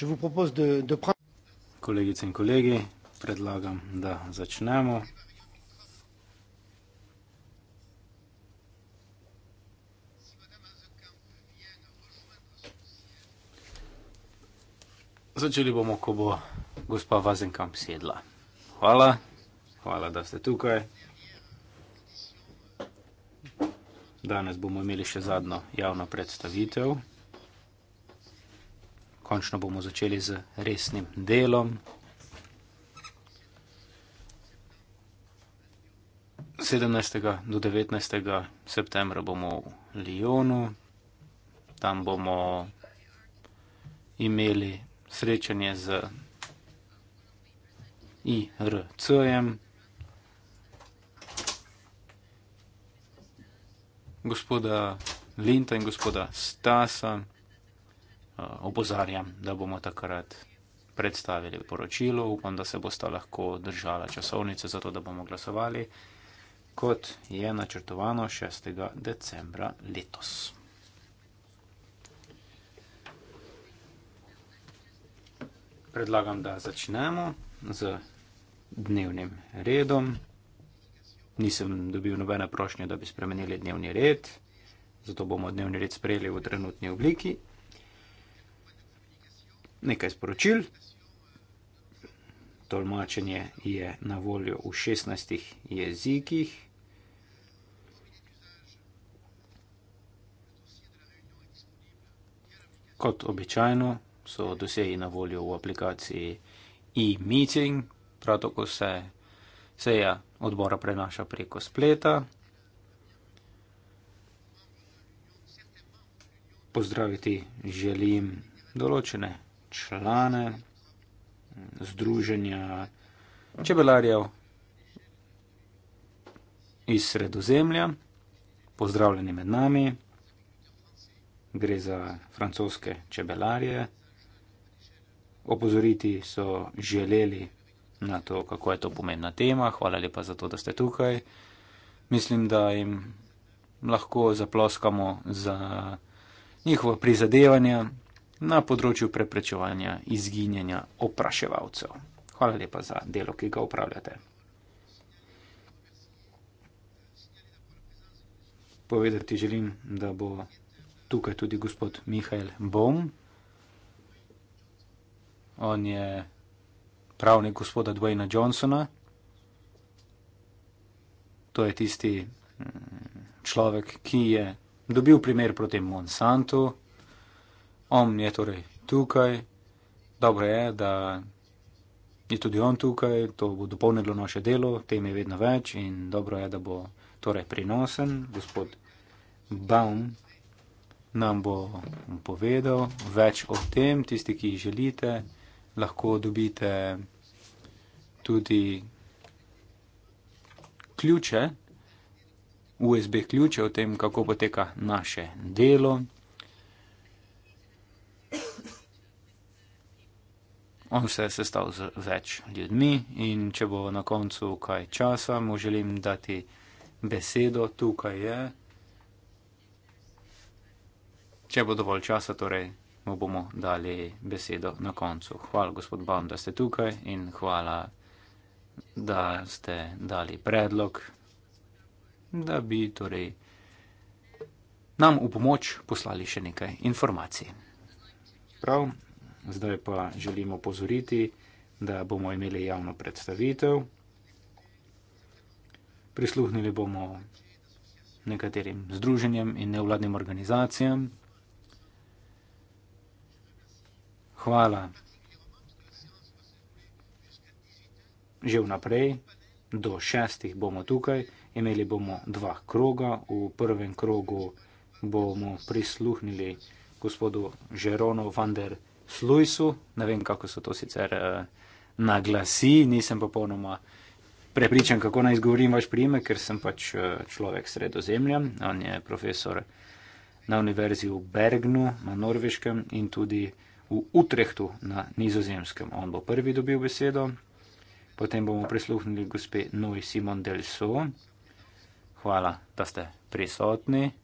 je vous propose de, de prendre. Collègues et collègues, предлагам да зачнемо. Začeli bomo, ko bo gospa Vazenkamp sedla. Hvala, hvala, da ste tukaj. Danes bomo imeli še zadnjo javno predstavitev končno bomo začeli z resnim delom. Od 17. do 19. septembra bomo v Lyonu, tam bomo imeli srečanje z IRC-jem. Gospoda Linta in gospoda Stasa. Eh, opozarjam, da bomo takrat predstavili poročilo, upam, da se bosta lahko držala časovnice, zato da bomo glasovali, kot je načrtovano 6. decembra letos. Predlagam, da začnemo z dnevnim redom. Nisem dobil nobene prošnje, da bi spremenili dnevni red, zato bomo dnevni red sprejeli v trenutni obliki nekaj sporočil. Tolmačenje je na voljo v 16 jezikih. Kot običajno so dosegi na voljo v aplikaciji e-meeting, prav tako se seja odbora prenaša preko spleta. Pozdraviti želim določene člane Združenja čebelarjev iz Sredozemlja. Pozdravljeni med nami. Gre za francoske čebelarje. Opozoriti so želeli na to, kako je to pomembna tema. Hvala lepa za to, da ste tukaj. Mislim, da jim lahko zaploskamo za njihovo prizadevanje na področju preprečevanja izginjanja opraševalcev. Hvala lepa za delo, ki ga upravljate. Povedati želim, da bo tukaj tudi gospod Mihajl Bom. On je pravnik gospoda Dwayna Johnsona. To je tisti mm, človek, ki je dobil primer proti Monsantu on je torej tukaj, dobro je, da je tudi on tukaj, to bo dopolnilo naše delo, tem je vedno več in dobro je, da bo torej prinosen. Gospod Baum nam bo povedal več o tem, tisti, ki želite, lahko dobite tudi ključe. USB ključe o tem, kako poteka naše delo. On se je sestal z več ljudmi in če bo na koncu kaj časa, mu želim dati besedo, tukaj je. Če bo dovolj časa, torej mu bomo dali besedo na koncu. Hvala, gospod Bam, da ste tukaj in hvala, da ste dali predlog, da bi torej nam v pomoč poslali še nekaj informacij. Prav. Zdaj pa želimo pozoriti, da bomo imeli javno predstavitev. Prisluhnili bomo nekaterim združenjem in nevladnim organizacijam. Hvala že vnaprej. Do šestih bomo tukaj. Imeli bomo dva kroga. V prvem krogu bomo prisluhnili gospodu Žeronu Vanderu. Fluisu, ne vem, kako so to sicer uh, naglasi, nisem popolnoma prepričan, kako naj izgovorim vaš prime, ker sem pač uh, človek sredozemlja. On je profesor na univerzi v Bergnu na norveškem in tudi v Utrehtu na nizozemskem. On bo prvi dobil besedo, potem bomo prisluhnili gospe Noj Simon Delso. Hvala, da ste prisotni.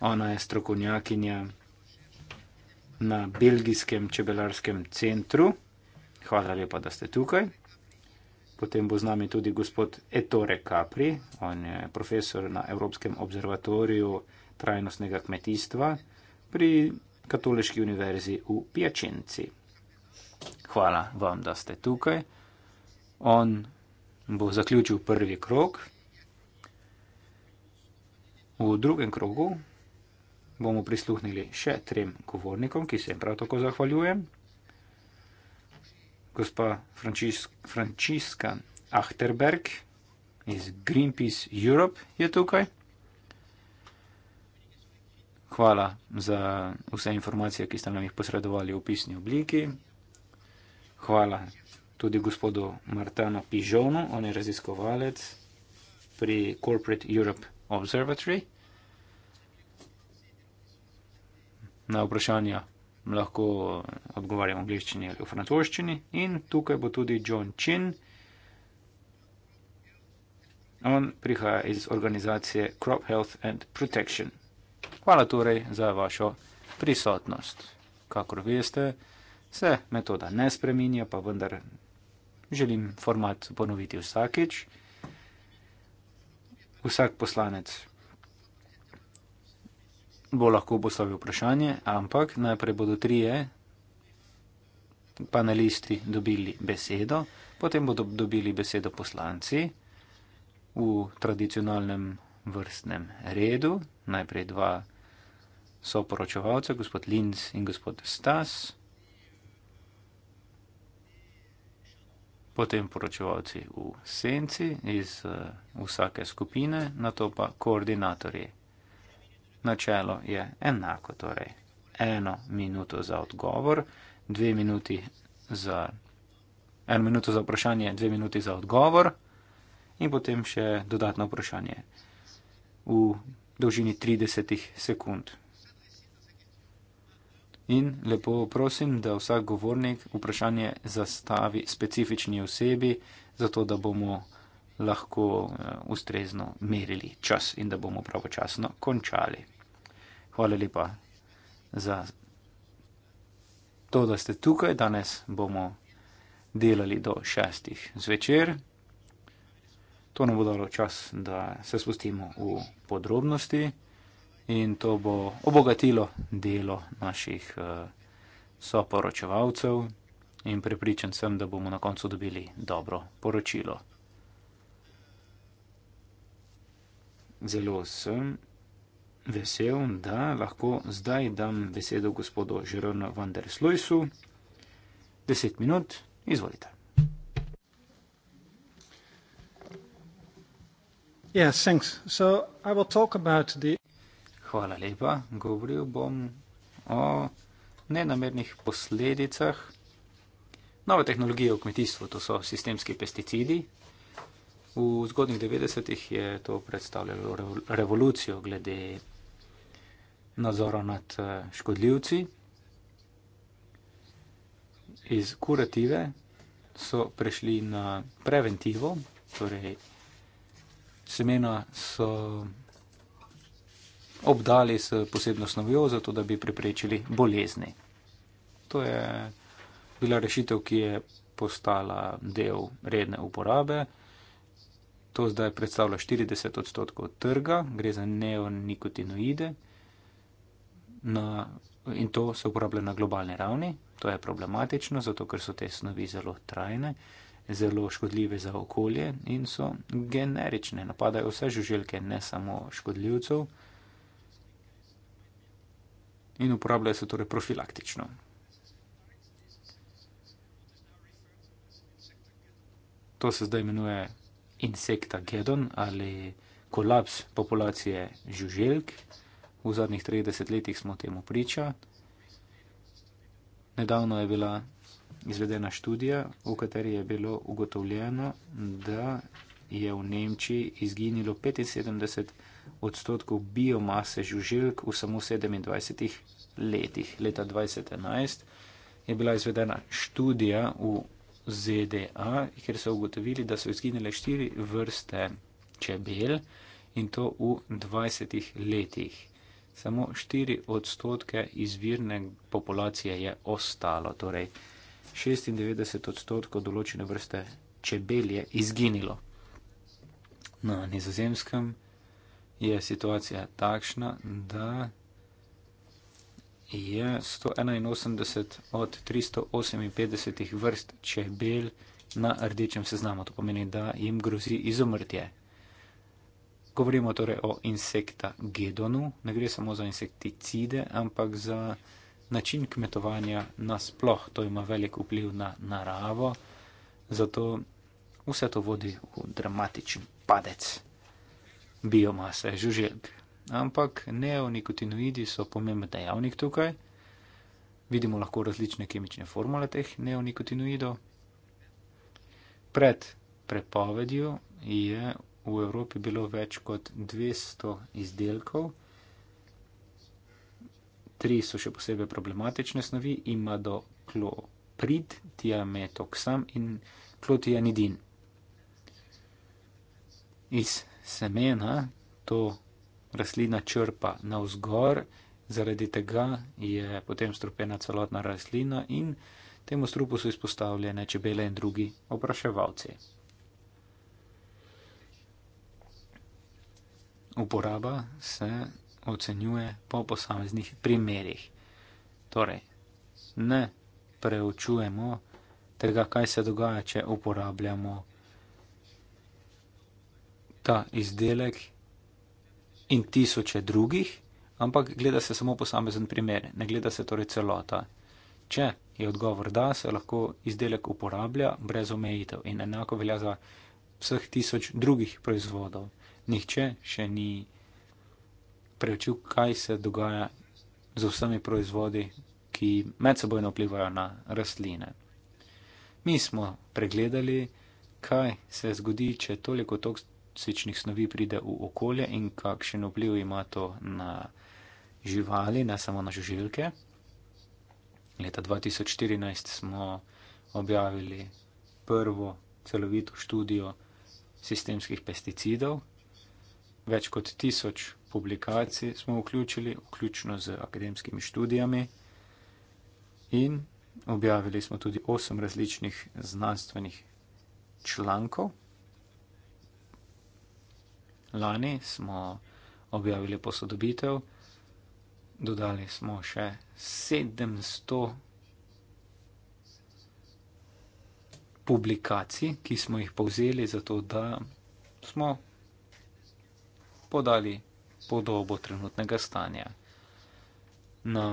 Ona je strokovnjakinja na Belgijskem čebelarskem centru. Hvala lepa, da ste tukaj. Potem bo z nami tudi gospod Ettore Capri, on je profesor na Evropskem observatoriju trajnostnega kmetijstva pri Katoliški univerzi v Piačenci. Hvala vam, da ste tukaj. On bo zaključil prvi krok. V drugem krogu bomo prisluhnili še trem govornikom, ki se jim prav tako zahvaljujem. Gospa Frančiska Achterberg iz Greenpeace Europe je tukaj. Hvala za vse informacije, ki ste nam jih posredovali v pisni obliki. Hvala tudi gospodu Martano Pižonu, on je raziskovalec pri Corporate Europe Observatory. na vprašanja lahko odgovarjam v angliščini ali v francoščini. In tukaj bo tudi John Chin. On prihaja iz organizacije Crop Health and Protection. Hvala torej za vašo prisotnost. Kakor veste, se metoda ne spreminja, pa vendar želim format ponoviti vsakeč. Vsak poslanec bo lahko postavil vprašanje, ampak najprej bodo trije panelisti dobili besedo, potem bodo dobili besedo poslanci v tradicionalnem vrstnem redu. Najprej dva soporočevalca, gospod Linz in gospod Stas, potem poročevalci v senci iz uh, vsake skupine, na to pa koordinatorje. Načelo je enako, torej eno minuto za odgovor, dve minuti za. En minuto za vprašanje, dve minuti za odgovor, in potem še dodatno vprašanje v dolžini 30 sekund. In lepo prosim, da vsak govornik vprašanje zastavi specifični osebi, zato da bomo lahko eh, ustrezno merili čas in da bomo pravočasno končali. Hvala lepa za to, da ste tukaj. Danes bomo delali do šestih zvečer. To nam bo dalo čas, da se spustimo v podrobnosti in to bo obogatilo delo naših eh, soporočevalcev in prepričan sem, da bomo na koncu dobili dobro poročilo. Zelo sem vesel, da lahko zdaj dam besedo gospodu Žeronu van der Sluisu. Deset minut, izvolite. Yes, thanks. So I will talk about the... Hvala lepa. Govoril bom o nenamernih posledicah nove tehnologije v kmetijstvu. To so sistemski pesticidi, V zgodnih 90-ih je to predstavljalo revolucijo glede nadzora nad škodljivci. Iz kurative so prešli na preventivo, torej semena so obdali s posebno snovjo, zato da bi preprečili bolezni. To je bila rešitev, ki je postala del redne uporabe to zdaj predstavlja 40 odstotkov trga, gre za neonikotinoide na, in to se uporablja na globalni ravni. To je problematično, zato ker so te snovi zelo trajne, zelo škodljive za okolje in so generične, napadajo vse žuželke, ne samo škodljivcev. In uporabljajo se torej profilaktično. To se zdaj imenuje insekta Gedon ali kolaps populacije žuželjk. V zadnjih 30 letih smo temu priča. Nedavno je bila izvedena študija, v kateri je bilo ugotovljeno, da je v Nemčiji izginilo 75 odstotkov biomase žuželjk v samo 27 letih. Leta 2011 je bila izvedena študija v ZDA, kjer so ugotovili, da so izginile štiri vrste čebel in to v 20 letih. Samo 4 odstotke izvirne populacije je ostalo, torej 96 odstotkov določene vrste čebel je izginilo. Na nizozemskem je situacija takšna, da je 181 od 358 vrst čebel na rdečem seznamu. To pomeni, da jim grozi izumrtje. Govorimo torej o insekta Gedonu, ne gre samo za insekticide, ampak za način kmetovanja nasploh. To ima velik vpliv na naravo, zato vse to vodi v dramatičen padec biomase, žuželjk ampak neonikotinoidi so pomemben dejavnik tukaj. Vidimo lahko različne kemične formule teh neonikotinoidov. Pred prepovedjo je v Evropi bilo več kot 200 izdelkov, tri so še posebej problematične snovi, ima do kloprid, tiametoksam in klotijanidin. Iz semena to rastlina črpa navzgor, zaradi tega je potem strupena celotna rastlina in temu strupu so izpostavljene čebele in drugi opraševalci. Uporaba se ocenjuje po posameznih primerih. Torej, ne preučujemo tega, kaj se dogaja, če uporabljamo ta izdelek in tisoče drugih, ampak gleda se samo posamezen primer, ne gleda se torej celota. Če je odgovor da, se lahko izdelek uporablja brez omejitev in enako velja za vseh tisoč drugih proizvodov. Nihče še ni preučil, kaj se dogaja z vsemi proizvodi, ki medsebojno vplivajo na rastline. Mi smo pregledali, kaj se zgodi, če toliko toks toksičnih snovi pride v okolje in kakšen vpliv ima to na živali, ne samo na žuželke. Leta 2014 smo objavili prvo celovito študijo sistemskih pesticidov. Več kot tisoč publikacij smo vključili, vključno z akademskimi študijami, in objavili smo tudi osem različnih znanstvenih člankov. Lani smo objavili posodobitev, dodali smo še 700 publikacij, ki smo jih povzeli, zato da smo podali podobo trenutnega stanja. Na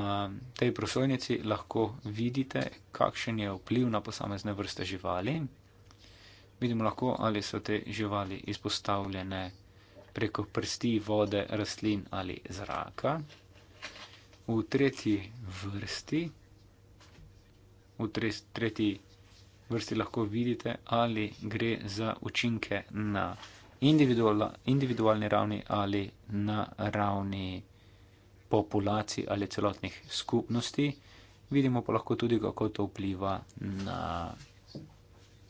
tej prosojnici lahko vidite, kakšen je vpliv na posamezne vrste živali. Vidimo lahko, ali so te živali izpostavljene preko prsti, vode, rastlin ali zraka. V tretji vrsti, v tretji vrsti lahko vidite, ali gre za učinke na individualni ravni ali na ravni populacij ali celotnih skupnosti. Vidimo pa lahko tudi, kako to vpliva na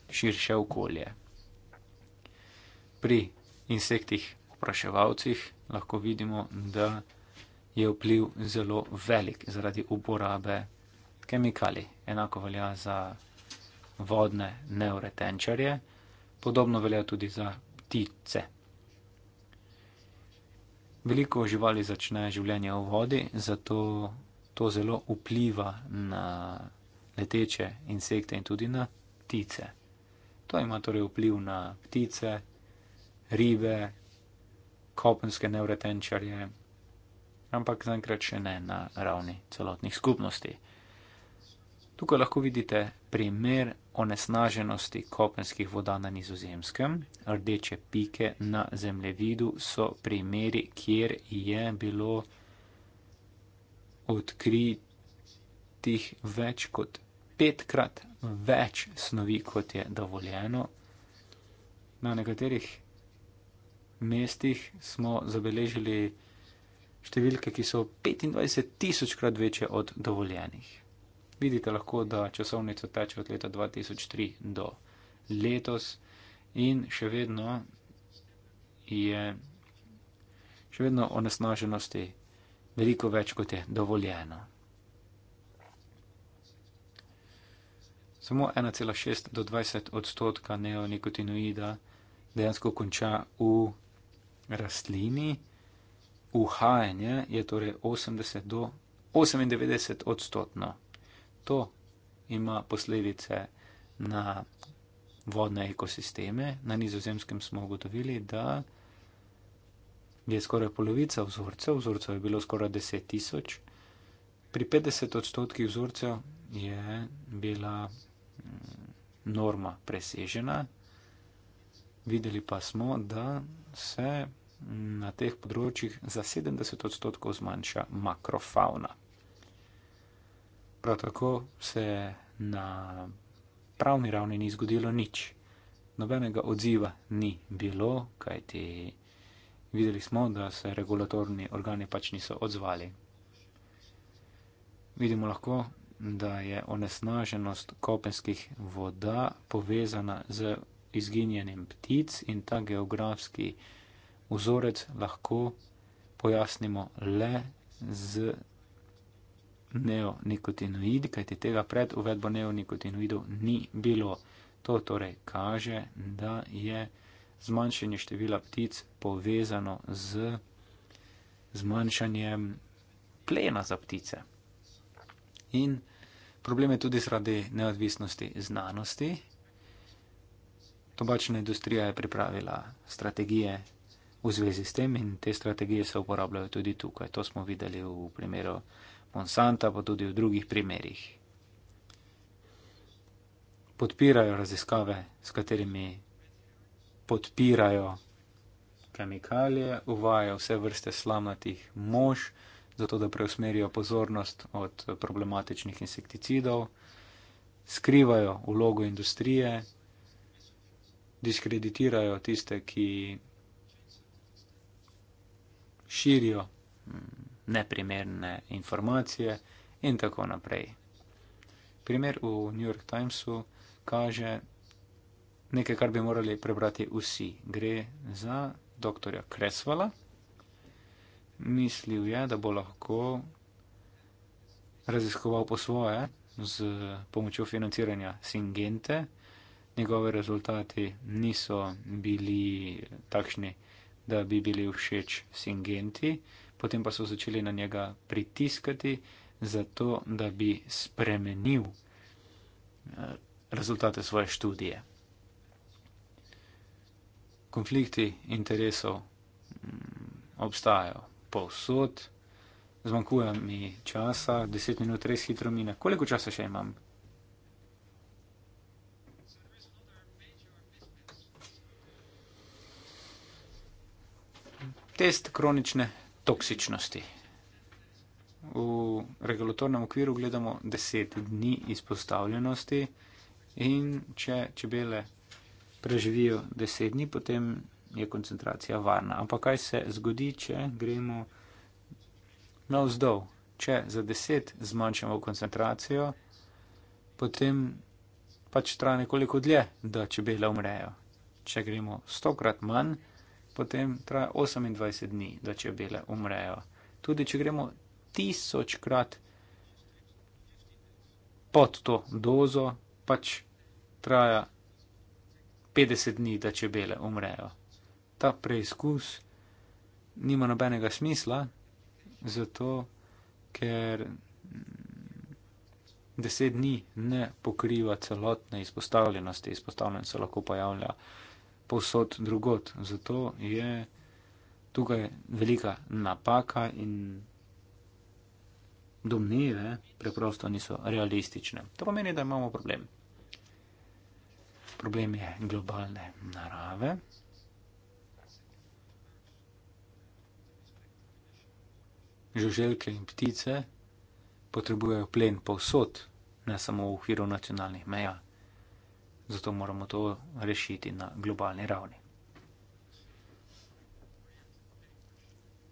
širše okolje. Pri insektih opraševalcih lahko vidimo, da je vpliv zelo velik zaradi uporabe kemikalij. Enako velja za vodne neuretenčarje, podobno velja tudi za ptice. Veliko živali začne življenje v vodi, zato to zelo vpliva na leteče insekte in tudi na ptice. To ima torej vpliv na ptice, ribe, kopenske neuretenčarje, ampak zaenkrat še ne na ravni celotnih skupnosti. Tukaj lahko vidite primer onesnaženosti kopenskih voda na nizozemskem. Rdeče pike na zemljevidu so primeri, kjer je bilo odkritih več kot petkrat več snovi, kot je dovoljeno. Na nekaterih mestih smo zabeležili številke, ki so 25 tisočkrat večje od dovoljenih. Vidite lahko, da časovnica teče od leta 2003 do letos in še vedno je še vedno onesnaženosti veliko več, kot je dovoljeno. Samo 1,6 do 20 odstotka neonikotinoida dejansko konča v rastlini, uhajanje je torej 80 do 98 odstotkov. To ima posledice na vodne ekosisteme. Na nizozemskem smo ugotovili, da je skoraj polovica vzorcev, vzorcev je bilo skoraj 10 tisoč, pri 50 odstotkih vzorcev je bila mm, norma presežena. Videli pa smo, da se na teh področjih za 70 odstotkov zmanjša makrofauna. Prav tako se na pravni ravni ni zgodilo nič. Nobenega odziva ni bilo, kajti videli smo, da se regulatorni organi pač niso odzvali. Vidimo lahko, da je onesnaženost kopenskih voda povezana z izginjenjem ptic in ta geografski vzorec lahko pojasnimo le z neonikotinoidi, kajti tega pred uvedbo neonikotinoidov ni bilo. To torej kaže, da je zmanjšanje števila ptic povezano z zmanjšanjem plena za ptice. In problem je tudi zaradi neodvisnosti znanosti. Tobačna industrija je pripravila strategije v zvezi s tem in te strategije se uporabljajo tudi tukaj. To smo videli v primeru Monsanta, pa tudi v drugih primerjih. Podpirajo raziskave, s katerimi podpirajo kemikalije, uvajajo vse vrste slamnatih mož, zato da preusmerijo pozornost od problematičnih insekticidov, skrivajo vlogo industrije, diskreditirajo tiste, ki širijo mm, neprimerne informacije in tako naprej. Primer v New York Timesu kaže nekaj, kar bi morali prebrati vsi. Gre za dr. Kresvala. Mislil je, da bo lahko raziskoval po svoje z pomočjo financiranja Singente. Njegovi rezultati niso bili takšni, da bi bili všeč Singenti, potem pa so začeli na njega pritiskati, zato da bi spremenil eh, rezultate svoje študije. Konflikti interesov mm, obstajajo povsod. Zmanjkuje mi časa, deset minut res hitro mine. Koliko časa še imam? Test kronične toksičnosti. V regulatornem okviru gledamo 10 dni izpostavljenosti in če čebele preživijo 10 dni, potem je koncentracija varna. Ampak kaj se zgodi, če gremo na vzdolj? Če za 10 zmanjšamo koncentracijo, potem pač traja nekoliko dlje, da čebele umrejo. Če gremo stokrat manj, potem traja 28 dni, da čebele umrejo. Tudi če gremo tisočkrat pod to dozo, pač traja 50 dni, da čebele umrejo. Ta preizkus nima nobenega smisla, zato ker. Deset dni ne pokriva celotne izpostavljenosti, izpostavljen se lahko pojavlja uh, posod drugot. Zato je tukaj velika napaka in domnive preprosto niso realistične. To pomeni, da imamo problem. Problem je globalne narave. Žuželke in ptice potrebujejo plen povsod, ne samo v okviru nacionalnih meja zato moramo to rešiti na globalni ravni.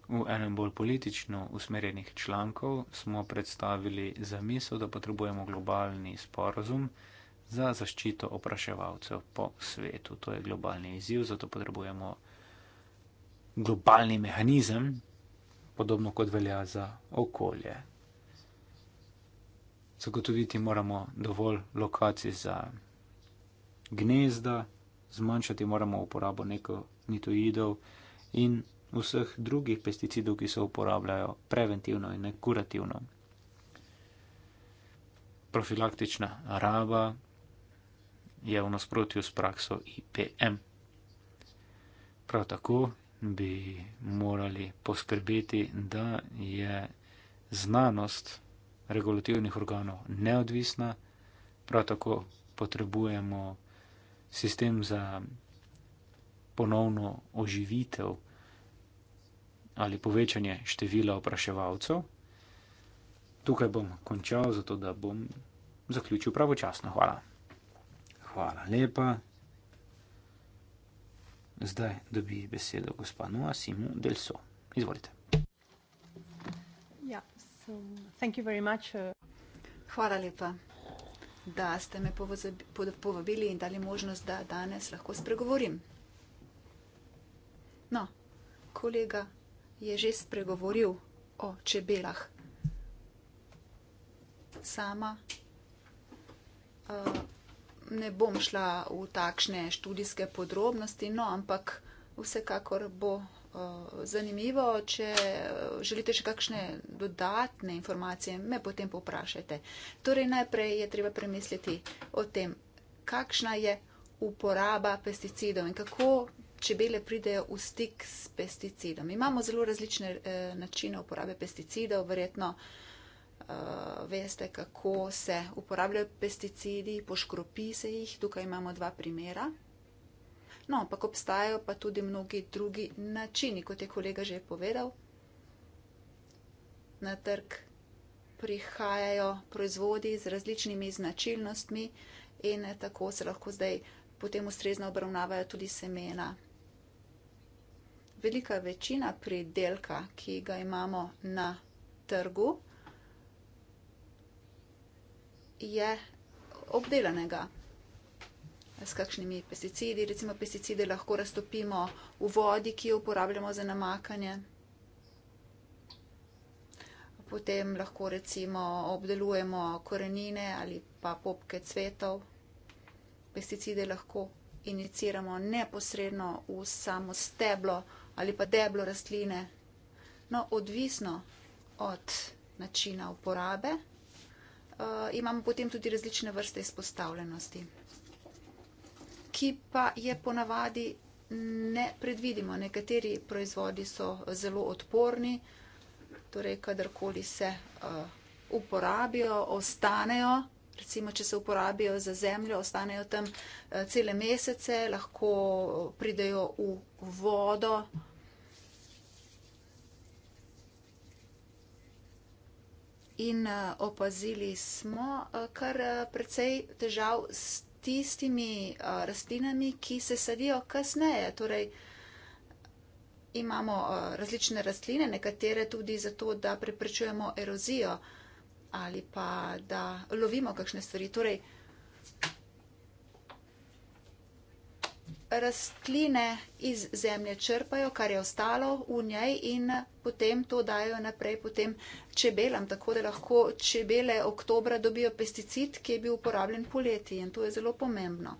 V enem bolj politično usmerjenih člankov smo predstavili zamisel, da potrebujemo globalni sporozum za zaščito opraševalcev po svetu. To je globalni izziv, zato potrebujemo globalni mehanizem, podobno kot velja za okolje. Zagotoviti moramo dovolj lokacij za gnezda, zmanjšati moramo uporabo nekonitoidov in vseh drugih pesticidov, ki se uporabljajo preventivno in nekurativno. Profilaktična raba je v nasprotju s prakso IPM. Prav tako bi morali poskrbeti, da je znanost regulativnih organov neodvisna, prav tako potrebujemo sistem za ponovno oživitev ali povečanje števila opraševalcev. Tukaj bom končal, zato da bom zaključil pravočasno. Hvala. Hvala lepa. Zdaj dobi besedo gospa Noa Simu Delso. Izvolite. Ja, yeah, so, thank you very much. Uh. Hvala lepa da ste me povabili in dali možnost, da danes lahko spregovorim. No, kolega je že spregovoril o čebelah. Sama uh, ne bom šla v takšne študijske podrobnosti, no, ampak vsekakor bo Eh, zanimivo. Če eh, želite še kakšne dodatne informacije, me potem poprašajte. Torej, najprej je treba premisliti o tem, kakšna je uporaba pesticidov in kako čebele pridejo v stik s pesticidom. Imamo zelo različne eh, načine uporabe pesticidov, verjetno. Uh, veste, kako se uporabljajo pesticidi, poškropi se jih. Tukaj imamo dva primera. No, ampak obstajajo pa tudi mnogi drugi načini, kot je kolega že povedal. Na trg prihajajo proizvodi z različnimi značilnostmi in tako se lahko zdaj potem ustrezno obravnavajo tudi semena. Velika večina pridelka, ki ga imamo na trgu, je obdelanega s kakšnimi pesticidi. Recimo pesticide lahko raztopimo v vodi, ki jo uporabljamo za namakanje. Potem lahko recimo obdelujemo korenine ali pa popke cvetov. Pesticide lahko iniciramo neposredno v samo steblo ali pa deblo rastline. No, odvisno od načina uporabe, uh, imamo potem tudi različne vrste izpostavljenosti ki pa je ponavadi ne predvidimo. Nekateri proizvodi so zelo odporni, torej kadarkoli se uh, uporabijo, ostanejo. Recimo, če se uporabijo za zemljo, ostanejo tam uh, cele mesece, lahko pridejo v vodo. In uh, opazili smo uh, kar precej težav s tistimi uh, rastlinami, ki se sadijo kasneje. Torej, imamo uh, različne rastline, nekatere tudi zato, da preprečujemo erozijo ali pa da lovimo kakšne stvari. Torej, uh, rastline iz zemlje črpajo, kar je ostalo v njej in potem to dajo naprej potem čebelam, tako da lahko čebele oktobra dobijo pesticid, ki je bil uporabljen poleti in to je zelo pomembno.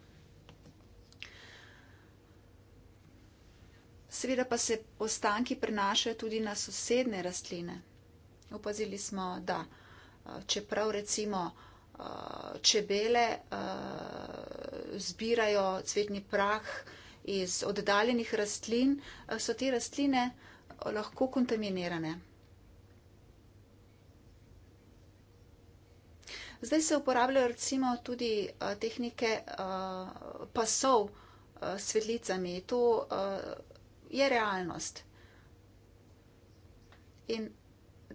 Seveda pa se ostanki prenašajo tudi na sosedne rastline. Opazili smo, da čeprav recimo Eh, čebele eh, zbirajo cvetni prah iz oddaljenih rastlin, eh, so te rastline lahko kontaminirane. Zdaj se uporabljajo recimo tudi tehnike pasov s svetlicami. To je realnost. In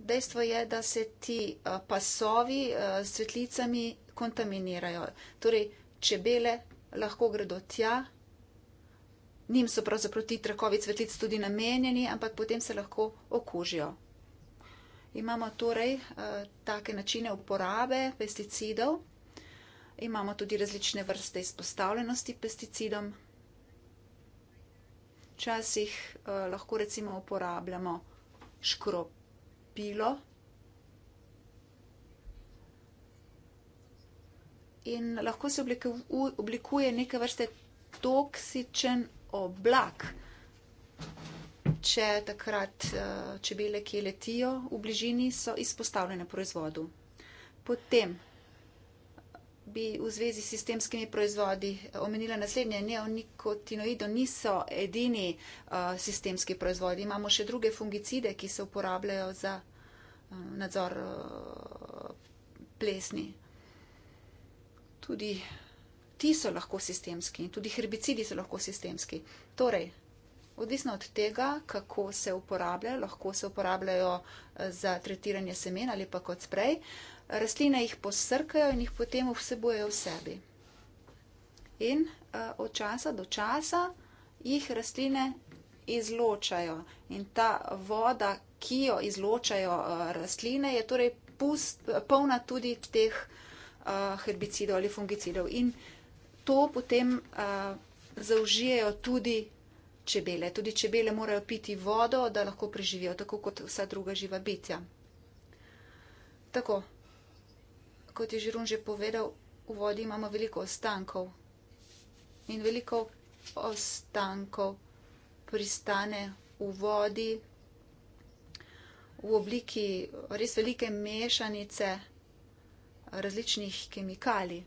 dejstvo je, da se ti eh, pasovi eh, s svetlicami kontaminirajo. Torej, čebele lahko gredo tja, njim so pravzaprav ti trakovi svetlic tudi namenjeni, ampak potem se lahko okužijo. Imamo torej eh, take načine uporabe pesticidov, imamo tudi različne vrste izpostavljenosti pesticidom. Včasih eh, lahko recimo uporabljamo škrob pilo in lahko se oblikuje neke vrste toksičen oblak, če takrat eh, čebele, ki letijo v bližini, so izpostavljene proizvodu. Potem bi v zvezi s sistemskimi proizvodi eh, omenila naslednje. Neonikotinoidi niso edini uh, sistemski proizvodi. Imamo še druge fungicide, ki se uporabljajo za uh, nadzor uh, plesni. Tudi ti so lahko sistemski in tudi herbicidi so lahko sistemski. Torej, odvisno od tega, kako se uporabljajo, lahko se uporabljajo za tretiranje semen ali pa kot sprej. Uh, rastline jih posrkajo in jih potem vsebujejo v sebi. In uh, od časa do časa jih rastline izločajo. In ta voda, ki jo izločajo uh, rastline, je torej pust, polna tudi teh uh, herbicidov ali fungicidov. In to potem uh, zaužijejo tudi čebele. Tudi čebele morajo piti vodo, da lahko preživijo, tako kot vsa druga živa bitja. Tako kot je Žirun že povedal, v vodi imamo veliko ostankov in veliko ostankov pristane v vodi v obliki res velike mešanice različnih kemikalij.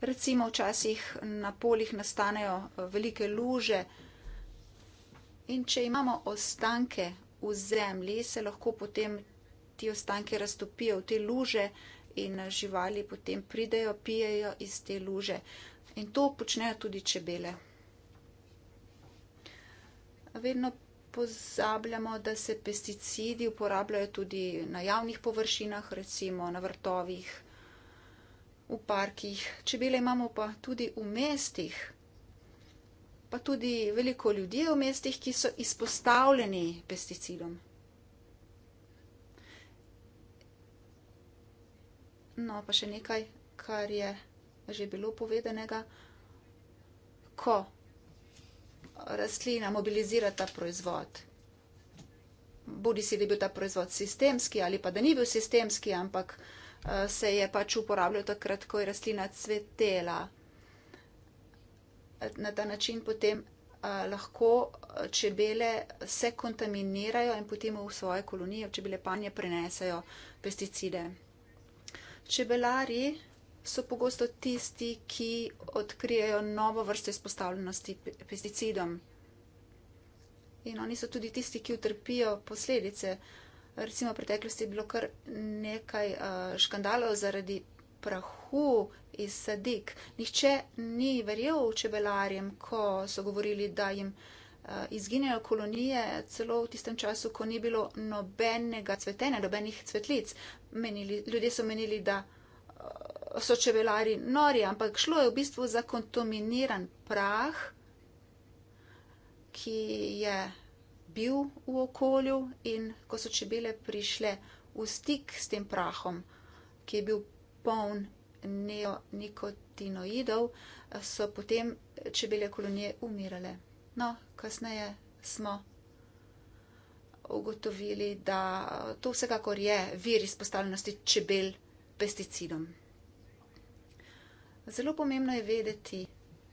Recimo včasih na polih nastanejo eh, velike luže in če imamo ostanke v zemlji, se lahko potem ti ostanki raztopijo v te luže in eh, živali potem pridejo, pijejo iz te luže. In to počnejo tudi čebele. Vedno pozabljamo, da se pesticidi uporabljajo tudi na javnih površinah, recimo na vrtovih, v parkih. Čebele imamo pa tudi v mestih, pa tudi veliko ljudi v mestih, ki so izpostavljeni pesticidom. No, pa še nekaj, kar je že bilo povedanega. Ko rastlina mobilizira ta proizvod, bodi si, da je bil ta proizvod sistemski ali pa da ni bil sistemski, ampak eh, se je pač uporabljal takrat, ko je rastlina cvetela. Na ta način potem eh, lahko eh, čebele se kontaminirajo in potem v svoje kolonije, če bile panje, prenesajo pesticide. Čebelari so pogosto tisti, ki odkrijejo novo vrsto izpostavljenosti pesticidom. In oni so tudi tisti, ki utrpijo posledice. Recimo v preteklosti je bilo kar nekaj eh, škandalov zaradi prahu iz sadik. Nihče ni verjel čebelarjem, ko so govorili, da jim. Eh, izginjajo kolonije, celo v tistem času, ko ni bilo nobenega cvetenja, nobenih cvetlic. Menili, ljudje so menili, da eh, so čebelari nori, ampak šlo je v bistvu za kontaminiran prah, ki je bil v okolju in ko so čebele prišle v stik s tem prahom, ki je bil poln neonikotinoidov, eh, so potem čebele kolonije umirale. No, kasneje smo ugotovili, da to vsekakor je vir izpostavljenosti čebel pesticidom. Zelo pomembno je vedeti,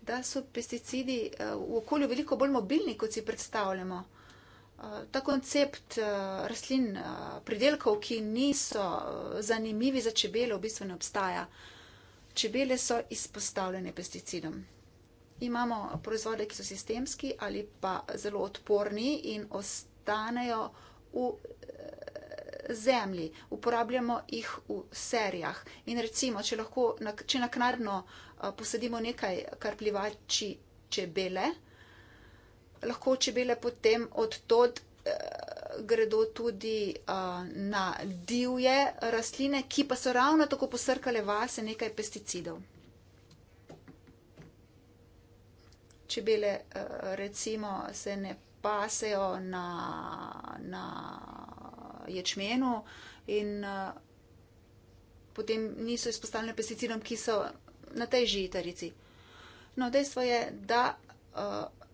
da so pesticidi eh, v okolju veliko bolj mobilni, kot si predstavljamo. Eh, ta koncept eh, rastlin, pridelkov, ki niso zanimivi za čebele, v bistvu ne obstaja. Čebele so izpostavljene pesticidom imamo proizvode, ki so sistemski ali pa zelo odporni in ostanejo v eh, zemlji. Uporabljamo jih v serijah. In recimo, če, lahko, če naknadno eh, posadimo nekaj, kar plivači čebele, lahko čebele potem odtod eh, gredo tudi uh, na divje rastline, ki pa so ravno tako posrkale vase nekaj pesticidov. čebele eh, recimo se ne pasejo na, na ječmenu in eh, potem niso izpostavljene pesticidom, ki so na tej žitarici. No, dejstvo je, da uh,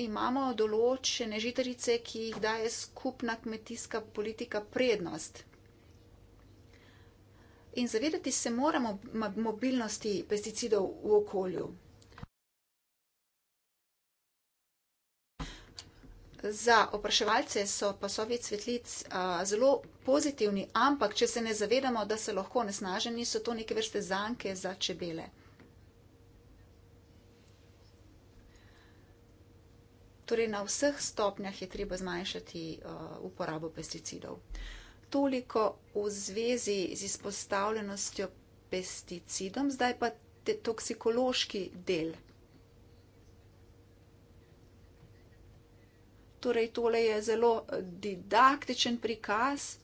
imamo določene žitarice, ki jih daje skupna kmetijska politika prednost. In zavedati se moramo mobilnosti pesticidov v okolju. Za opraševalce so pasovi cvetlic a, zelo pozitivni, ampak če se ne zavedamo, da so lahko nesnaženi, so to neke vrste zanke za čebele. Torej, na vseh stopnjah je treba zmanjšati a, uporabo pesticidov. Toliko v zvezi z izpostavljenostjo pesticidom, zdaj pa te toksikološki del. Torej, tole je zelo eh, didaktičen prikaz.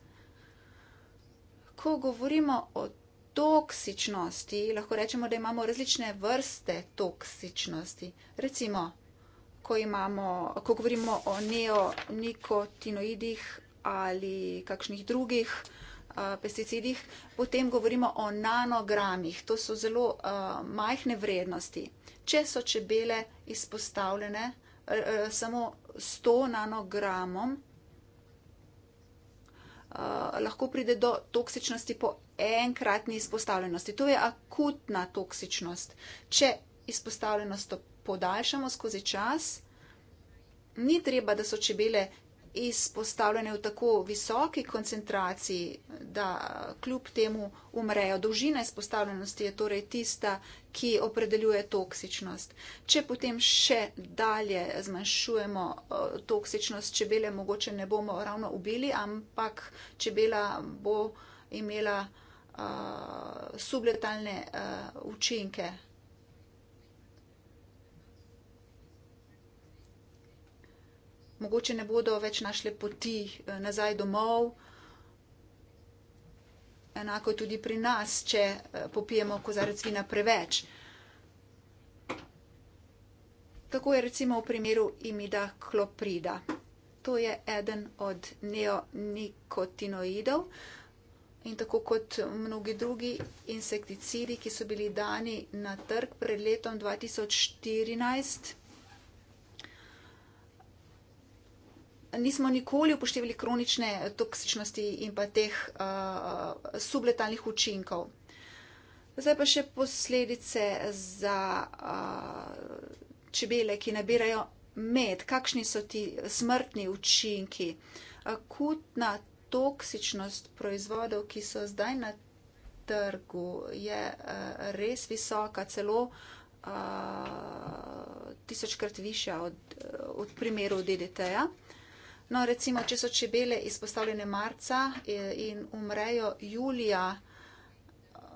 Ko govorimo o toksičnosti, lahko rečemo, da imamo različne vrste toksičnosti. Recimo, ko, imamo, ko govorimo o neonikotinoidih ali kakšnih drugih eh, pesticidih, potem govorimo o nanogramih. To so zelo uh, majhne vrednosti. Če so čebele izpostavljene, Eh, eh, samo 100 nanogramom, eh, lahko pride do toksičnosti po enkratni izpostavljenosti. To je akutna toksičnost. Če izpostavljenost podaljšamo skozi čas, ni treba, da so čebele izpostavljene v tako visoki koncentraciji, da kljub temu umrejo. Dolžina izpostavljenosti je torej tista, ki opredeljuje toksičnost. Če potem še dalje zmanjšujemo toksičnost čebele, mogoče ne bomo ravno ubili, ampak čebela bo imela uh, subletalne uh, učinke. mogoče ne bodo več našli poti eh, nazaj domov. Enako je tudi pri nas, če eh, popijemo kozarec vina preveč. Kako je recimo v primeru imida kloprida? To je eden od neonikotinoidov in tako kot mnogi drugi insekticidi, ki so bili dani na trg pred letom 2014. nismo nikoli upoštevali kronične toksičnosti in pa teh uh, subletalnih učinkov. Zdaj pa še posledice za uh, čebele, ki nabirajo med, kakšni so ti smrtni učinki. Akutna toksičnost proizvodov, ki so zdaj na trgu, je uh, res visoka, celo uh, tisočkrat višja od, od primeru DDT-ja. -ja. No, recimo, če so čebele izpostavljene marca eh, in umrejo julija, eh,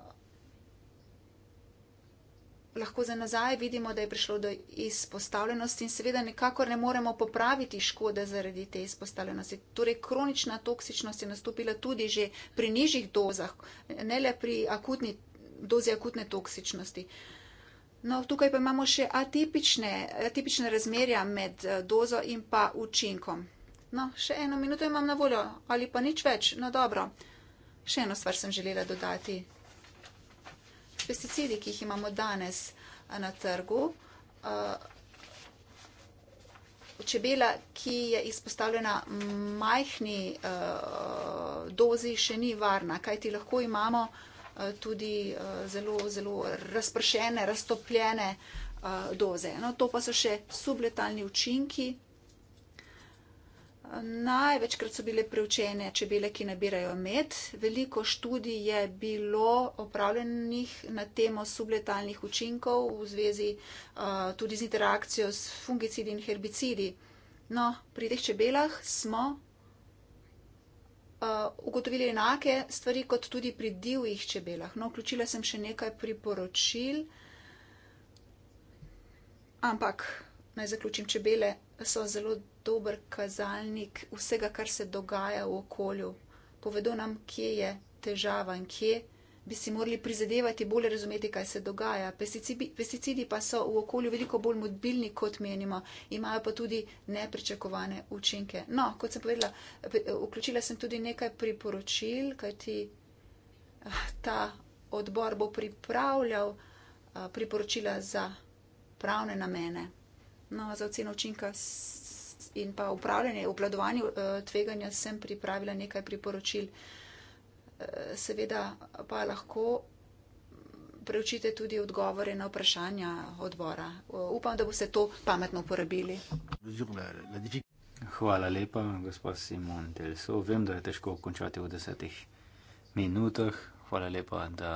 lahko za nazaj vidimo, da je prišlo do izpostavljenosti in seveda nekako ne moremo popraviti škode zaradi te izpostavljenosti. Torej, kronična toksičnost je nastopila tudi že pri nižjih dozah, ne le pri akutni, dozi akutne toksičnosti. No, tukaj pa imamo še atipične, atipične razmerja med eh, dozo in pa učinkom. No, še eno minuto imam na voljo, ali pa nič več. No, dobro. Še eno stvar sem želela dodati. Pesticidi, ki jih imamo danes eh, na trgu, eh, čebela, ki je izpostavljena majhni eh, dozi, še ni varna, kajti lahko imamo tudi zelo, zelo razpršene, raztopljene doze. No, to pa so še subletalni učinki, Največkrat so bile preučene čebele, ki nabirajo med. Veliko študij je bilo opravljenih na temo subletalnih učinkov v zvezi uh, tudi z interakcijo s fungicidi in herbicidi. No, pri teh čebelah smo uh, ugotovili enake stvari kot tudi pri divjih čebelah. No, vključila sem še nekaj priporočil, ampak naj zaključim, čebele so zelo dober kazalnik vsega, kar se dogaja v okolju. Povedo nam, kje je težava in kje bi si morali prizadevati bolj razumeti, kaj se dogaja. Pesticidi, pesticidi pa so v okolju veliko bolj mobilni, kot menimo, imajo pa tudi nepričakovane učinke. No, kot sem povedala, vključila sem tudi nekaj priporočil, kajti ah, ta odbor bo pripravljal ah, priporočila za pravne namene. No, za oceno učinka in pa upravljanje, obladovanje eh, tveganja sem pripravila nekaj priporočil. Eh, seveda pa lahko preučite tudi odgovore na vprašanja odbora. Eh, upam, da boste to pametno uporabili. Hvala lepa, gospod Simon Telso. Vem, da je težko končati v desetih minutah. Hvala lepa, da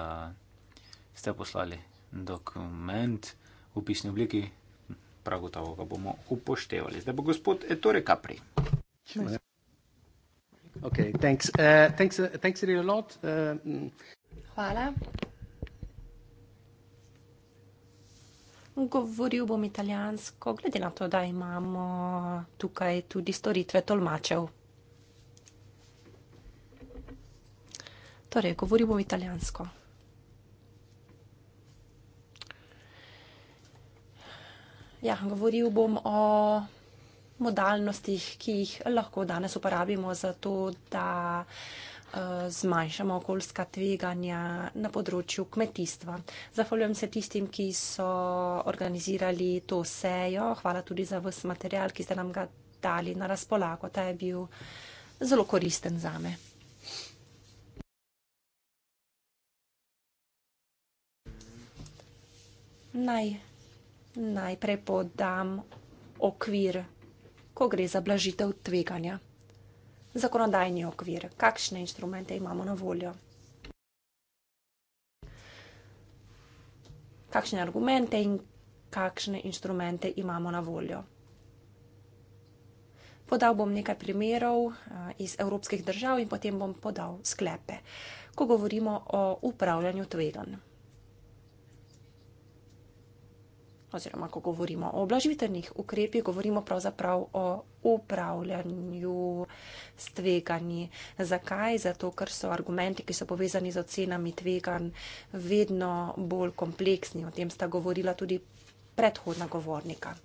ste poslali dokument v pisni obliki prav gotovo ga bomo upoštevali. Zdaj bo gospod Ettore Capri. Okay, thanks. Uh, thanks, uh, thanks really a lot. Uh, mm. Hvala. Govoril bom italijansko, glede na to, da imamo tukaj tudi storitve tolmačev. Torej, govoril bom italijansko. Ja, govoril bom o modalnostih, ki jih lahko danes uporabimo za to, da eh, zmanjšamo okoljska tveganja na področju kmetijstva. Zahvaljujem se tistim, ki so organizirali to sejo. Hvala tudi za vse material, ki ste nam ga dali na razpolago. Ta je bil zelo koristen za me. Naj najprej podam okvir, ko gre za blažitev tveganja. Zakonodajni okvir, kakšne inštrumente imamo na voljo. Kakšne argumente in kakšne inštrumente imamo na voljo. Podal bom nekaj primerov iz evropskih držav in potem bom podal sklepe, ko govorimo o upravljanju tveganja. oziroma ko govorimo o blažitevnih ukrepih, govorimo pravzaprav o upravljanju s tveganji. Zakaj? Zato, ker so argumenti, ki so povezani z ocenami tvegan, vedno bolj kompleksni. O tem sta govorila tudi predhodna govornika.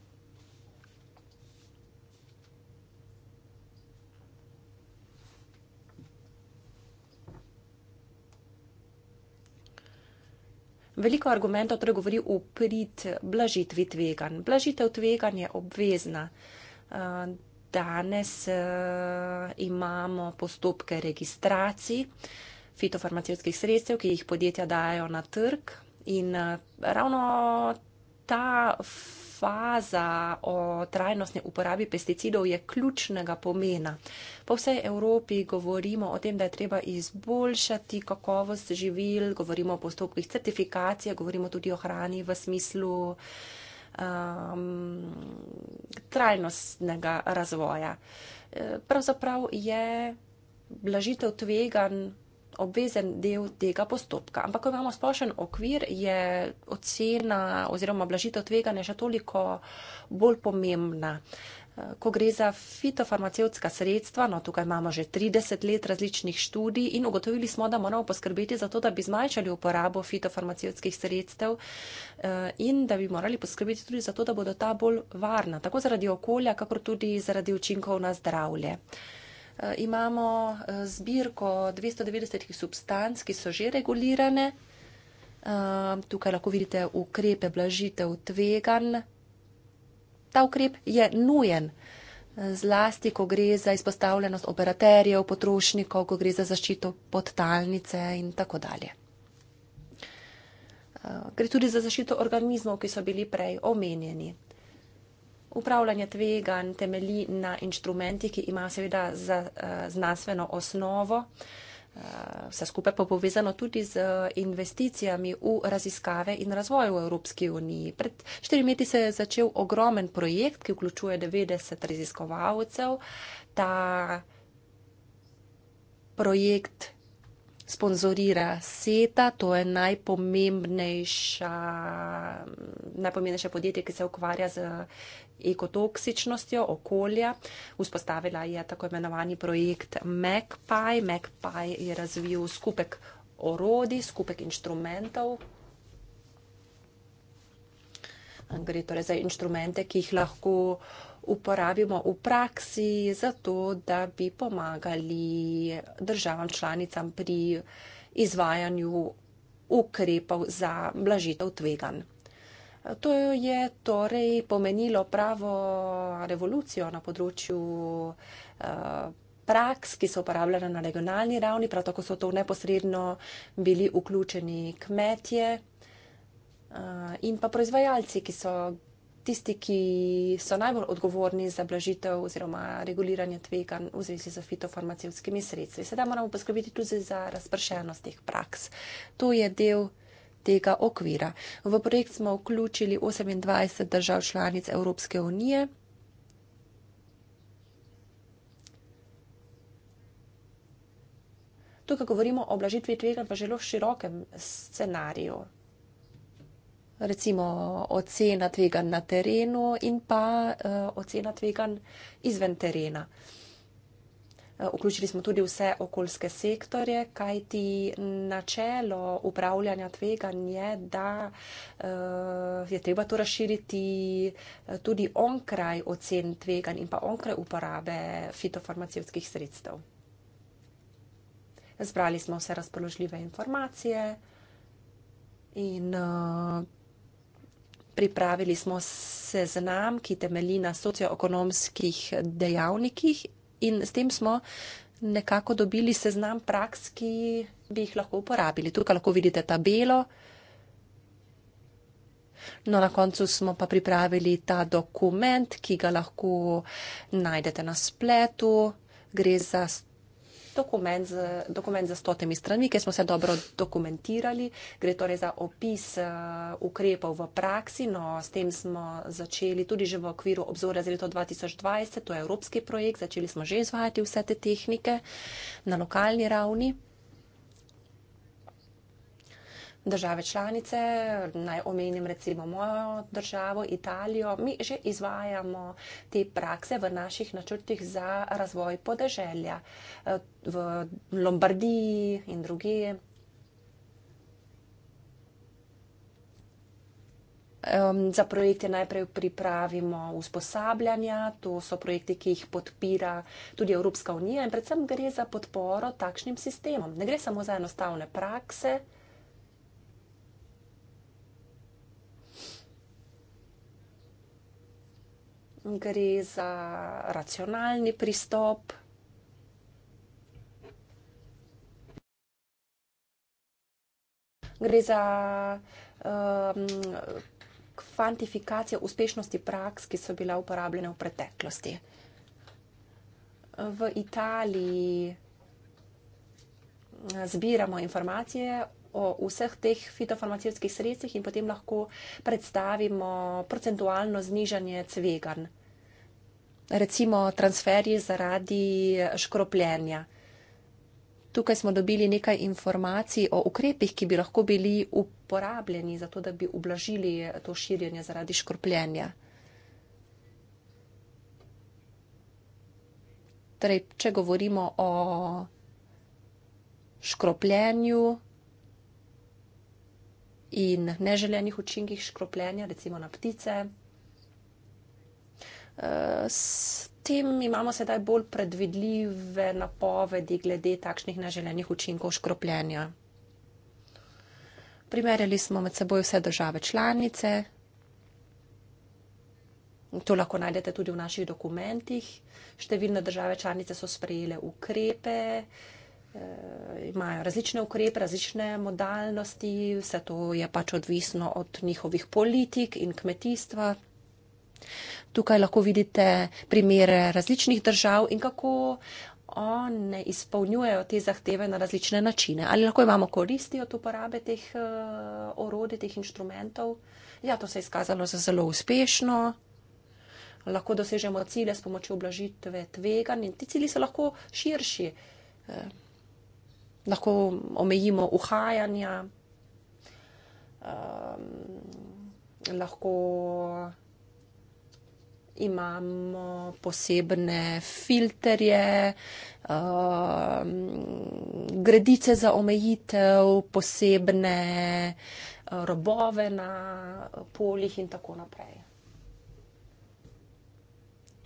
Veliko argumentov torej govori v prid blažitvi tvegan. Blažitev tvegan je obvezna. Eh, danes eh, imamo postopke registracij fitofarmacijskih sredstev, ki jih podjetja dajo na trg in eh, ravno ta faza o trajnostni uporabi pesticidov je ključnega pomena. Po vsej Evropi govorimo o tem, da je treba izboljšati kakovost živil, govorimo o postopkih certifikacije, govorimo tudi o hrani v smislu um, trajnostnega razvoja. Eh, pravzaprav je blažitev tveganj obvezen del tega postopka. Ampak, ko imamo splošen okvir, je ocena oziroma blažitev tveganja še toliko bolj pomembna. Ko gre za fitofarmacevtska sredstva, no tukaj imamo že 30 let različnih študij in ugotovili smo, da moramo poskrbeti za to, da bi zmanjšali uporabo fitofarmacevtskih sredstev eh, in da bi morali poskrbeti tudi za to, da bodo ta bolj varna, tako zaradi okolja, kakor tudi zaradi učinkov na zdravje. Eh, imamo eh, zbirko 290 substanc, ki so že regulirane. Eh, tukaj lahko vidite ukrepe blažitev tvegan. Ta ukrep je nujen, zlasti, ko gre za izpostavljenost operaterjev, potrošnikov, ko gre za zaščito podtalnice in tako dalje. Gre tudi za zaščito organizmov, ki so bili prej omenjeni upravljanje tveganj temelji na inštrumentih, ki imajo seveda za eh, znanstveno osnovo. Eh, vse skupaj pa povezano tudi z eh, investicijami v raziskave in razvoj v Evropski uniji. Pred štirimi leti se je začel ogromen projekt, ki vključuje 90 raziskovalcev. Ta projekt sponzorira SETA, to je najpomembnejša, najpomembnejše podjetje, ki se ukvarja z ekotoksičnostjo okolja. Vzpostavila je tako imenovani projekt MacPie. MacPie je razvil skupek orodij, skupek inštrumentov. Gre torej za inštrumente, ki jih lahko uporabimo v praksi, zato da bi pomagali državam članicam pri izvajanju ukrepov za blažitev tveganj. To je torej pomenilo pravo revolucijo na področju eh, praks, ki so uporabljene na regionalni ravni, prav tako so to neposredno bili vključeni kmetje eh, in pa proizvajalci, ki so tisti, ki so najbolj odgovorni za blažitev oziroma reguliranje tvegan v zvezi z fitofarmacijskimi sredstvi. Sedaj moramo poskrbiti tudi za razpršenost teh praks. To je del tega okvira. V projekt smo vključili 28 držav članic Evropske unije. Tukaj govorimo o blažitvi tveganj v zelo širokem scenariju. Recimo ocena tveganj na terenu in pa uh, ocena tveganj izven terena. Uh, Eh, vključili smo tudi vse okoljske sektorje, kajti načelo upravljanja tvegan je, da eh, je treba to razširiti eh, tudi onkraj ocen tvegan in pa onkraj uporabe fitofarmacijskih sredstev. Zbrali smo vse razpoložljive informacije in pripravili smo seznam, ki temelji na socioekonomskih dejavnikih in s tem smo nekako dobili seznam praks, ki bi jih lahko uporabili. Tukaj lahko vidite tabelo. No, na koncu smo pa pripravili ta dokument, ki ga lahko najdete na spletu. Gre za dokument z, dokument z stotimi strani, kjer smo se dobro dokumentirali. Gre torej za opis uh, ukrepov v praksi, no s tem smo začeli tudi že v okviru obzorja za leto 2020, to je evropski projekt, začeli smo že izvajati vse te tehnike na lokalni ravni države članice, naj omenim recimo mojo državo, Italijo, mi že izvajamo te prakse v naših načrtih za razvoj podeželja eh, v Lombardiji in druge. Za projekte najprej pripravimo usposabljanja, to so projekti, ki jih podpira tudi Evropska unija in predvsem gre za podporo takšnim sistemom. Ne gre samo za enostavne prakse. gre za racionalni pristop. Gre za um, kvantifikacijo uspešnosti praks, ki so bile uporabljene v preteklosti. V Italiji eh, zbiramo informacije o vseh teh fitofarmacijskih sredstvih in potem lahko predstavimo procentualno znižanje cvegan. Recimo transferji zaradi škropljenja. Tukaj smo dobili nekaj informacij o ukrepih, ki bi lahko bili uporabljeni za to, da bi ublažili to širjenje zaradi škropljenja. Torej, če govorimo o škropljenju, in neželenih učinkih škropljenja, recimo na ptice. Eh, s tem imamo sedaj bolj predvidljive napovedi glede takšnih neželenih učinkov škropljenja. Primerjali smo med seboj vse države članice. To lahko najdete tudi v naših dokumentih. Številne države članice so sprejele ukrepe, uh, Eh, imajo različne ukrepe, različne modalnosti, vse to je pač odvisno od njihovih politik in kmetijstva. Tukaj lahko vidite primere različnih držav in kako one izpolnjujejo te zahteve na različne načine. Ali lahko imamo koristi od uporabe teh uh, orodij, teh inštrumentov? Ja, to se je izkazalo za zelo uspešno. Lahko dosežemo cilje s pomočjo oblažitve tvegan in ti cilji so lahko širši. Uh, lahko omejimo uhajanja, um, lahko imamo posebne filtre, um, gradice za omejitev, posebne uh, robove na poljih in tako naprej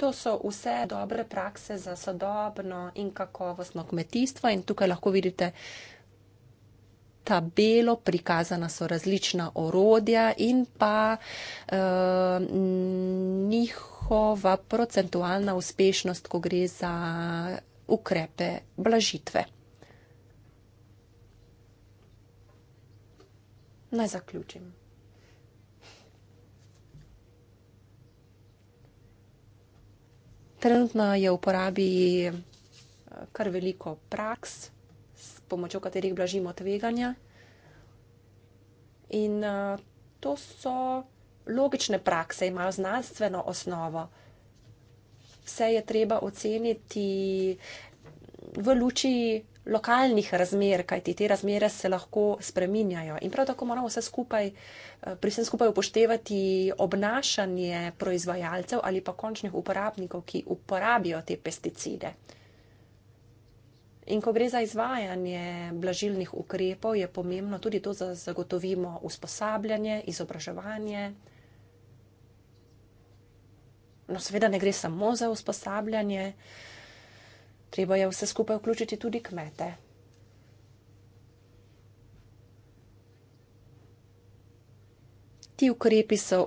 to so vse dobre prakse za sodobno in kakovostno kmetijstvo. In tukaj lahko vidite tabelo, prikazana so različna orodja in pa uh, njihova procentualna uspešnost, ko gre za ukrepe blažitve. Naj zaključim. Trenutno je v uporabi eh, kar veliko praks, s pomočjo katerih blažimo tveganja. In eh, to so logične prakse, imajo znanstveno osnovo. Vse je treba oceniti v luči lokalnih razmer, kajti te razmere se lahko spreminjajo. In prav tako moramo vse skupaj, eh, pri vsem skupaj upoštevati obnašanje proizvajalcev ali pa končnih uporabnikov, ki uporabijo te pesticide. In ko gre za izvajanje blažilnih ukrepov, je pomembno tudi to, da zagotovimo usposabljanje, izobraževanje. No, seveda ne gre samo za usposabljanje. Uh, Treba je vse skupaj vključiti tudi kmete. Ti ukrepi so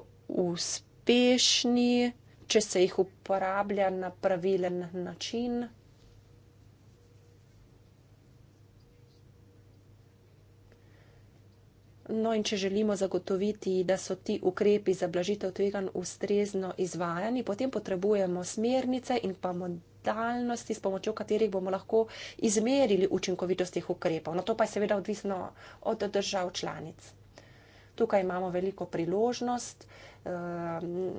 uspešni, če se jih uporablja na pravilen način. No, in če želimo zagotoviti, da so ti ukrepi za blažitev tvegan ustrezno izvajani, potem potrebujemo smernice in pa model digitalnosti, s pomočjo katerih bomo lahko izmerili učinkovitost teh ukrepov. Na no, to pa je seveda odvisno od držav članic. Tukaj imamo veliko priložnost. Ehm,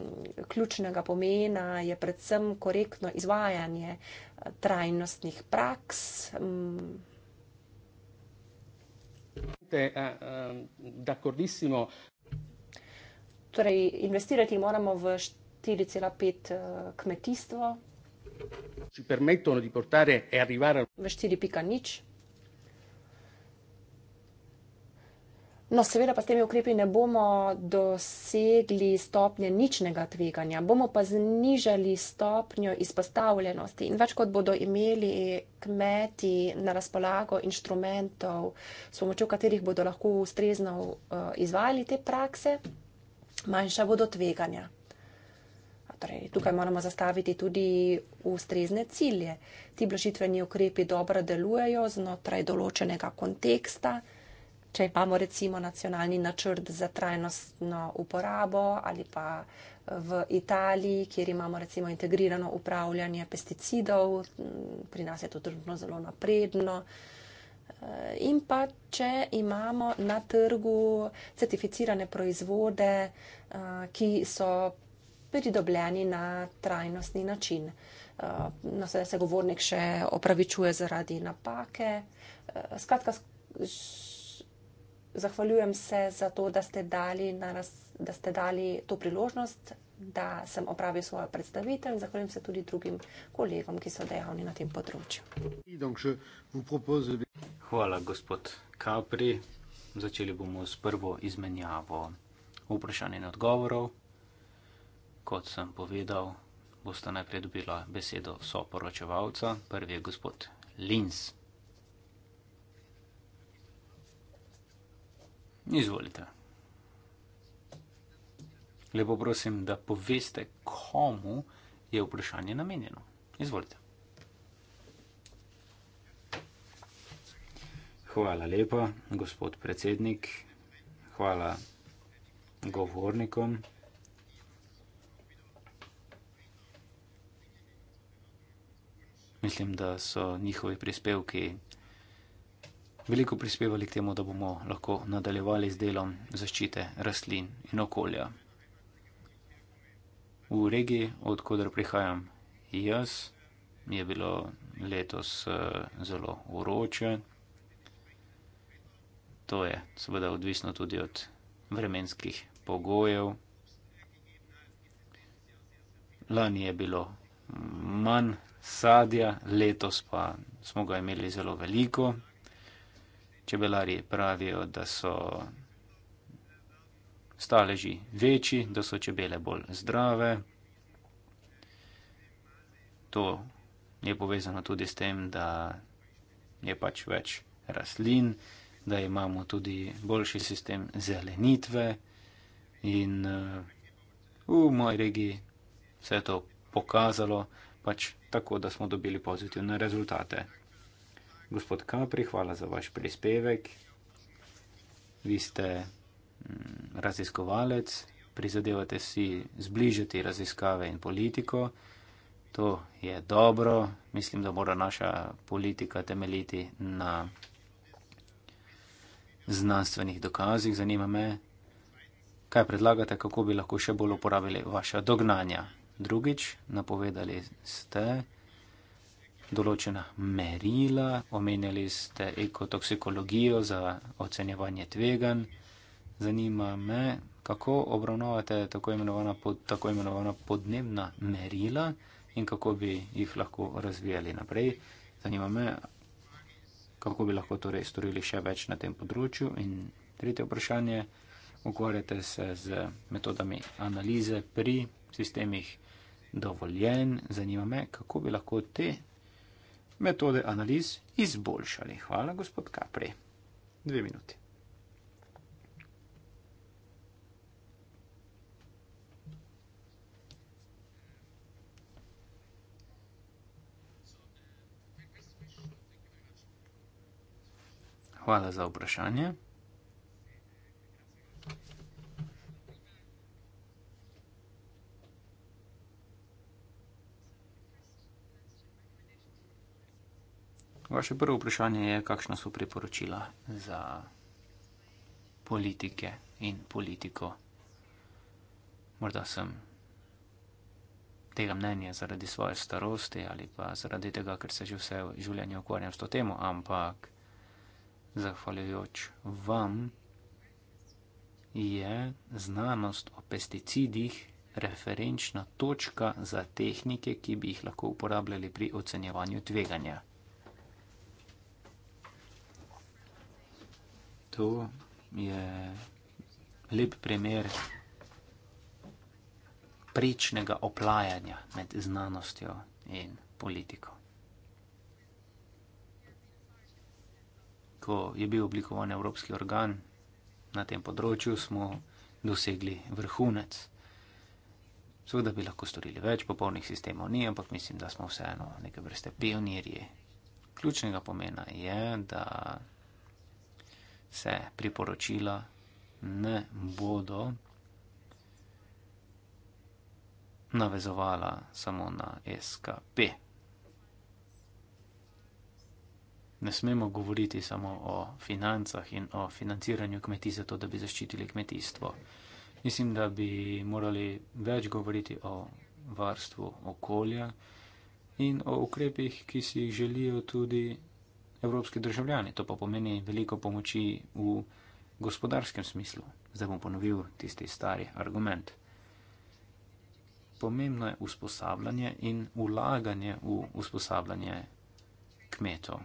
ključnega pomena je predvsem korektno izvajanje eh, trajnostnih praks. Eh, eh, torej, investirati moramo v 4,5 kmetijstvo ci permettono di portare e arrivare al... Vestiti picanici? No, seveda pa s temi ukrepi ne bomo dosegli stopnje ničnega tveganja, bomo pa znižali stopnjo izpostavljenosti in več kot bodo imeli kmeti na razpolago inštrumentov, s pomočjo katerih bodo lahko ustrezno uh, izvajali te prakse, manjša bodo tveganja. Torej, tukaj moramo zastaviti tudi ustrezne cilje. Ti blažitveni ukrepi dobro delujejo znotraj določenega konteksta. Če imamo recimo nacionalni načrt za trajnostno uporabo ali pa eh, v Italiji, kjer imamo recimo integrirano upravljanje pesticidov, mm, pri nas je to trenutno zelo napredno. Eh, in pa, če imamo na trgu certificirane proizvode, eh, ki so pridobljeni na trajnostni način. Eh, no, se, se govornik še opravičuje zaradi napake. Eh, skratka, zahvaljujem se za to, da ste dali, raz, da ste dali to priložnost, da sem opravil svojo predstavitev in zahvaljujem se tudi drugim kolegom, ki so dejavni na tem področju. Hvala, gospod Kapri. Začeli bomo s prvo izmenjavo vprašanj in odgovorov kot sem povedal, boste najprej dobila besedo soporočevalca. Prvi je gospod Lins. Izvolite. Lepo prosim, da poveste, komu je vprašanje namenjeno. Izvolite. Hvala lepa, gospod predsednik. Hvala govornikom. mislim, da so njihovi prispevki veliko prispevali k temu, da bomo lahko nadaljevali z delom zaščite rastlin in okolja. V regiji, odkudar prihajam jaz, je bilo letos eh, zelo uroče. To je seveda odvisno tudi od vremenskih pogojev. Lani je bilo manj sadja, letos pa smo ga imeli zelo veliko. Čebelari pravijo, da so staleži večji, da so čebele bolj zdrave. To je povezano tudi s tem, da je pač več rastlin, da imamo tudi boljši sistem zelenitve in uh, v moji regiji se je to pokazalo pač tako, da smo dobili pozitivne rezultate. Gospod Kapri, hvala za vaš prispevek. Vi ste mm, raziskovalec, prizadevate si zbližati raziskave in politiko. To je dobro. Mislim, da mora naša politika temeljiti na znanstvenih dokazih. Zanima me, kaj predlagate, kako bi lahko še bolj uporabili vaša dognanja drugič, napovedali ste določena merila, omenjali ste ekotoksikologijo za ocenjevanje tvegan. Zanima me, kako obravnavate tako imenovana, pod, tako imenovana podnebna merila in kako bi jih lahko razvijali naprej. Zanima me, kako bi lahko torej storili še več na tem področju. In tretje vprašanje, ukvarjate se z metodami analize pri sistemih dovoljen, zanima me, kako bi lahko te metode analiz izboljšali. Hvala, gospod Kapri. Dve minuti. Hvala za vprašanje. Vaše prvo vprašanje je, kakšna so priporočila za politike in politiko. Morda sem tega mnenja zaradi svoje starosti ali pa zaradi tega, ker se že vse življenje ukvarjam s to temo, ampak zahvaljujoč vam je znanost o pesticidih referenčna točka za tehnike, ki bi jih lahko uporabljali pri ocenjevanju tveganja. to je lep primer prečnega oplajanja med znanostjo in politiko. Ko je bil oblikovan evropski organ na tem področju, smo dosegli vrhunec. Seveda bi lahko storili več, popolnih sistemov ni, ampak mislim, da smo vseeno neke vrste pionirji. Ključnega pomena je, da se priporočila ne bodo navezovala samo na SKP. Ne smemo govoriti samo o financah in o financiranju kmetij za to, da bi zaščitili kmetijstvo. Mislim, da bi morali več govoriti o varstvu okolja in o ukrepih, ki si jih želijo tudi evropski državljani. To pa pomeni veliko pomoči v gospodarskem smislu. Zdaj bom ponovil tisti stari argument. Pomembno je usposabljanje in ulaganje v usposabljanje kmetov.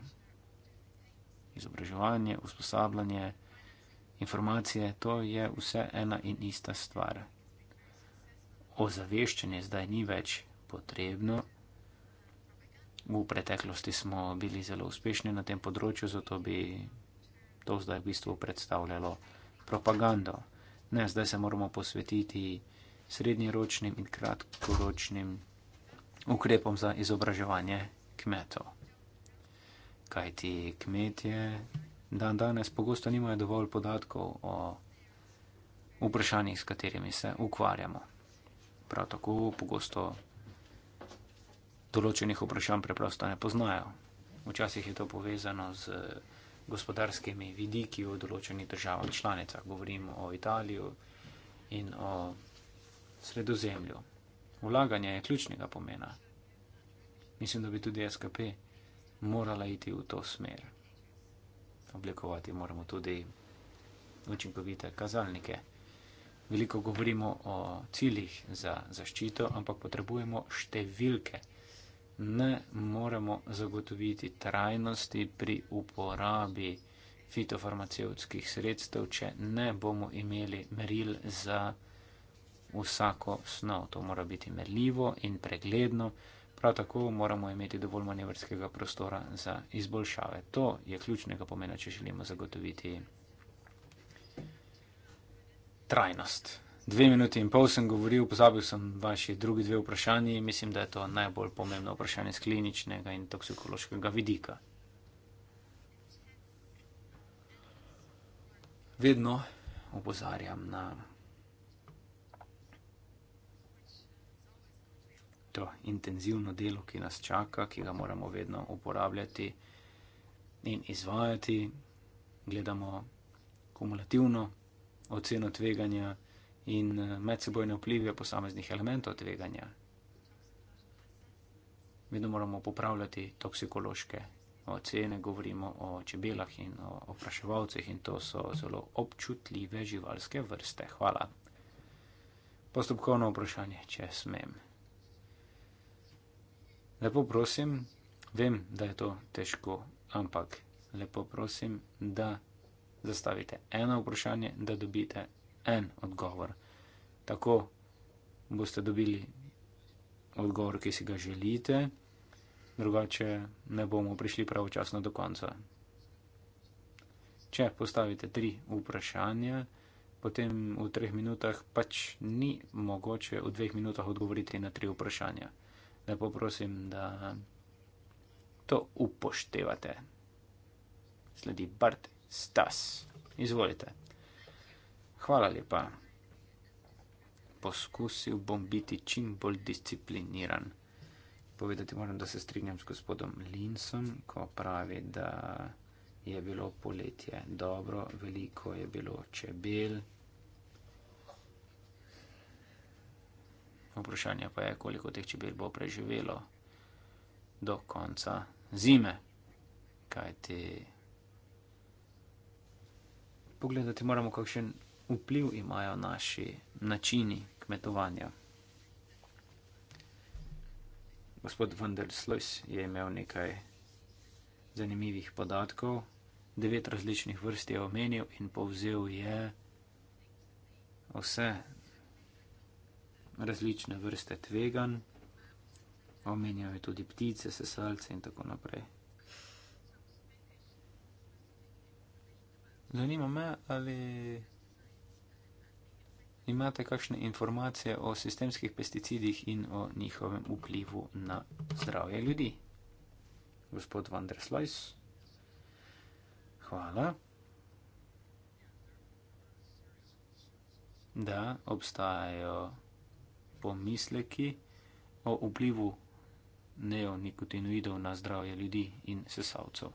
Izobraževanje, usposabljanje, informacije, to je vse ena in ista stvar. Ozaveščanje zdaj ni več potrebno, v preteklosti smo bili zelo uspešni na tem področju, zato bi to zdaj v bistvu predstavljalo propagando. Ne, zdaj se moramo posvetiti srednjeročnim in kratkoročnim ukrepom za izobraževanje kmetov. Kaj ti kmetje dan danes pogosto nimajo dovolj podatkov o vprašanjih, s katerimi se ukvarjamo. Prav tako pogosto določenih vprašanj preprosto ne poznajo. Včasih je to povezano z gospodarskimi vidiki v določenih državah članicah. Govorim o Italiji in o sredozemlju. Vlaganje je ključnega pomena. Mislim, da bi tudi SKP morala iti v to smer. Oblikovati moramo tudi učinkovite kazalnike. Veliko govorimo o ciljih za zaščito, ampak potrebujemo številke ne moremo zagotoviti trajnosti pri uporabi fitofarmacevskih sredstev, če ne bomo imeli meril za vsako snov. To mora biti merljivo in pregledno, prav tako moramo imeti dovolj manevrskega prostora za izboljšave. To je ključnega pomena, če želimo zagotoviti trajnost dve minuti in pol sem govoril, pozabil sem vaši drugi dve vprašanji. Mislim, da je to najbolj pomembno vprašanje z kliničnega in toksikološkega vidika. Vedno opozarjam na to intenzivno delo, ki nas čaka, ki ga moramo vedno uporabljati in izvajati. Gledamo kumulativno oceno tveganja in eh, medsebojne vplive posameznih elementov tveganja. Vedno moramo popravljati toksikološke ocene, govorimo o čebelah in o opraševalcih in to so zelo občutljive živalske vrste. Hvala. Postopkovno vprašanje, če smem. Lepo prosim, vem, da je to težko, ampak lepo prosim, da zastavite eno vprašanje, da dobite en odgovor. Tako boste dobili odgovor, ki si ga želite, drugače ne bomo prišli pravočasno do konca. Če postavite tri vprašanja, potem v treh minutah pač ni mogoče v dveh minutah odgovoriti na tri vprašanja. Ne poprosim, da to upoštevate. Sledi Bart Stas. Izvolite. Hvala lepa. Poskusil bom biti čim bolj discipliniran. Povedati moram, da se strinjam s gospodom Linson, ko pravi, da je bilo poletje dobro, veliko je bilo čebel. Vprašanje pa je, koliko teh čebel bo preživelo do konca zime. Kaj ti? Pogledati moramo, kakšen vpliv imajo naši načini kmetovanja. Gospod Vendelsluis je imel nekaj zanimivih podatkov, devet različnih vrst je omenil in povzel je vse različne vrste tvegan, omenjajo tudi ptice, sesalce in tako naprej. Zanima me, ali imate kakšne informacije o sistemskih pesticidih in o njihovem vplivu na zdravje ljudi? Gospod Van der Slajs. Hvala. Da obstajajo pomisleki o vplivu neonikotinoidov na zdravje ljudi in sesalcev.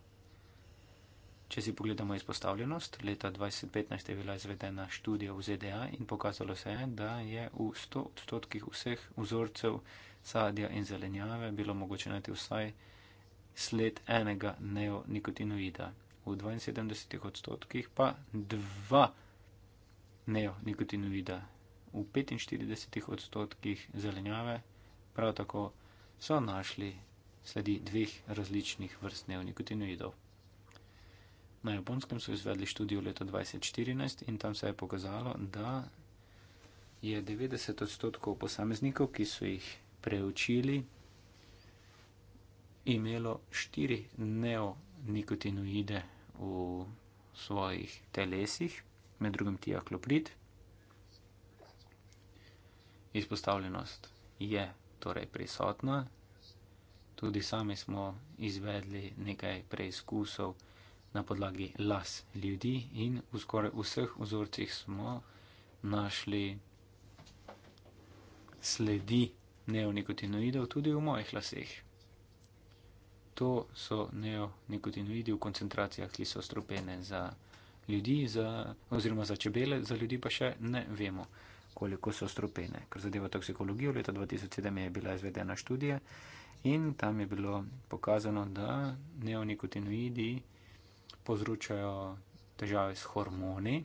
Če si pogledamo izpostavljenost, leta 2015 je bila izvedena študija v ZDA in pokazalo se je, da je v 100 odstotkih vseh vzorcev sadja in zelenjave bilo mogoče najti vsaj sled enega neonikotinoida, v 72 odstotkih pa dva neonikotinoida, v 45 odstotkih zelenjave prav tako so našli sledi dveh različnih vrst neonikotinoidov. Na japonskem so izvedli študijo leta 2014 in tam se je pokazalo, da je 90 odstotkov posameznikov, ki so jih preučili, imelo štiri neonikotinoide v svojih telesih, med drugim tija kloprit. Izpostavljenost je torej prisotna. Tudi sami smo izvedli nekaj preizkusov na podlagi las ljudi in v skoraj vseh vzorcih smo našli sledi neonikotinoidov tudi v mojih laseh. To so neonikotinoidi v koncentracijah, ki so strupene za ljudi za, oziroma za čebele, za ljudi pa še ne vemo, koliko so strupene. Kar zadeva toksikologijo, leta 2007 je bila izvedena študija in tam je bilo pokazano, da neonikotinoidi povzročajo težave s hormoni,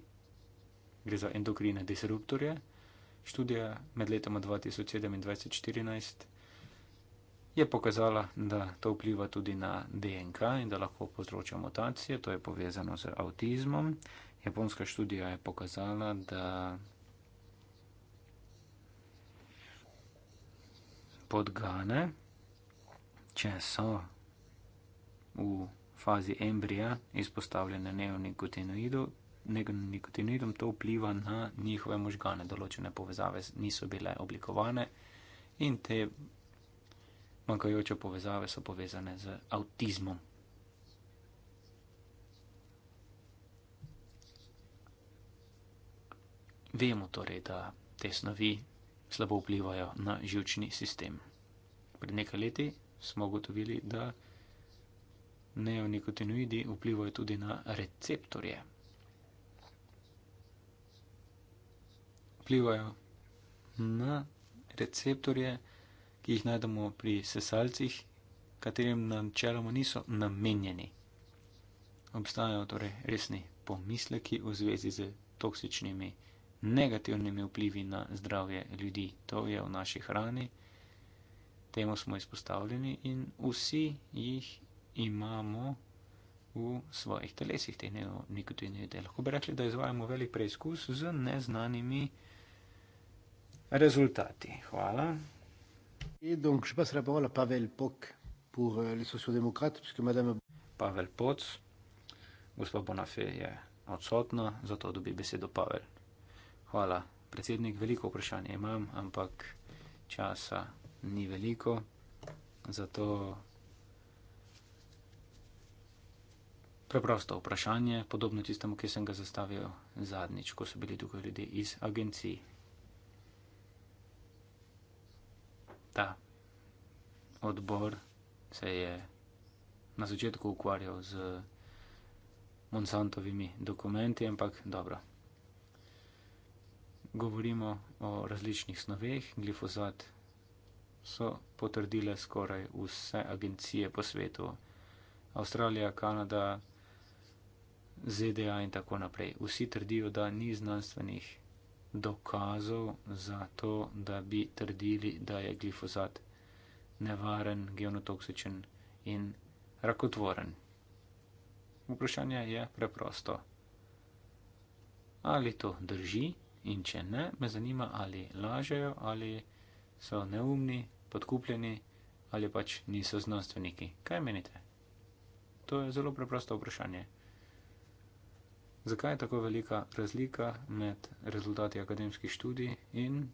gre za endokrine disruptorje. Študija med letoma 2007 in 2014 je pokazala, da to vpliva tudi na DNK in da lahko povzroča mutacije, to je povezano z avtizmom. Japonska študija je pokazala, da podgane, če so v fazi embrija izpostavljene neonikotinoidom, to vpliva na njihove možgane. Določene povezave niso bile oblikovane in te manjkajoče povezave so povezane z avtizmom. Vemo torej, da te snovi slabo vplivajo na žilčni sistem. Pred nekaj leti smo ugotovili, da neonikotinoidi vplivajo tudi na receptorje. Vplivajo na receptorje, ki jih najdemo pri sesalcih, katerim načeloma niso namenjeni. Obstajajo torej resni pomisleki v zvezi z toksičnimi negativnimi vplivi na zdravje ljudi. To je v naši hrani, temu smo izpostavljeni in vsi jih imamo v svojih telesih te neonikotinoide. Lahko bi rekli, da izvajamo velik preizkus z neznanimi rezultati. Hvala. Euh, Pavel Poc, gospa Bonafé je odsotna, zato dobi besedo Pavel. Hvala, predsednik, veliko vprašanje imam, ampak časa ni veliko, zato preprosto vprašanje, podobno tistemu, ki sem ga zastavil zadnjič, ko so bili tukaj ljudje iz agencij. Ta odbor se je na začetku ukvarjal z Monsantovimi dokumenti, ampak dobro. Govorimo o različnih snoveh. Glifosat so potrdile skoraj vse agencije po svetu. Avstralija, Kanada, ZDA in tako naprej. Vsi trdijo, da ni znanstvenih dokazov za to, da bi trdili, da je glifosat nevaren, genotoksičen in rakotvoren. Vprašanje je preprosto. Ali to drži in če ne, me zanima, ali lažejo, ali so neumni, podkupljeni ali pač niso znanstveniki. Kaj menite? To je zelo preprosto vprašanje. Zakaj je tako velika razlika med rezultati akademskih študij in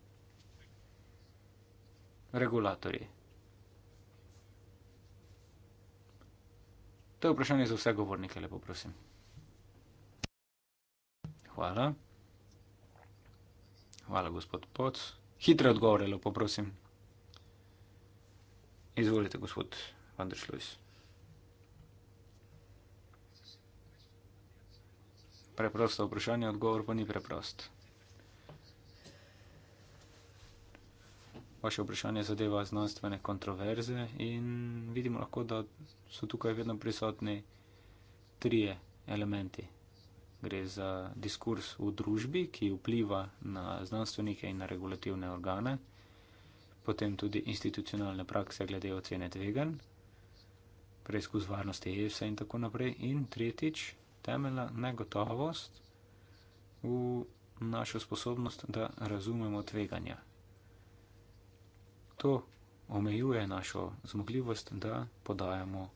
regulatorji? To je vprašanje za vse govornike, lepo prosim. Hvala. Hvala, gospod Poc. Hitre odgovore, lepo prosim. Izvolite, gospod Vandršlojs. preprosto vprašanje, odgovor pa ni preprost. Vaše vprašanje zadeva znanstvene kontroverze in vidimo lahko, da so tukaj vedno prisotni trije elementi. Gre za diskurs v družbi, ki vpliva na znanstvenike in na regulativne organe, potem tudi institucionalne prakse glede ocene tveganj, preizkus varnosti EFSA in tako naprej. In tretjič, temeljna negotovost v našo sposobnost, da razumemo tveganja. To omejuje našo zmogljivost, da podajamo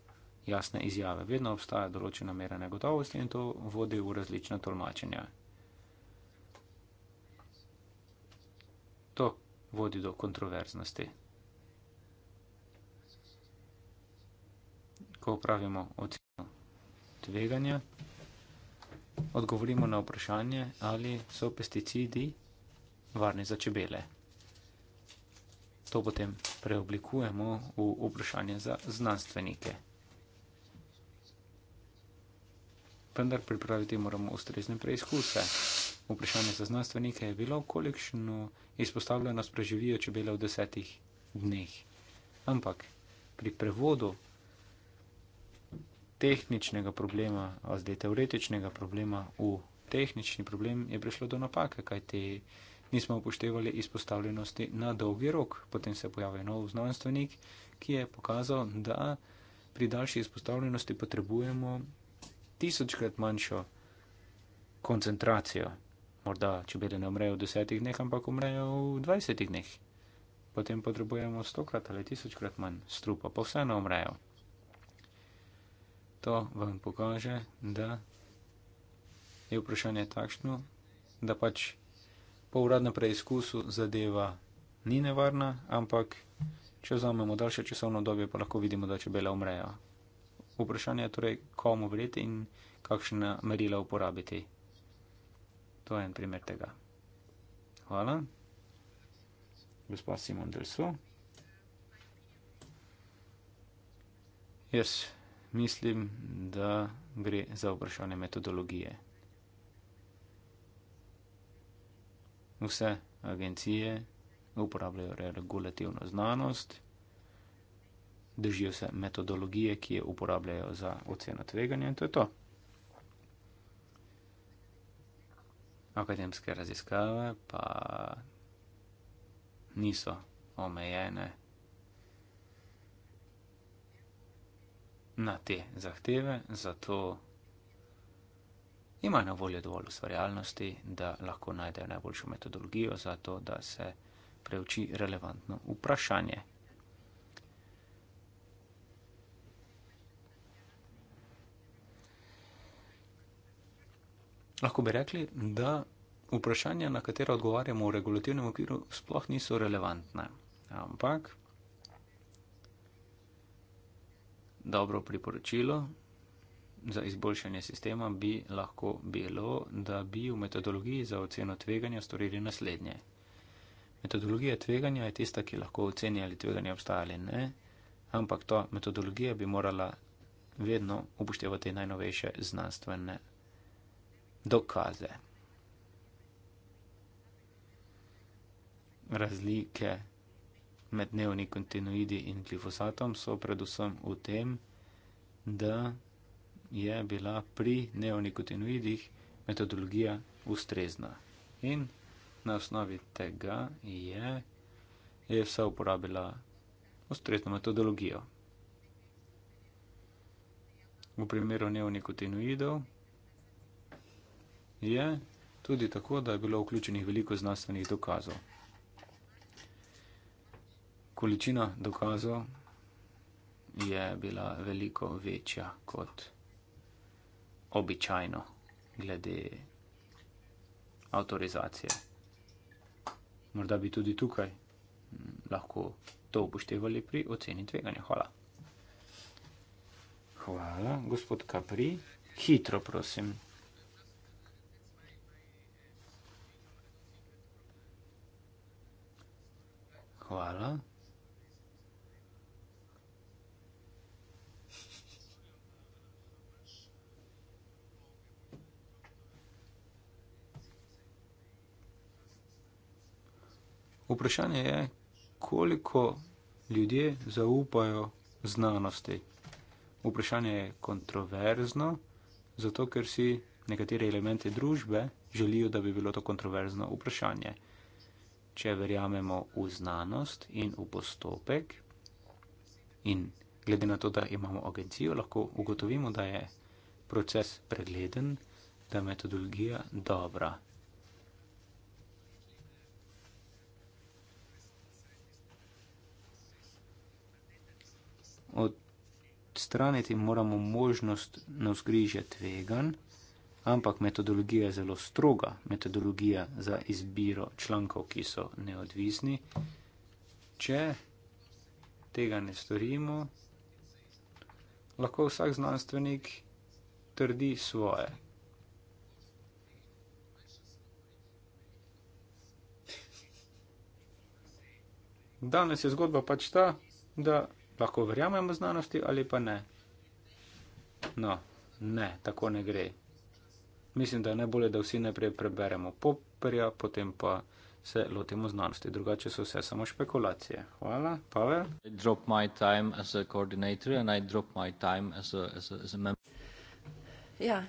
jasne izjave. Vedno obstaja določena mera negotovosti in to vodi v različna tolmačenja. To vodi do kontroverznosti. Ko pravimo ocenjeno tveganje, odgovorimo na vprašanje, ali so pesticidi varni za čebele. To potem preoblikujemo v vprašanje za znanstvenike. Vendar pripraviti moramo ustrezne preizkuse. Vprašanje za znanstvenike je bilo, kolikšno izpostavljenost preživijo čebele v desetih dneh. Ampak pri prevodu tehničnega problema, zdaj teoretičnega problema, v tehnični problem je prišlo do napake, kajti nismo upoštevali izpostavljenosti na dolgi rok. Potem se je pojavil nov znanstvenik, ki je pokazal, da pri daljši izpostavljenosti potrebujemo tisočkrat manjšo koncentracijo. Morda, če bede ne umrejo v desetih dneh, ampak umrejo v dvajsetih dneh. Potem potrebujemo stokrat ali tisočkrat manj strupa, pa vseeno umrejo to vam pokaže, da je vprašanje takšno, da pač po uradnem preizkusu zadeva ni nevarna, ampak če vzamemo daljše časovno dobje, pa lahko vidimo, da čebele umrejo. Vprašanje je torej, komu verjeti in kakšna merila uporabiti. To je en primer tega. Hvala. Gospod Simon Delso. Yes mislim, da gre za vprašanje metodologije. Vse agencije uporabljajo regulativno znanost, držijo se metodologije, ki jo uporabljajo za oceno tveganja in to je to. Akademske raziskave pa niso omejene. na te zahteve, zato imajo na voljo dovolj ustvarjalnosti, da lahko najdejo najboljšo metodologijo za to, da se preuči relevantno vprašanje. Lahko bi rekli, da vprašanja, na katera odgovarjamo v regulativnem okviru, sploh niso relevantna. Ampak dobro priporočilo za izboljšanje sistema bi lahko bilo, da bi v metodologiji za oceno tveganja storili naslednje. Metodologija tveganja je tista, ki lahko oceni ali tveganje obstaja ali ne, ampak ta metodologija bi morala vedno upoštevati najnovejše znanstvene dokaze. Razlike med dnevni kontinuidi in glifosatom so predvsem v tem, da je bila pri dnevni kontinuidih metodologija ustrezna. In na osnovi tega je EFSA uporabila ustrezno metodologijo. V primeru dnevnih kontinuidov je tudi tako, da je bilo vključenih veliko znanstvenih dokazov količina dokazov je bila veliko večja kot običajno glede avtorizacije. Morda bi tudi tukaj mm, lahko to upoštevali pri oceni tveganja. Hvala. Hvala, gospod Kapri. Hitro, prosim. Hvala. Vprašanje je, koliko ljudje zaupajo znanosti. Vprašanje je kontroverzno, zato ker si nekatere elemente družbe želijo, da bi bilo to kontroverzno vprašanje. Če verjamemo v znanost in v postopek, in glede na to, da imamo agencijo, lahko ugotovimo, da je proces pregleden, da je metodologija dobra, odstraniti moramo možnost navzgrižja tvegan, ampak metodologija je zelo stroga, metodologija za izbiro člankov, ki so neodvisni. Če tega ne storimo, lahko vsak znanstvenik trdi svoje. Danes je zgodba pač ta, da lahko verjamemo znanosti ali pa ne. No, ne, tako ne gre. Mislim, da je najbolje, da vsi najprej preberemo poperja, potem pa se lotimo znanosti. Drugače so vse samo špekulacije. Hvala, Pavel. Ja.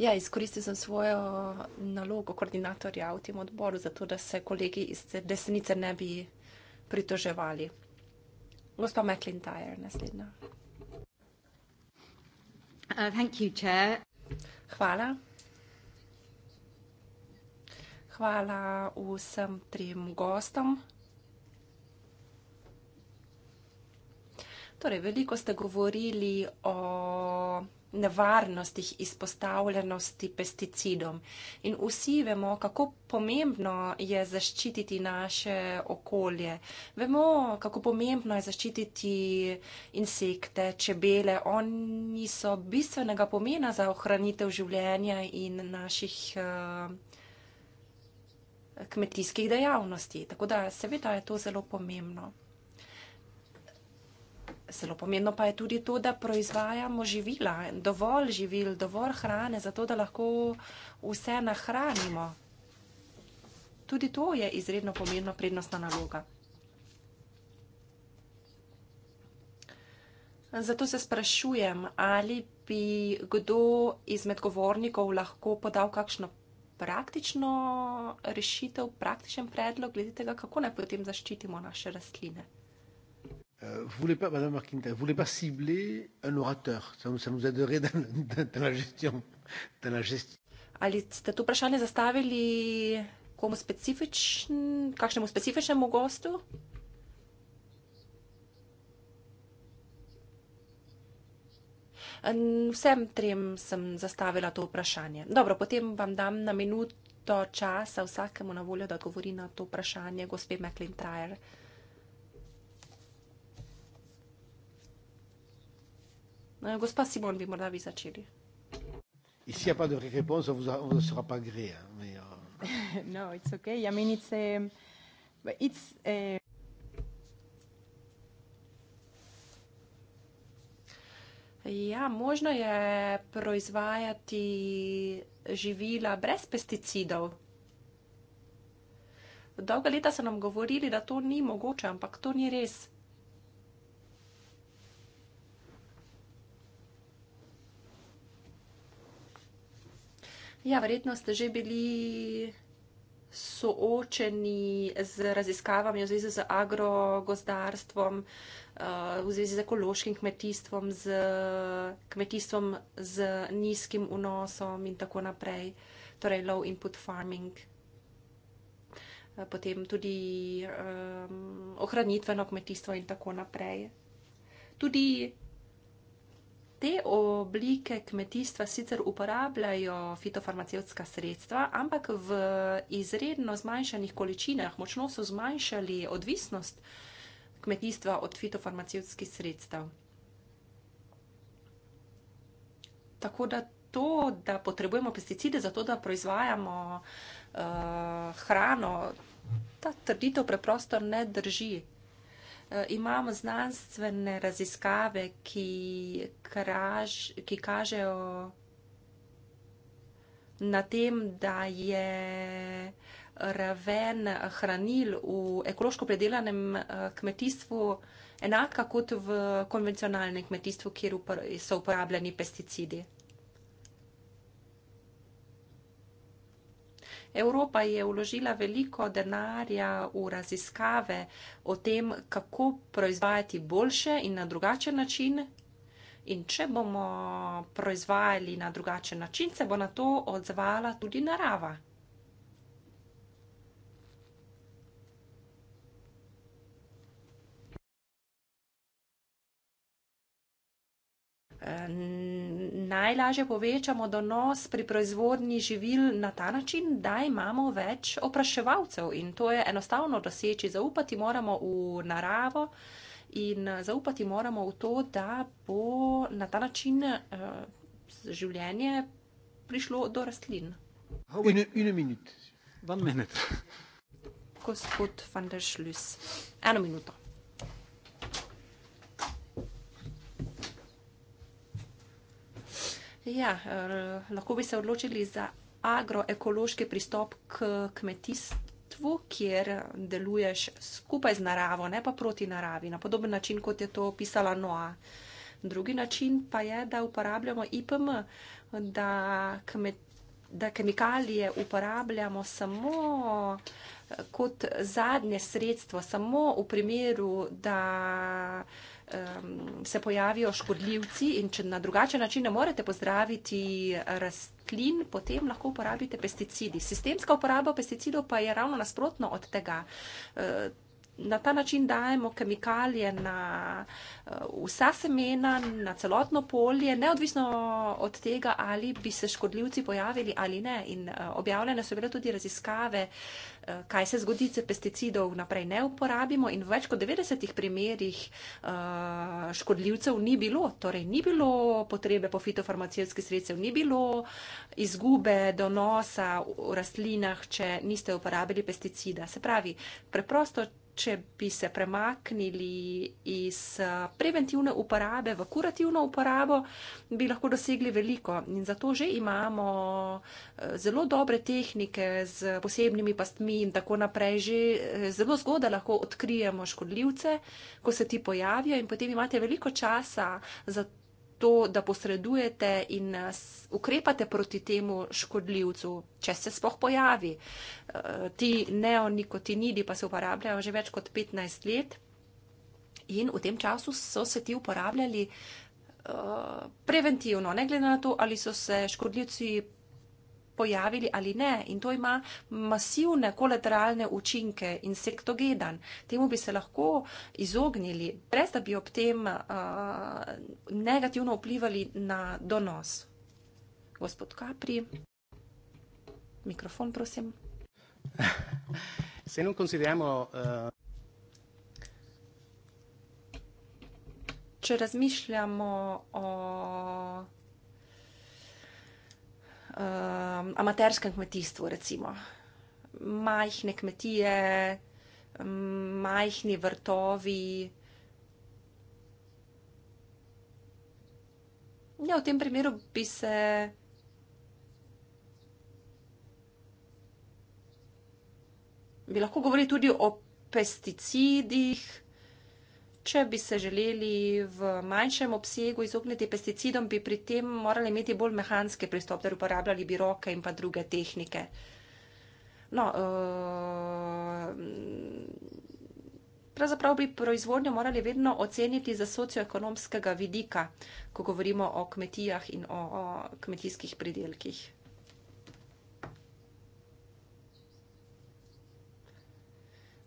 Ja, izkoristil sem svojo nalogo koordinatorja v tem odboru, zato da se kolegi iz desnice ne bi pritoževali. Gospa McIntyre, naslednja. Uh, thank you, chair. Hvala. Hvala vsem trem gostom. Torej, veliko ste govorili o nevarnostih izpostavljenosti pesticidom. In vsi vemo, kako pomembno je zaščititi naše okolje. Vemo, kako pomembno je zaščititi insekte, čebele. Oni so bistvenega pomena za ohranitev življenja in naših uh, kmetijskih dejavnosti. Tako da seveda je to zelo pomembno. Zelo pomembno pa je tudi to, da proizvajamo živila, dovolj živil, dovolj hrane, zato da lahko vse nahranimo. Tudi to je izredno pomembna prednostna naloga. Zato se sprašujem, ali bi kdo izmed govornikov lahko podal kakšno praktično rešitev, praktičen predlog glede tega, kako naj potem zaščitimo naše rastline. Euh, vous voulez pas, Madame Marquinta, vous voulez pas cibler un orateur Ça, ça nous aiderait dans, dans, dans la gestion, dans la gestion. Ali ste to vprašanje zastavili komu specifičn, kakšnemu specifičnemu gostu? Vsem trem sem zastavila to vprašanje. Dobro, potem vam dam na minuto časa vsakemu na voljo, da odgovori na to vprašanje gospe McLean Trier. Euh, gospa Simon, bi morda vi začeli. Uh, ja, možno je proizvajati živila brez pesticidov. Dolga leta so nam govorili, da to ni mogoče, ampak to ni res. Ja, verjetno ste že bili soočeni z raziskavami v zvezi z agrogozdarstvom, eh, v zvezi z ekološkim kmetijstvom, z kmetijstvom z nizkim vnosom in tako naprej, torej low input farming. Eh, potem tudi um, eh, ohranitveno kmetijstvo in tako naprej. Tudi Te oblike kmetijstva sicer uporabljajo fitofarmacevtska sredstva, ampak v izredno zmanjšanih količinah, močno so zmanjšali odvisnost kmetijstva od fitofarmacevtskih sredstev. Tako da to, da potrebujemo pesticide za to, da proizvajamo uh, hrano, ta trditev preprosto ne drži. Eh, imamo znanstvene raziskave, ki, kraž, ki kažejo na tem, da je raven hranil v ekološko predelanem eh, kmetijstvu enaka kot v konvencionalnem kmetijstvu, kjer so uporabljeni pesticidi. Evropa je vložila veliko denarja v raziskave o tem, kako proizvajati boljše in na drugačen način. In če bomo proizvajali na drugačen način, se bo na to odzvala tudi narava. Eh, najlažje povečamo donos pri proizvodni živil na ta način, da imamo več opraševalcev in to je enostavno doseči. Zaupati moramo v naravo in eh, zaupati moramo v to, da bo na ta način uh, življenje prišlo do rastlin. In eno minuto. Gospod Fandersluis, eno minuto. Ja, lahko bi se odločili za agroekološki pristop k kmetijstvu, kjer deluješ skupaj z naravo, ne pa proti naravi, na podoben način, kot je to pisala Noa. Drugi način pa je, da uporabljamo IPM, da, kmet, da kemikalije uporabljamo samo kot zadnje sredstvo, samo v primeru, da um, se pojavijo škodljivci in če na drugačen način ne morete pozdraviti rastlin, potem lahko uporabite pesticidi. Sistemska uporaba pesticidov pa je ravno nasprotno od tega. Uh, na ta način dajemo kemikalije na eh, vsa semena, na celotno polje, neodvisno od tega, ali bi se škodljivci pojavili ali ne. In eh, objavljene so bile tudi raziskave, eh, kaj se zgodi, če pesticidov naprej ne uporabimo in v več kot 90 primerjih škodljivcev ni bilo. Torej ni bilo potrebe po fitofarmacijskih sredstev, ni bilo izgube donosa v rastlinah, če niste uporabili pesticida. Se pravi, preprosto, če bi se premaknili iz eh, preventivne uporabe v kurativno uporabo, bi lahko dosegli veliko. In zato že imamo eh, zelo dobre tehnike z posebnimi pastmi in tako naprej. Že eh, zelo zgodaj lahko odkrijemo škodljivce, ko se ti pojavijo in potem imate veliko časa za to to, da posredujete in eh, ukrepate proti temu škodljivcu, če se spoh pojavi. Eh, ti neonikotinidi pa se uporabljajo že več kot 15 let in v tem času so se ti uporabljali eh, preventivno, ne glede na to, ali so se škodljivci pojavili ali ne. In to ima masivne kolateralne učinke in sektogedan. Temu bi se lahko izognili, brez da bi ob tem uh, negativno vplivali na donos. Gospod Kapri, mikrofon, prosim. Se non consideriamo. Uh... Če razmišljamo o um, amaterskem kmetijstvu, recimo. Majhne kmetije, majhni vrtovi. Ja, v tem primeru bi se. Bi lahko govorili tudi o pesticidih. Če bi se želeli v manjšem obsegu izogniti pesticidom, bi pri tem morali imeti bolj mehanski pristop, ter torej uporabljali bi roke in pa druge tehnike. No, eh, pravzaprav bi proizvodnjo morali vedno oceniti za socioekonomskega vidika, ko govorimo o kmetijah in o kmetijskih pridelkih.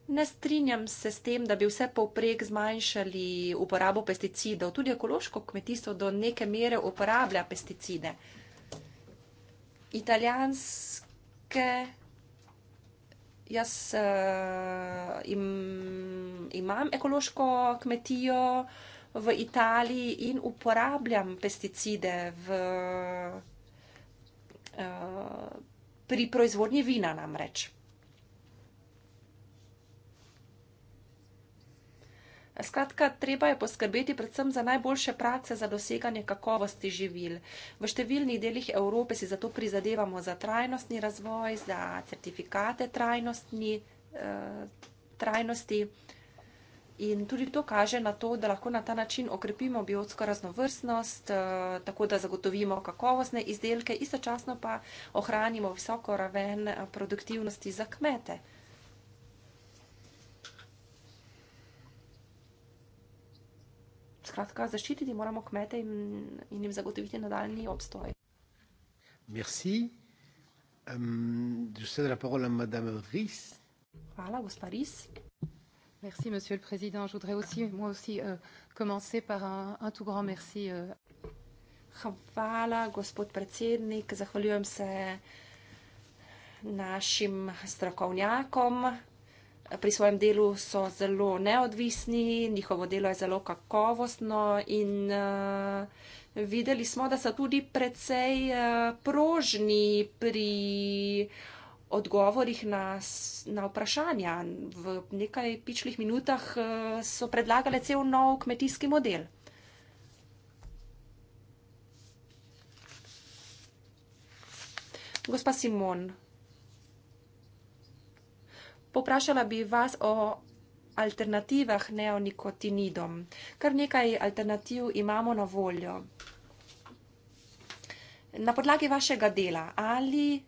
Ne strinjam se s tem, da bi vse povprek zmanjšali uporabo pesticidov. Tudi ekološko kmetijstvo do neke mere uporablja pesticide. Italijanske, jaz uh, im, imam ekološko kmetijo v Italiji in uporabljam pesticide v, uh, pri proizvodnji vina namreč. Skratka, treba je poskrbeti predvsem za najboljše prakse za doseganje kakovosti živil. V številnih delih Evrope si zato prizadevamo za trajnostni razvoj, za certifikate trajnostni, eh, trajnosti. In tudi to kaže na to, da lahko na ta način okrepimo biotsko raznovrstnost, eh, tako da zagotovimo kakovostne izdelke, istočasno pa ohranimo visoko raven eh, produktivnosti za kmete. skratka, zaščititi moramo kmete in, in jim zagotoviti nadaljni obstoj. Merci. Um, Hvala, gospa Ris. Merci, monsieur le président. Je voudrais aussi, moi aussi, euh, commencer par un, un tout grand merci. Euh. Hvala, gospod predsednik. Zahvaljujem se našim strokovnjakom pri svojem delu so zelo neodvisni, njihovo delo je zelo kakovostno in uh, videli smo, da so tudi precej uh, prožni pri odgovorih na, na vprašanja. V nekaj pičlih minutah uh, so predlagali cel nov kmetijski model. Gospa Simon. Poprašala bi vas o alternativah neonikotinidom. Kar nekaj alternativ imamo na voljo. Na podlagi vašega dela, ali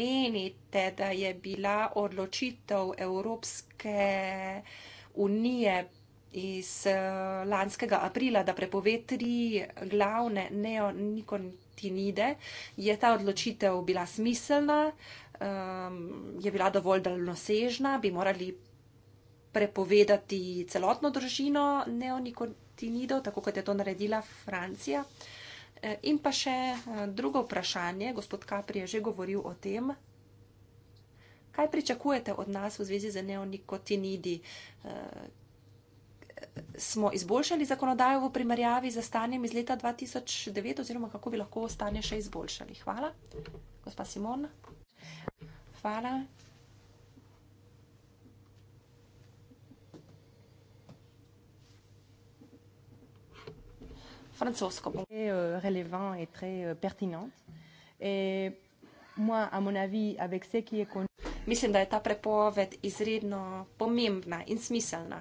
menite, da je bila odločitev Evropske unije iz eh, lanskega aprila, da prepove tri glavne neonikotinide, je ta odločitev bila smiselna? um, je bila dovolj daljnosežna, bi morali prepovedati celotno družino neonikotinidov, tako kot je to naredila Francija. E, in pa še e, drugo vprašanje, gospod Kapri je že govoril o tem. Kaj pričakujete od nas v zvezi z neonikotinidi? E, smo izboljšali zakonodajo v primerjavi z stanjem iz leta 2009 oziroma kako bi lahko stanje še izboljšali? Hvala. Gospa Simon. Hvala. Francosko. Euh, relevant et très euh, pertinent. Mislim, da je ta prepoved izredno pomembna in smiselna.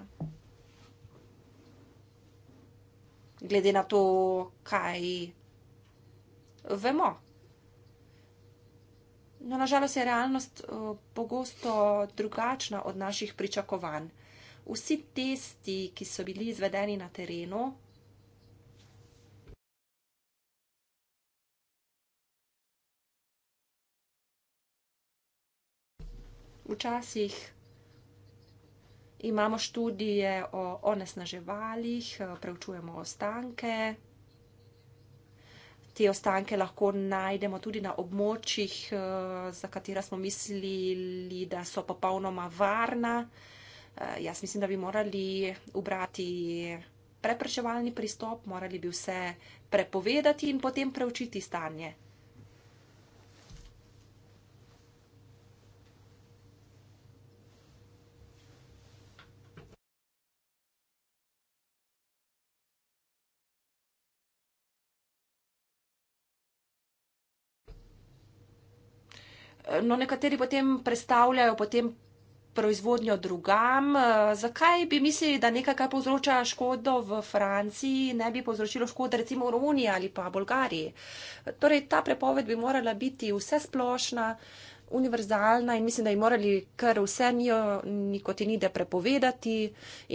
Glede na to, kaj vemo, No, nažalost je realnost eh, pogosto drugačna od naših pričakovanj. Vsi testi, ki so bili izvedeni na terenu, včasih imamo študije o onesnaževalih, eh, preučujemo ostanke te ostanke lahko najdemo tudi na območjih, eh, za katera smo mislili, da so popolnoma varna. Eh, jaz mislim, da bi morali ubrati preprečevalni pristop, morali bi vse prepovedati in potem preučiti stanje. no nekateri potem predstavljajo potem proizvodnjo drugam. Zakaj bi mislili, da nekaj, kar povzroča škodo v Franciji, ne bi povzročilo škodo recimo v Romuniji ali pa Bolgariji? Torej, ta prepoved bi morala biti vse splošna, univerzalna in mislim, da bi morali kar vse njo nikotinide prepovedati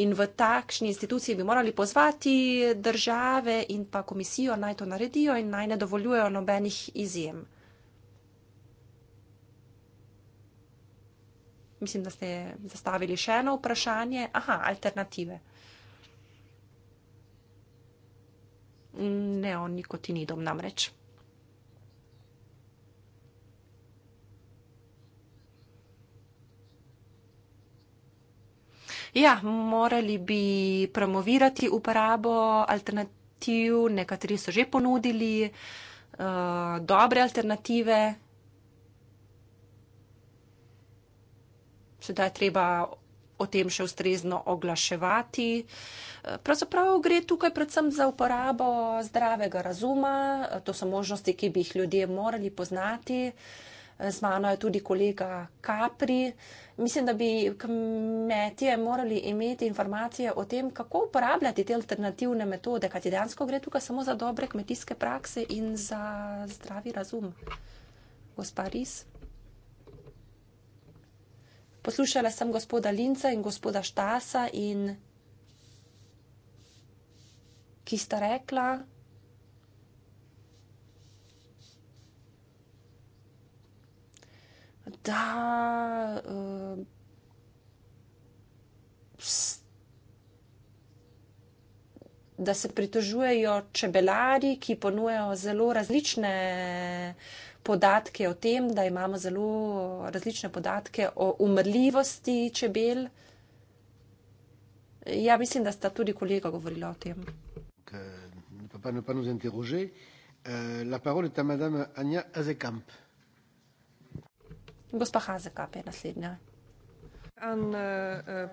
in v takšni instituciji bi morali pozvati države in pa komisijo naj to naredijo in naj ne dovoljujejo nobenih izjem. mislim, da ste zastavili še eno vprašanje. Aha, alternative. Ne o nikotinidom namreč. Ja, morali bi promovirati uporabo alternativ, nekateri so že ponudili uh, dobre alternative. sedaj treba o tem še ustrezno oglaševati. Pravzaprav gre tukaj predvsem za uporabo zdravega razuma, to so možnosti, ki bi jih ljudje morali poznati. Z mano je tudi kolega Kapri. Mislim, da bi kmetije morali imeti informacije o tem, kako uporabljati te alternativne metode, kajti dejansko gre tukaj samo za dobre kmetijske prakse in za zdravi razum. Gospa Ris. Poslušala sem gospoda Lince in gospoda Štasa, in ki sta rekla, da eh, da se pritožujejo čebelari, ki ponujajo zelo različne uh, podatke o tem, da imamo zelo različne podatke o umrljivosti čebel. Ja, mislim, da sta tudi kolega govorila o tem. Euh, euh, Gospa Hazekap je naslednja. Aan uh,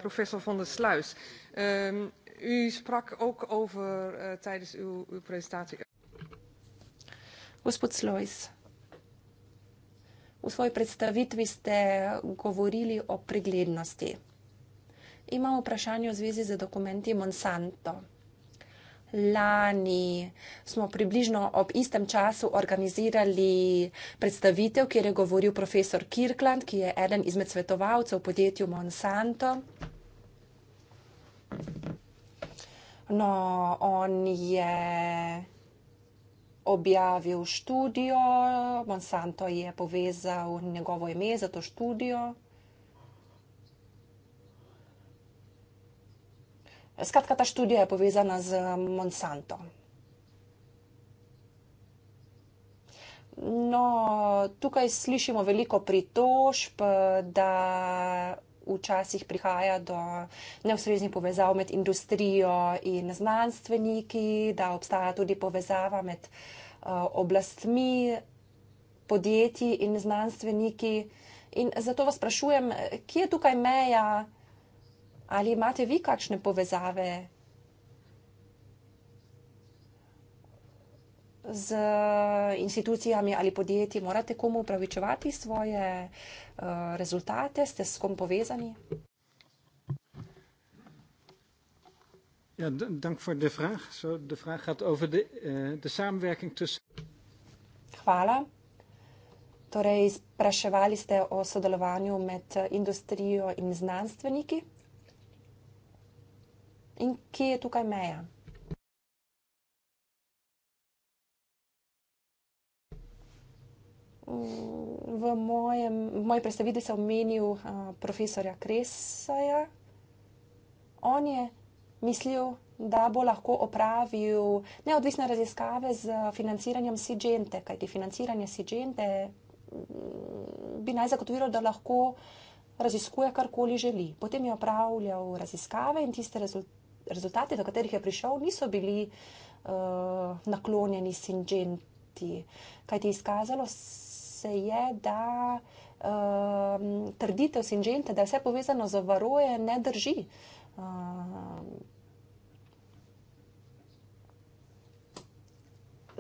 professor van der Sluis. Um, u sprak ook over uh, tijdens uw, uw presentatie. Gospod Sluis. V svoji predstavitvi ste govorili o preglednosti. Imam vprašanje v zvezi z dokumenti Monsanto. Lani smo približno ob istem času organizirali predstavitev, kjer je govoril profesor Kirkland, ki je eden izmed svetovalcev v podjetju Monsanto. No, on je objavil študijo, Monsanto je povezal njegovo ime za to študijo. Skratka, ta študija je povezana z Monsanto. No, tukaj slišimo veliko pritožb, da včasih prihaja do neustreznih povezav med industrijo in znanstveniki, da obstaja tudi povezava med uh, Eh, oblastmi, podjetji in znanstveniki. In zato vas sprašujem, kje je tukaj meja, ali imate vi kakšne povezave z institucijami ali podjetji? Morate komu upravičevati svoje uh, rezultate, ste s kom povezani? Ja, dank voor de vraag. Zo, de vraag gaat over de, uh, de samenwerking tussen. Hvala. Torej, spraševali ste o sodelovanju med eh, industrijo in znanstveniki. In kje je tukaj meja? Mm, v, mojem, v moji predstavitvi sem omenil uh, profesorja Kresaja. On je mislil, da bo lahko opravil neodvisne raziskave z financiranjem Sigente, kajti financiranje Sigente mm, bi naj zagotovilo, da lahko raziskuje karkoli želi. Potem je opravljal raziskave in tiste rezultate, do katerih je prišel, niso bili uh, naklonjeni Sigenti, kajti izkazalo se je, da uh, trditev Sigente, da je vse povezano z varoje, ne drži. Uh,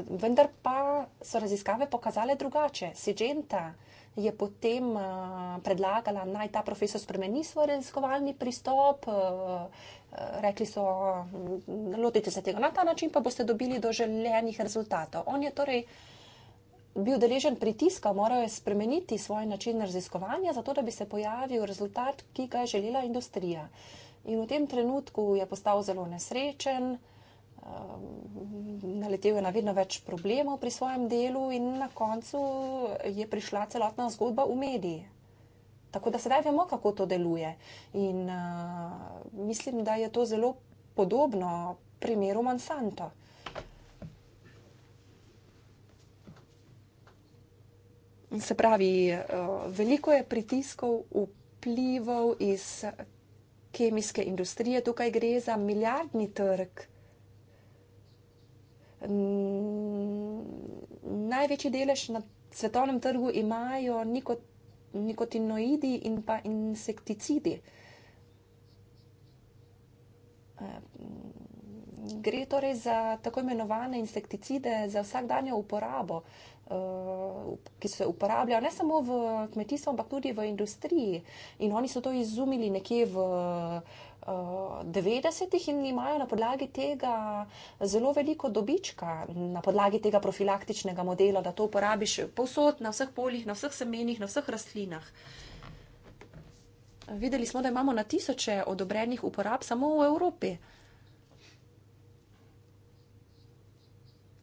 vendar pa so raziskave pokazale drugače. Sedženta je potem eh, predlagala, naj ta profesor spremeni svoj raziskovalni pristop. Eh, eh, rekli so, lotite se tega na ta način, pa boste dobili do željenih rezultatov. On je torej bil deležen pritiska, morajo spremeniti svoj način raziskovanja, zato da bi se pojavil rezultat, ki ga je želela industrija. In v tem trenutku je postal zelo nesrečen, uh, Ehm, naletel je na vedno več problemov pri svojem delu in na koncu je prišla celotna zgodba v mediji. Tako da sedaj vemo, kako to deluje. In uh, mislim, da je to zelo podobno primeru Monsanto. Se pravi, uh, veliko je pritiskov, vplivov iz kemijske industrije. Tukaj gre za milijardni trg. Mm, največji delež na svetovnem trgu imajo nikot, nikotinoidi in pa insekticidi. Eh, gre torej za tako imenovane insekticide za vsakdanjo uporabo, eh, ki se uporabljajo ne samo v kmetijstvu, ampak tudi v industriji. In oni so to izumili nekje v 90-ih eh, in imajo na podlagi tega zelo veliko dobička, na podlagi tega profilaktičnega modela, da to uporabiš povsod, na vseh poljih, na vseh semenih, na vseh rastlinah. Videli smo, da imamo na tisoče odobrenih uporab samo v Evropi.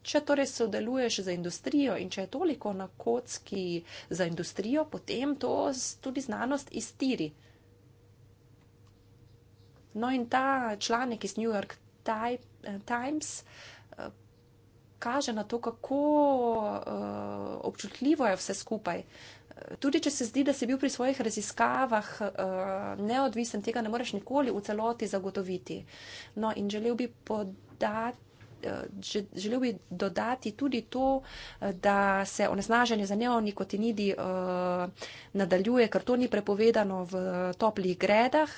Če torej sodeluješ za industrijo in če je toliko na kocki za industrijo, potem to tudi znanost iztiri. No in ta članek iz New York Times eh, kaže na to, kako eh, občutljivo je vse skupaj. Tudi, če se zdi, da si bil pri svojih raziskavah eh, neodvisen, tega ne moreš nikoli v celoti zagotoviti. No in želel bi podati. Eh, želel bi dodati tudi to, eh, da se onesnaženje za neonikotinidi eh, nadaljuje, ker to ni prepovedano v toplih gredah,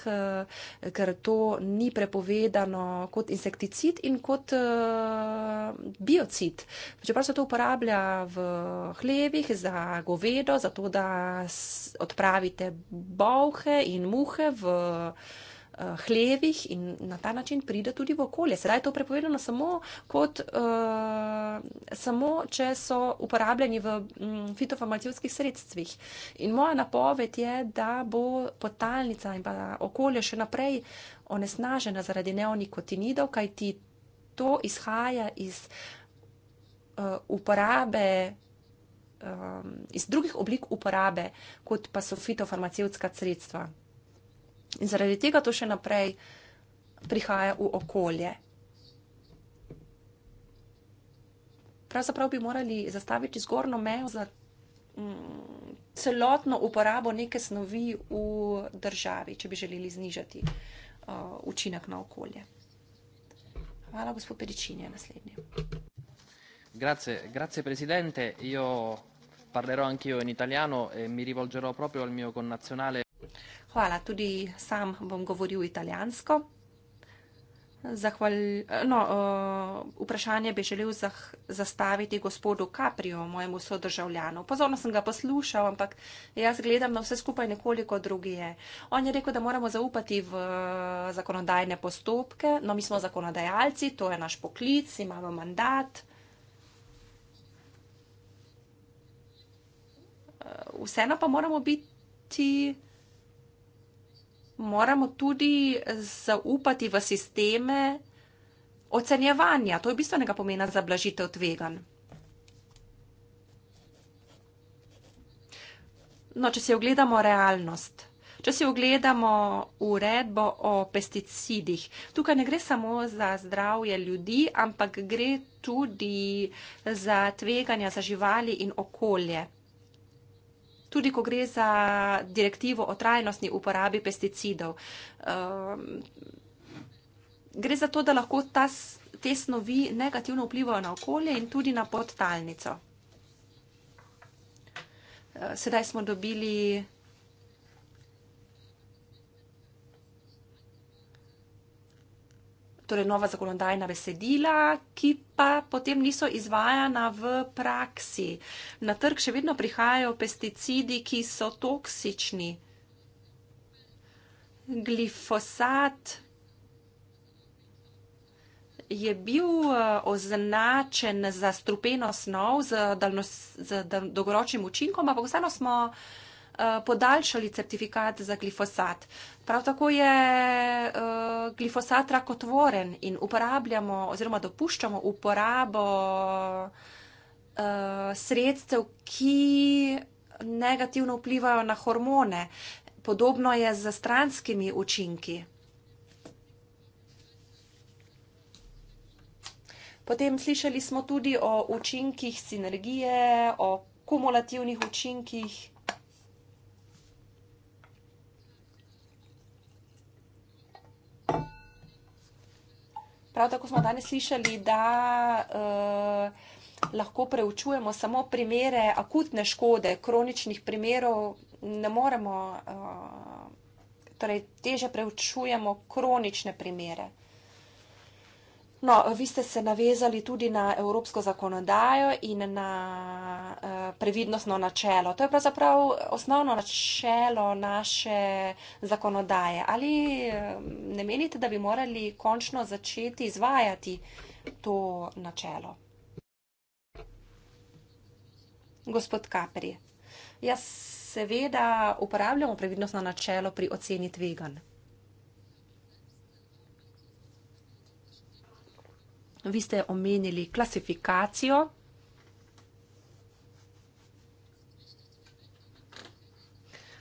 ker to ni prepovedano kot insekticid in kot biocid. Čeprav se to uporablja v hlevih za govedo, zato da odpravite bolhe in muhe v hlevih, uh, hlevih in na ta način pride tudi v okolje. Sedaj je to prepovedano samo, kot, uh, samo če so uporabljeni v mm, fitofarmacijskih sredstvih. In moja napoved je, da bo potalnica in pa okolje še naprej onesnažena zaradi neonikotinidov, kajti to izhaja iz uh, uporabe. Iz drugih oblik uporabe, kot pa so fitofarmacevtska sredstva. In zaradi tega to še naprej prihaja v okolje. Pravzaprav bi morali zastaviti zgornjo mejo za mm, celotno uporabo neke snovi v državi, če bi želeli znižati uh, učinek na okolje. Hvala, gospod Pedičini, naslednji. Grazie, grazie presidente. Io parlerò anch'io in italiano e mi rivolgerò proprio al mio connazionale. Hvala, tudi sam bom govoril italijansko. Zahval, no, vprašanje bi želel zah, zastaviti gospodu Caprio, mojemu sodržavljanu. Pozorno sem ga poslušal, ampak jaz gledam na vse skupaj nekoliko drugije. On je rekel, da moramo zaupati v zakonodajne postopke. No, mi smo zakonodajalci, to je naš poklic, imamo mandat. Vseeno pa moramo biti moramo tudi zaupati v sisteme ocenjevanja. To je bistvenega pomena za blažitev tvegan. No, če si ogledamo realnost, če si ogledamo uredbo o pesticidih, tukaj ne gre samo za zdravje ljudi, ampak gre tudi za tveganja za živali in okolje tudi ko gre za direktivo o trajnostni uporabi pesticidov. Um, gre za to, da lahko ta, te snovi negativno vplivajo na okolje in tudi na podtalnico. Uh, sedaj smo dobili torej nova zakonodajna besedila, ki pa potem niso izvajana v praksi. Na trg še vedno prihajajo pesticidi, ki so toksični. Glifosat je bil eh, označen za strupeno snov z, daljnos, z dolgoročnim učinkom, ampak vseeno smo. Eh, podaljšali certifikat za glifosat. Prav tako je eh, glifosat rakotvoren in uporabljamo oziroma dopuščamo uporabo eh, sredstev, ki negativno vplivajo na hormone. Podobno je z stranskimi učinki. Potem slišali smo tudi o učinkih sinergije, o kumulativnih učinkih. Prav tako smo danes slišali, da uh, lahko preučujemo samo primere akutne škode, kroničnih primerov. Ne moremo, uh, torej teže preučujemo kronične primere. No, vi ste se navezali tudi na evropsko zakonodajo in na uh, previdnostno načelo. To je pravzaprav osnovno načelo naše zakonodaje. Ali uh, ne menite, da bi morali končno začeti izvajati to načelo? Gospod Kapri, jaz seveda uporabljamo previdnostno načelo pri oceni tveganj. Vi ste omenili klasifikacijo.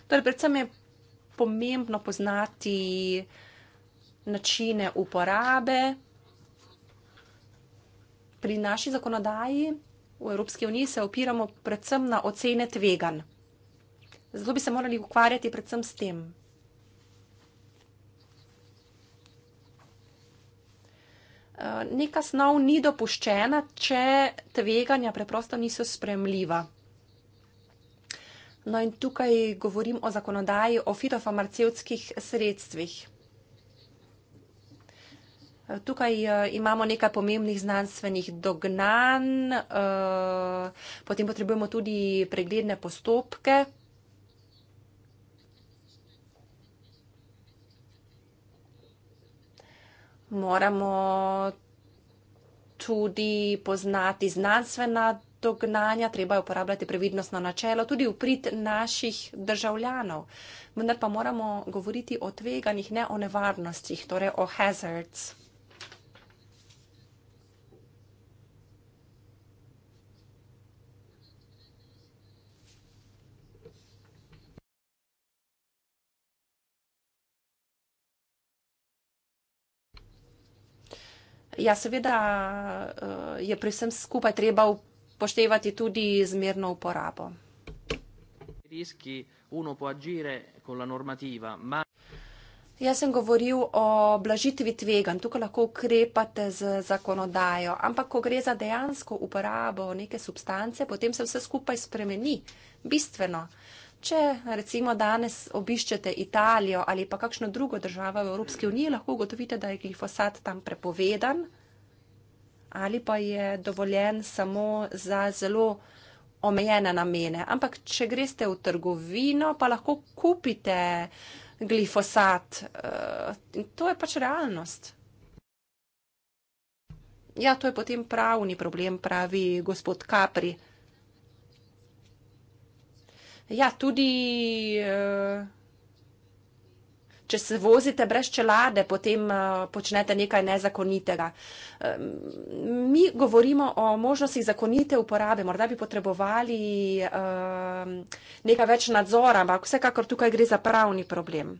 Torej, predvsem je pomembno poznati načine uporabe. Pri naši zakonodaji v Evropski uniji se opiramo predvsem na ocene tvegan. Zato bi se morali ukvarjati predvsem s tem. neka snov ni dopuščena, če tveganja preprosto niso spremljiva. No in tukaj govorim o zakonodaji o fitofarmacevskih sredstvih. Tukaj eh, imamo nekaj pomembnih znanstvenih dognanj, eh, potem potrebujemo tudi pregledne postopke. moramo tudi poznati znanstvena dognanja, treba je uporabljati previdnostno načelo, tudi uprit naših državljanov. Vendar pa moramo govoriti o tveganjih, ne o nevarnostih, torej o hazards. Ja, seveda eh, je pri vsem skupaj treba upoštevati tudi zmerno uporabo. Riski, uno può agire con la normativa, ma. Jaz sem govoril o blažitvi tvegan, tukaj lahko ukrepate z zakonodajo, ampak ko gre za dejansko uporabo neke substance, potem se vse skupaj spremeni bistveno. Če recimo danes obiščete Italijo ali pa kakšno drugo državo v Evropski uniji, lahko ugotovite, da je glifosat tam prepovedan ali pa je dovoljen samo za zelo omejene namene. Ampak, če greste v trgovino, pa lahko kupite glifosat. Eh, to je pač realnost. Ja, to je potem pravni problem, pravi gospod Kapri. Ja, tudi eh, če se vozite brez čelade, potem eh, počnete nekaj nezakonitega. Eh, mi govorimo o možnosti zakonite uporabe, morda bi potrebovali nekaj več nadzora, ampak vsekakor tukaj gre za pravni problem.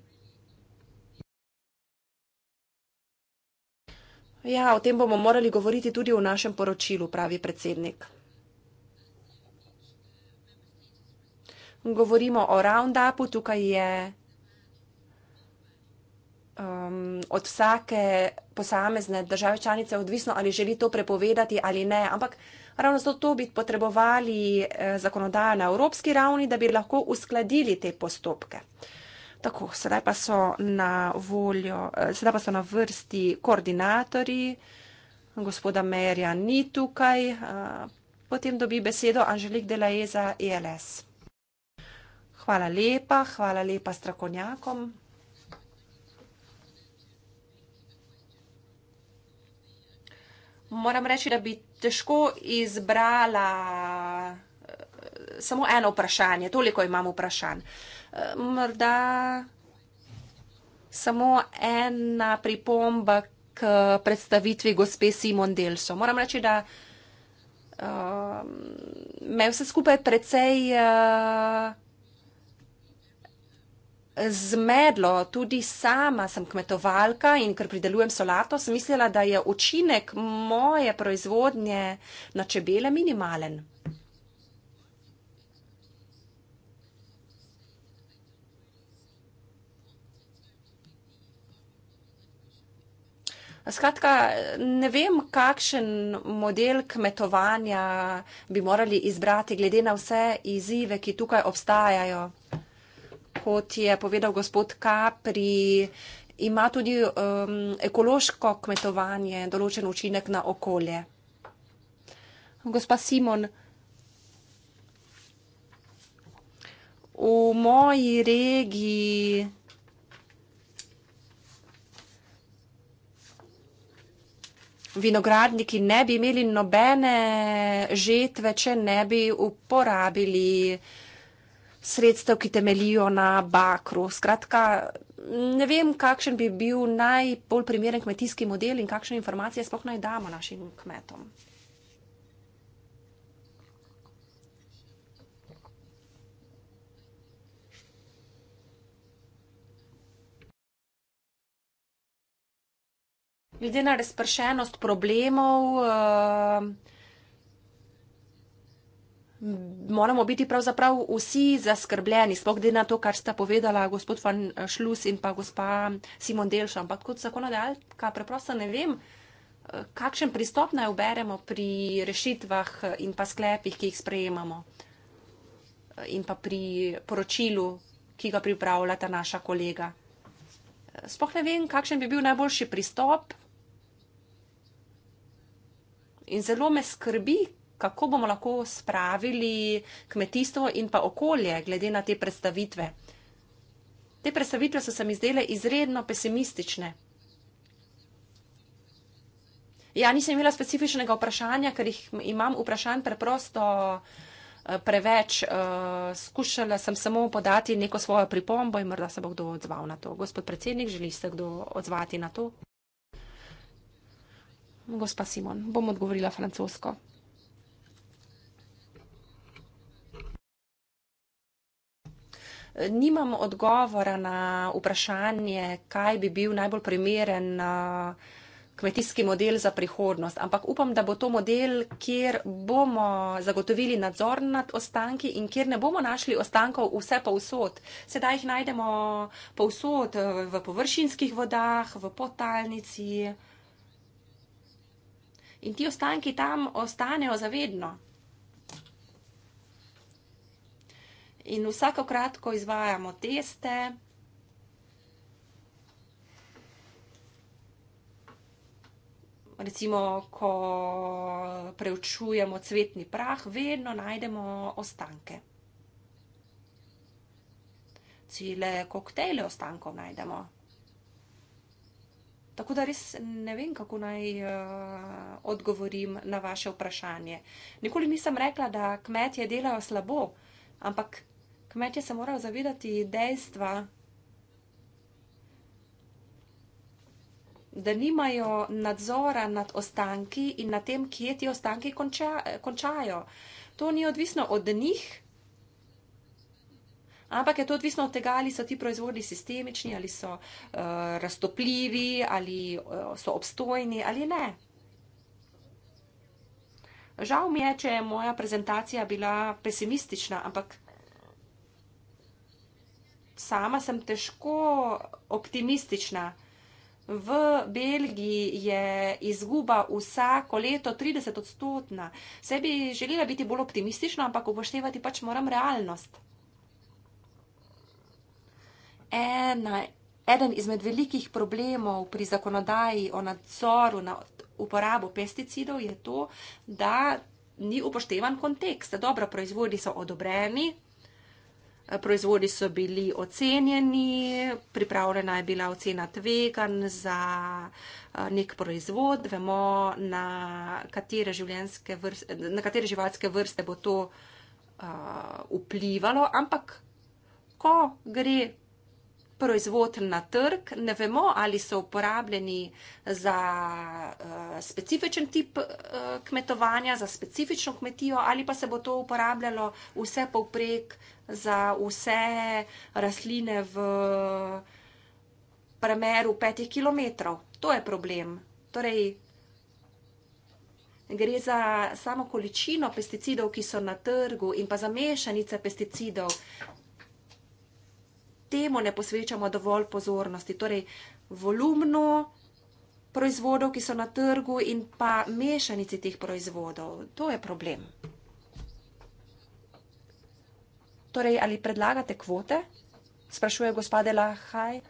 Ja, o tem bomo morali govoriti tudi v našem poročilu, pravi predsednik. govorimo o roundupu, tukaj je um, od vsake posamezne države članice odvisno, ali želi to prepovedati ali ne. Ampak ravno zato bi potrebovali eh, zakonodajo na evropski ravni, da bi lahko uskladili te postopke. Tako, sedaj pa so na voljo, eh, sedaj pa so na vrsti koordinatorji, gospoda Merja ni tukaj, eh, potem dobi besedo Anželik Delaeza ELS. Hvala lepa, hvala lepa strokovnjakom. Moram reči, da bi težko izbrala eh, samo eno vprašanje, toliko imam vprašanj. Eh, morda samo ena pripomba k predstavitvi gospe Simon Delso. Moram reči, da eh, me vse skupaj precej zmedlo. Tudi sama sem kmetovalka in ker pridelujem solato, sem mislila, da je učinek moje proizvodnje na čebele minimalen. Skratka, ne vem, kakšen model kmetovanja bi morali izbrati, glede na vse izzive, ki tukaj obstajajo kot je povedal gospod Kapri, ima tudi um, ekološko kmetovanje določen učinek na okolje. Gospa Simon, v moji regiji vinogradniki ne bi imeli nobene žetve, če ne bi uporabili uh, sredstev, ki temelijo na bakru. Skratka, ne vem, kakšen bi bil najbolj primeren kmetijski model in kakšne informacije sploh naj damo našim kmetom. Glede na razpršenost problemov, uh, moramo biti pravzaprav vsi zaskrbljeni, spogledi na to, kar sta povedala gospod Van Šlus in pa gospa Simon Delša. Ampak kot zakonodajalka preprosto ne vem, kakšen pristop naj uberemo pri rešitvah in pa sklepih, ki jih sprejemamo in pa pri poročilu, ki ga pripravlja ta naša kolega. Spoh ne vem, kakšen bi bil najboljši pristop. In zelo me skrbi, kako bomo lahko spravili kmetijstvo in pa okolje, glede na te predstavitve. Te predstavitve so se mi zdele izredno pesimistične. Ja, nisem imela specifičnega vprašanja, ker jih imam vprašanj preprosto eh, preveč. Eh, skušala sem samo podati neko svojo pripombo in morda se bo kdo odzval na to. Gospod predsednik, želi se kdo odzvati na to? Gospa Simon, bom odgovorila francosko. nimam odgovora na vprašanje, kaj bi bil najbolj primeren kmetijski model za prihodnost, ampak upam, da bo to model, kjer bomo zagotovili nadzor nad ostanki in kjer ne bomo našli ostankov vse pa vsot. Sedaj jih najdemo pa vsot e, v površinskih vodah, v potalnici. In ti ostanki tam ostanejo zavedno. In vsakokrat, ko izvajamo teste, recimo, ko preučujemo cvetni prah, vedno najdemo ostanke. Cele koktejle ostankov najdemo. Tako da res ne vem, kako naj uh, odgovorim na vaše vprašanje. Nikoli nisem rekla, da kmetje delajo slabo, ampak Kmetje se morajo zavedati dejstva, da nimajo nadzora nad ostanki in nad tem, kje ti ostanki konča, končajo. To ni odvisno od njih, ampak je to odvisno od tega, ali so ti proizvodi sistemični, ali so uh, raztopljivi, ali uh, so obstojni ali ne. Žal mi je, če je moja prezentacija bila pesimistična, ampak sama sem težko optimistična. V Belgiji je izguba vsako leto 30 odstotna. Vse bi želela biti bolj optimistična, ampak upoštevati pač moram realnost. Ena, eden izmed velikih problemov pri zakonodaji o nadzoru na uporabo pesticidov je to, da ni upoštevan kontekst. Dobro, proizvodi so odobreni, Proizvodi so bili ocenjeni, pripravljena je bila ocena tvegan za eh, nek proizvod, vemo, na katere, vrste, na katere živalske vrste bo to uh, vplivalo, ampak ko gre proizvod na trg, ne vemo, ali so uporabljeni za uh, specifičen tip uh, kmetovanja, za specifično kmetijo, ali pa se bo to uporabljalo vse povprek za vse rastline v premeru petih kilometrov. To je problem. Torej, gre za samo količino pesticidov, ki so na trgu in pa za mešanice pesticidov, temu ne posvečamo dovolj pozornosti, torej volumnu proizvodov, ki so na trgu in pa mešanici teh proizvodov. To je problem. Torej, ali predlagate kvote? Sprašuje gospa Dela Haj.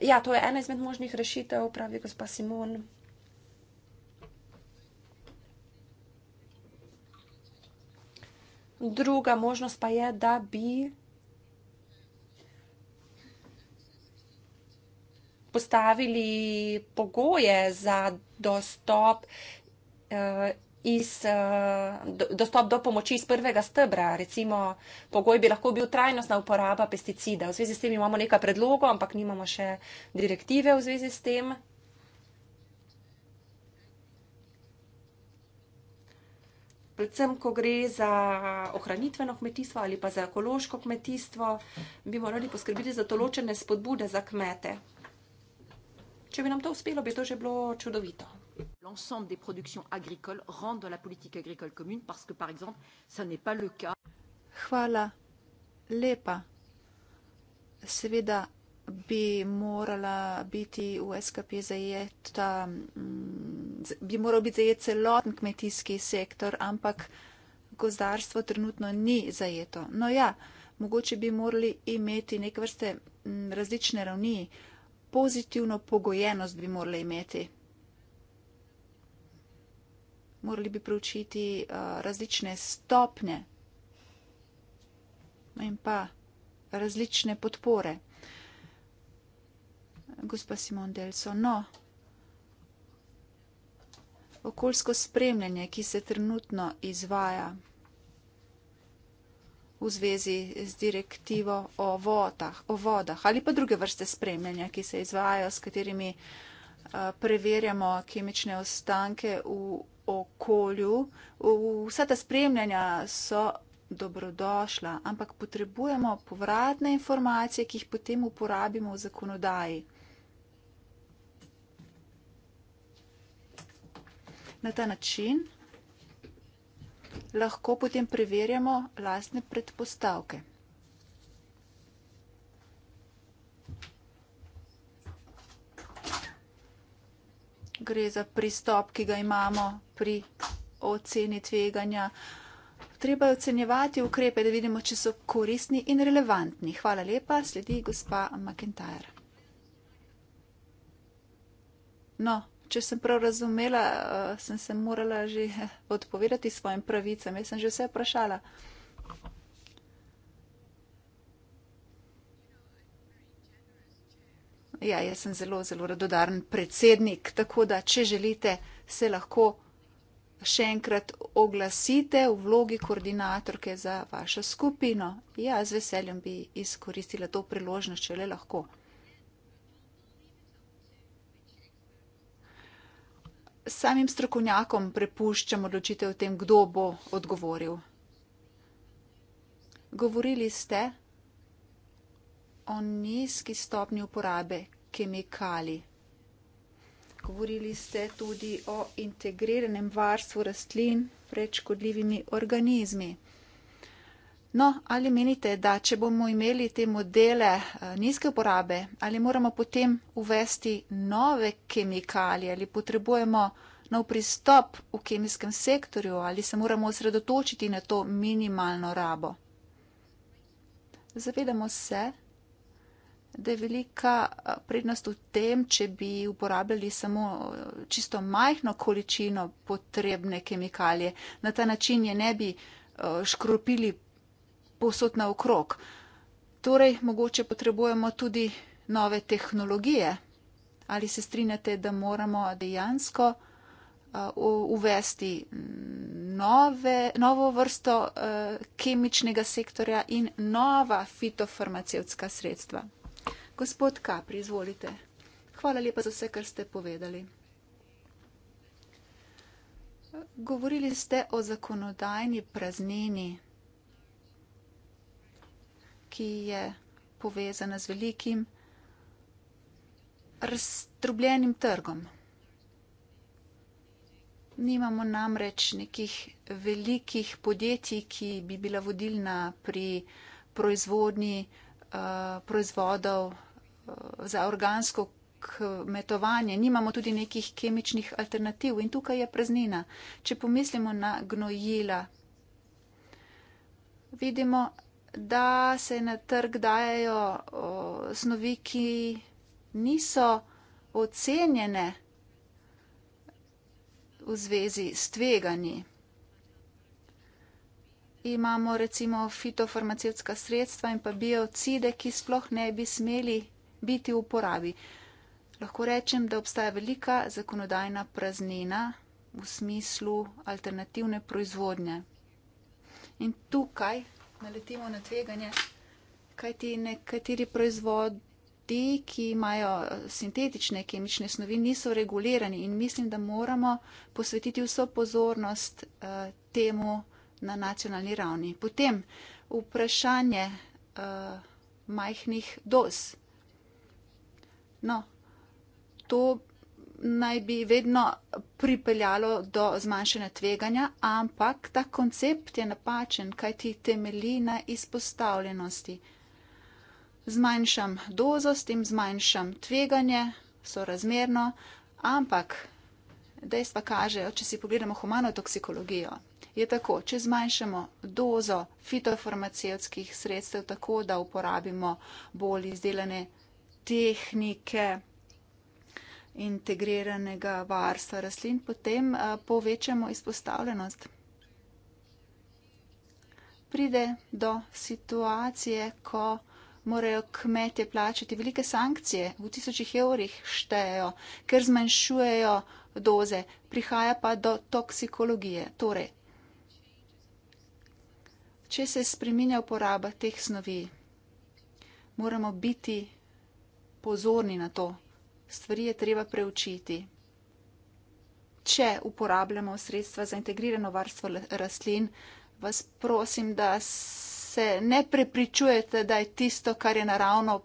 Ja, to je ena izmed možnih rešitev, pravi gospa Simon. Druga možnost pa je, da bi postavili pogoje za dostop, uh, iz, uh, do, dostop do pomoči iz prvega stebra. Recimo, pogoj bi lahko bil trajnostna uporaba pesticida. V zvezi s tem imamo nekaj predlogov, ampak nimamo še direktive v zvezi s tem. Predvsem, ko gre za ohranitveno kmetijstvo ali pa za ekološko kmetijstvo, bi morali poskrbeti za določene spodbude za kmete. Če bi nam to uspelo, bi to že bilo čudovito. L'ensemble des productions agricoles rentre dans la politique agricole commune parce que, par exemple, ça n'est pas le cas. Hvala lepa. Seveda bi morala biti v SKP zajeta, mm, bi moral biti zajet celoten kmetijski sektor, ampak gozdarstvo trenutno ni zajeto. No ja, mogoče bi morali imeti nek vrste mm, različne ravni pozitivno pogojenost bi morali imeti. Morali bi preučiti uh, različne stopne in pa različne podpore. Gospa Simon Delso, no, okoljsko spremljanje, ki se trenutno izvaja v zvezi z direktivo o, votah, o vodah ali pa druge vrste spremljanja, ki se izvajajo, s katerimi eh, preverjamo kemične ostanke v okolju. Vsa ta spremljanja so dobrodošla, ampak potrebujemo povratne informacije, ki jih potem uporabimo v zakonodaji. Na ta način lahko potem preverjamo lastne predpostavke. Gre za pristop, ki ga imamo pri oceni tveganja. Treba je ocenjevati ukrepe, da vidimo, če so koristni in relevantni. Hvala lepa, sledi gospa McIntyre. No če sem prav razumela, uh, sem se morala že odpovedati svojim pravicam. Jaz sem že vse vprašala. Ja, jaz sem zelo, zelo radodaren predsednik, tako da, če želite, se lahko še enkrat oglasite v vlogi koordinatorke za vašo skupino. Ja, z veseljem bi izkoristila to priložnost, če le lahko. samim strokovnjakom prepuščamo odločitev o tem, kdo bo odgovoril. Govorili ste o nizki stopni uporabe kemikali. Govorili ste tudi o integriranem varstvu rastlin pred škodljivimi organizmi. No, ali menite, da če bomo imeli te modele eh, nizke uporabe, ali moramo potem uvesti nove kemikalije, ali potrebujemo nov pristop v kemijskem sektorju, ali se moramo osredotočiti na to minimalno rabo? Zavedamo se, da je velika eh, prednost v tem, če bi uporabljali samo eh, čisto majhno količino potrebne kemikalije. Na ta način je ne bi škropili posod na okrog. Torej, mogoče potrebujemo tudi nove tehnologije. Ali se strinjate, da moramo dejansko uh, uvesti mm, nove, novo vrsto uh, kemičnega sektorja in nova fitofarmacevtska sredstva? Gospod Kapri, izvolite. Hvala lepa za vse, kar ste povedali. Govorili ste o zakonodajni praznini ki je povezana z velikim razdrobljenim trgom. Nimamo namreč nekih velikih podjetij, ki bi bila vodilna pri proizvodnji uh, proizvodov uh, za organsko kmetovanje. Nimamo tudi nekih kemičnih alternativ in tukaj je preznina. Če pomislimo na gnojila, vidimo, da se na trg dajajo snovi, ki niso ocenjene v zvezi s tvegani. Imamo recimo fitofarmacevtska sredstva in pa biocide, ki sploh ne bi smeli biti v uporabi. Lahko rečem, da obstaja velika zakonodajna praznina v smislu alternativne proizvodnje. In tukaj naletimo na tveganje. Kaj ti nekateri proizvodi, ki imajo eh, sintetične kemične snovi, niso regulirani in mislim, da moramo posvetiti vso pozornost uh, temu na nacionalni ravni. Potem vprašanje uh, majhnih doz. No, to naj bi vedno pripeljalo do zmanjšanja tveganja, ampak ta koncept je napačen, kaj ti temelji na izpostavljenosti. Zmanjšam dozo, s tem zmanjšam tveganje, so razmerno, ampak dejstva kažejo, če si pogledamo humano toksikologijo, je tako, če zmanjšamo dozo fitofarmacevskih sredstev tako, da uporabimo bolj izdelane tehnike, integriranega varstva rastlin, potem eh, povečamo izpostavljenost. Pride do situacije, ko morajo kmetje plačati velike sankcije, v tisočih evrih štejejo, ker zmanjšujejo doze, prihaja pa do toksikologije. Torej, če se spreminja uporaba teh snovi, moramo biti pozorni na to, stvari je treba preučiti. Če uporabljamo sredstva za integrirano varstvo rastlin, vas prosim, da se ne prepričujete, da je tisto, kar je naravno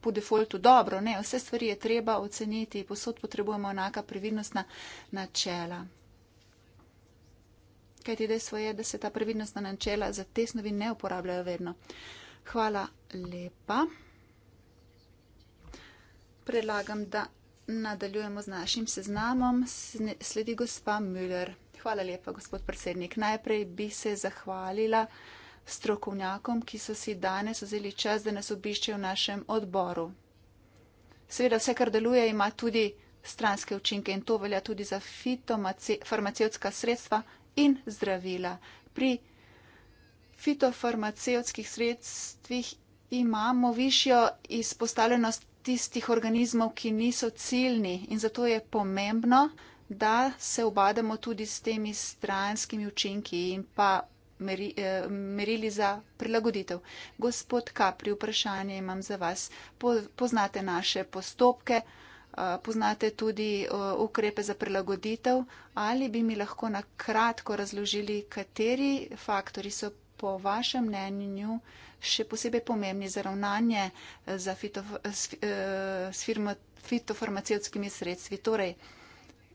po defaultu dobro. Ne, vse stvari je treba oceniti, posod potrebujemo enaka previdnostna načela. Kajti dejstvo je, da se ta previdnostna načela za te snovi ne uporabljajo vedno. Hvala lepa predlagam, da nadaljujemo z našim seznamom. Sledi gospa Müller. Hvala lepa, gospod predsednik. Najprej bi se zahvalila strokovnjakom, ki so si danes vzeli čas, da nas obiščejo v našem odboru. Seveda vse, kar deluje, ima tudi stranske učinke in to velja tudi za fitofarmacevtska sredstva in zdravila. Pri fitofarmacevtskih sredstvih imamo višjo izpostavljenost tistih organizmov, ki niso ciljni in zato je pomembno, da se obademo tudi s temi stranskimi učinki in pa meri, eh, merili za prilagoditev. Gospod Kapri, vprašanje imam za vas. Po, poznate naše postopke, eh, poznate tudi eh, ukrepe za prilagoditev. Ali bi mi lahko na kratko razložili, kateri faktori so po vašem mnenju še posebej pomembni za ravnanje eh, za fito, eh, s, eh, s firmo, fitofarmacijskimi sredstvi. Torej,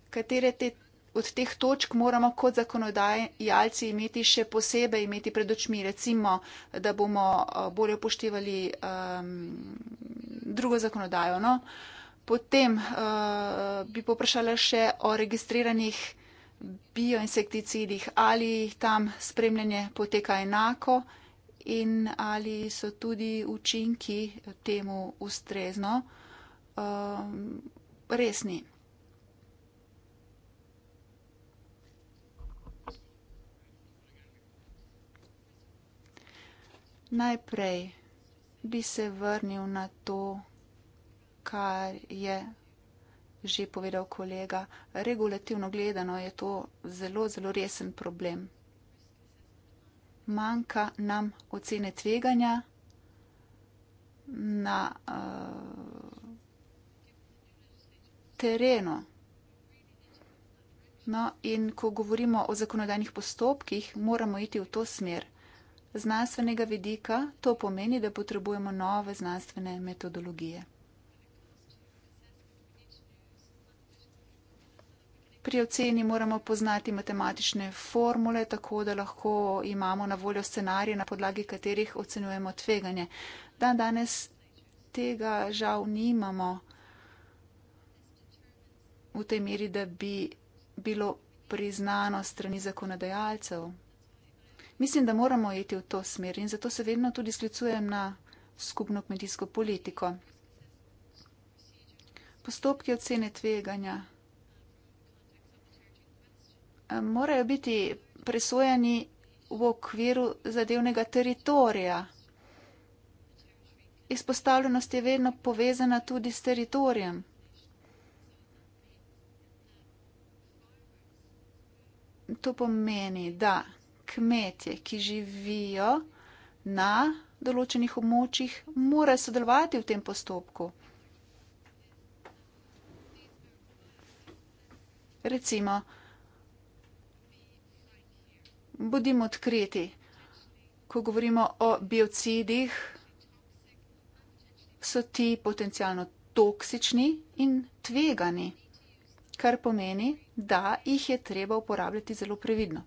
katere te, od teh točk moramo kot zakonodajalci imeti še posebej imeti pred očmi, recimo, da bomo bolje upoštevali um, drugo zakonodajo. No? Potem uh, bi poprašala še o registriranih bioinsekticidih, ali tam spremljanje poteka enako, in ali so tudi učinki temu ustrezno um, resni. Najprej bi se vrnil na to, kar je že povedal kolega. Regulativno gledano je to zelo, zelo resen problem manjka nam ocene tveganja na uh, terenu. No, in ko govorimo o zakonodajnih postopkih, moramo iti v to smer. Znanstvenega vidika to pomeni, da potrebujemo nove znanstvene metodologije. pri oceni moramo poznati matematične formule, tako da lahko imamo na voljo scenarije, na podlagi katerih ocenjujemo tveganje. Dan danes tega žal nimamo v tej meri, da bi bilo priznano strani zakonodajalcev. Mislim, da moramo iti v to smer in zato se vedno tudi sklicujem na skupno kmetijsko politiko. Postopki ocene tveganja morajo biti presojani v okviru zadevnega teritorija. Izpostavljenost je vedno povezana tudi s teritorijem. To pomeni, da kmetje, ki živijo na določenih območjih, morajo sodelovati v tem postopku. Recimo, bodimo odkriti, ko govorimo o biocidih, so ti potencialno toksični in tvegani, kar pomeni, da jih je treba uporabljati zelo previdno.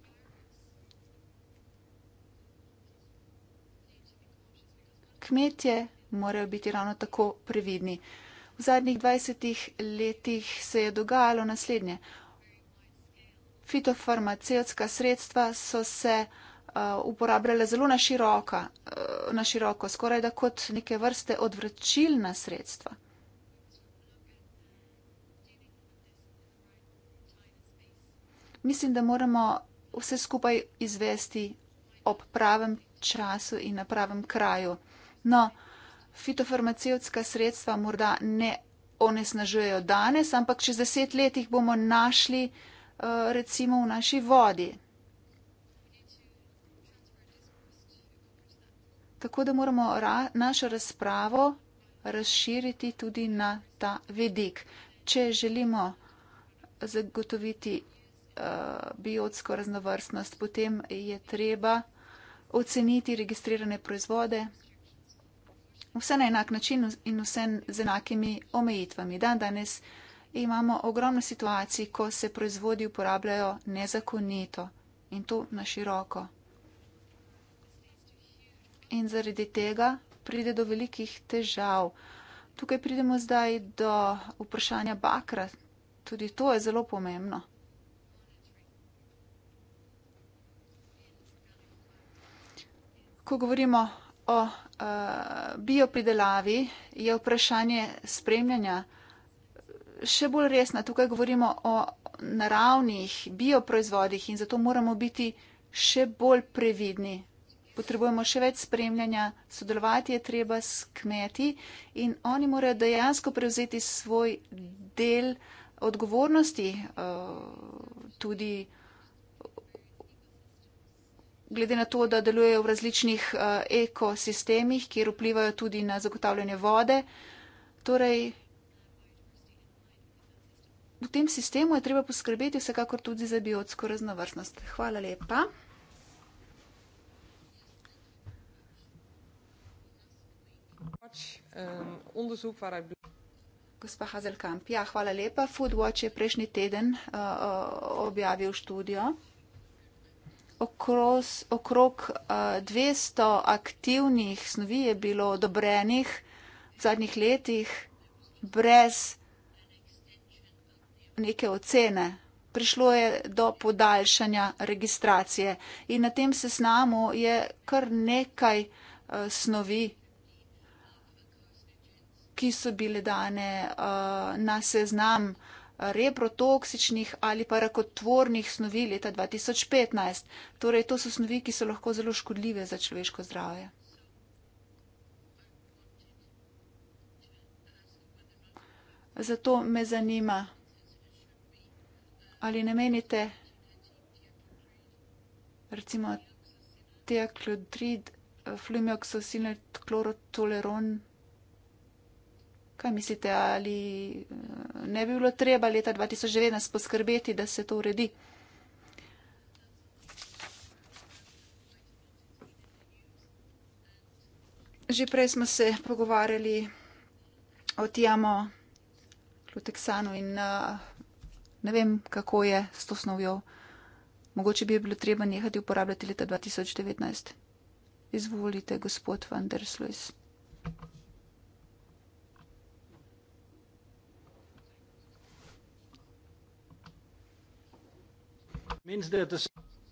Kmetje morajo biti ravno tako previdni. V zadnjih 20 letih se je dogajalo naslednje fitofarmacevtska sredstva so se uh, uporabljale zelo na, široka, uh, na široko, skoraj da kot neke vrste odvračilna sredstva. Mislim, da moramo vse skupaj izvesti ob pravem času in na pravem kraju. No, fitofarmacevtska sredstva morda ne onesnažujejo danes, ampak čez deset let jih bomo našli uh, Eh, recimo v naši vodi. Tako da moramo ra našo razpravo razširiti tudi na ta vedik. Če želimo zagotoviti uh, biotsko raznovrstnost, potem je treba oceniti registrirane proizvode. Vse na enak način in vse z enakimi omejitvami. Dan danes uh, imamo ogromno situacij, ko se proizvodi uporabljajo nezakonito in to na široko. In zaradi tega pride do velikih težav. Tukaj pridemo zdaj do vprašanja bakra. Tudi to je zelo pomembno. Ko govorimo o uh, biopridelavi, je vprašanje spremljanja uh, še bolj resna. Tukaj govorimo o naravnih bioproizvodih in zato moramo biti še bolj previdni. Potrebujemo še več spremljanja, sodelovati je treba s kmeti in oni morajo dejansko prevzeti svoj del odgovornosti eh, tudi glede na to, da delujejo v različnih eh, ekosistemih, kjer vplivajo tudi na zagotavljanje vode. Torej, v tem sistemu je treba poskrbeti vsekakor tudi za biotsko raznovrstnost. Hvala lepa. Gospa Hazelkamp, ja, hvala lepa. Foodwatch je prejšnji teden uh, uh objavil študijo. Okros, okrog uh, 200 aktivnih snovi je bilo odobrenih v zadnjih letih brez neke ocene. Prišlo je do podaljšanja registracije in na tem seznamu je kar nekaj uh, snovi, ki so bile dane uh, na seznam eh, reprotoksičnih ali pa rakotvornih snovi leta 2015. Torej, to so snovi, ki so lahko zelo škodljive za človeško zdravje. Zato me zanima ali ne menite, recimo teaklodrid, flumioxosin, klorotoleron, kaj mislite, ali eh, ne bi bilo treba leta 2019 poskrbeti, da se to uredi? Že prej smo se pogovarjali o tijamo, kluteksanu in uh, ne vem, kako je s to snovjo. Mogoče bi bilo treba nehati uporabljati leta 2019. Izvolite, gospod Van der Sluis.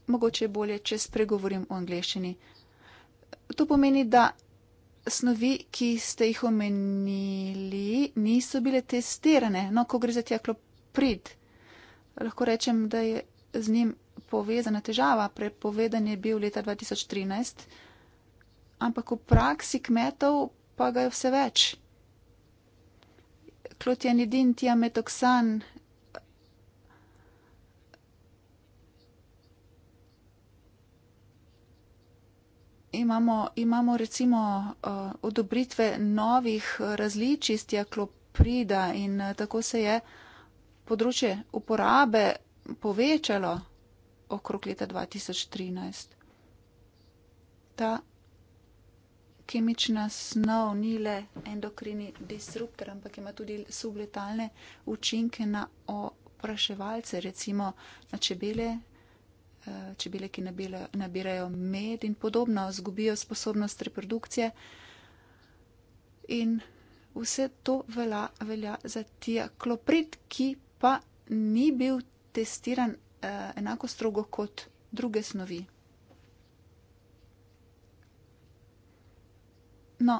Mogoče je bolje, če spregovorim v angleščini. To pomeni, da snovi, ki ste jih omenili, niso bile testirane. No, ko gre za tjeklo prid, lahko rečem, da je z njim povezana težava. Prepovedan je bil leta 2013, ampak v praksi kmetov pa ga je vse več. Klotjanidin, tiametoksan. Imamo, imamo recimo uh, odobritve novih uh, različic tiakloprida in uh, tako se je uh, področje uporabe povečalo okrog leta 2013. Ta kemična snov ni le endokrini disruptor, ampak ima tudi subletalne učinke na opraševalce, recimo na čebele, eh, čebele, ki nabirajo med in podobno, zgubijo sposobnost reprodukcije. In vse to velja, velja za tia klopit, ki pa ni bil testiran eh, enako strogo kot druge snovi. No,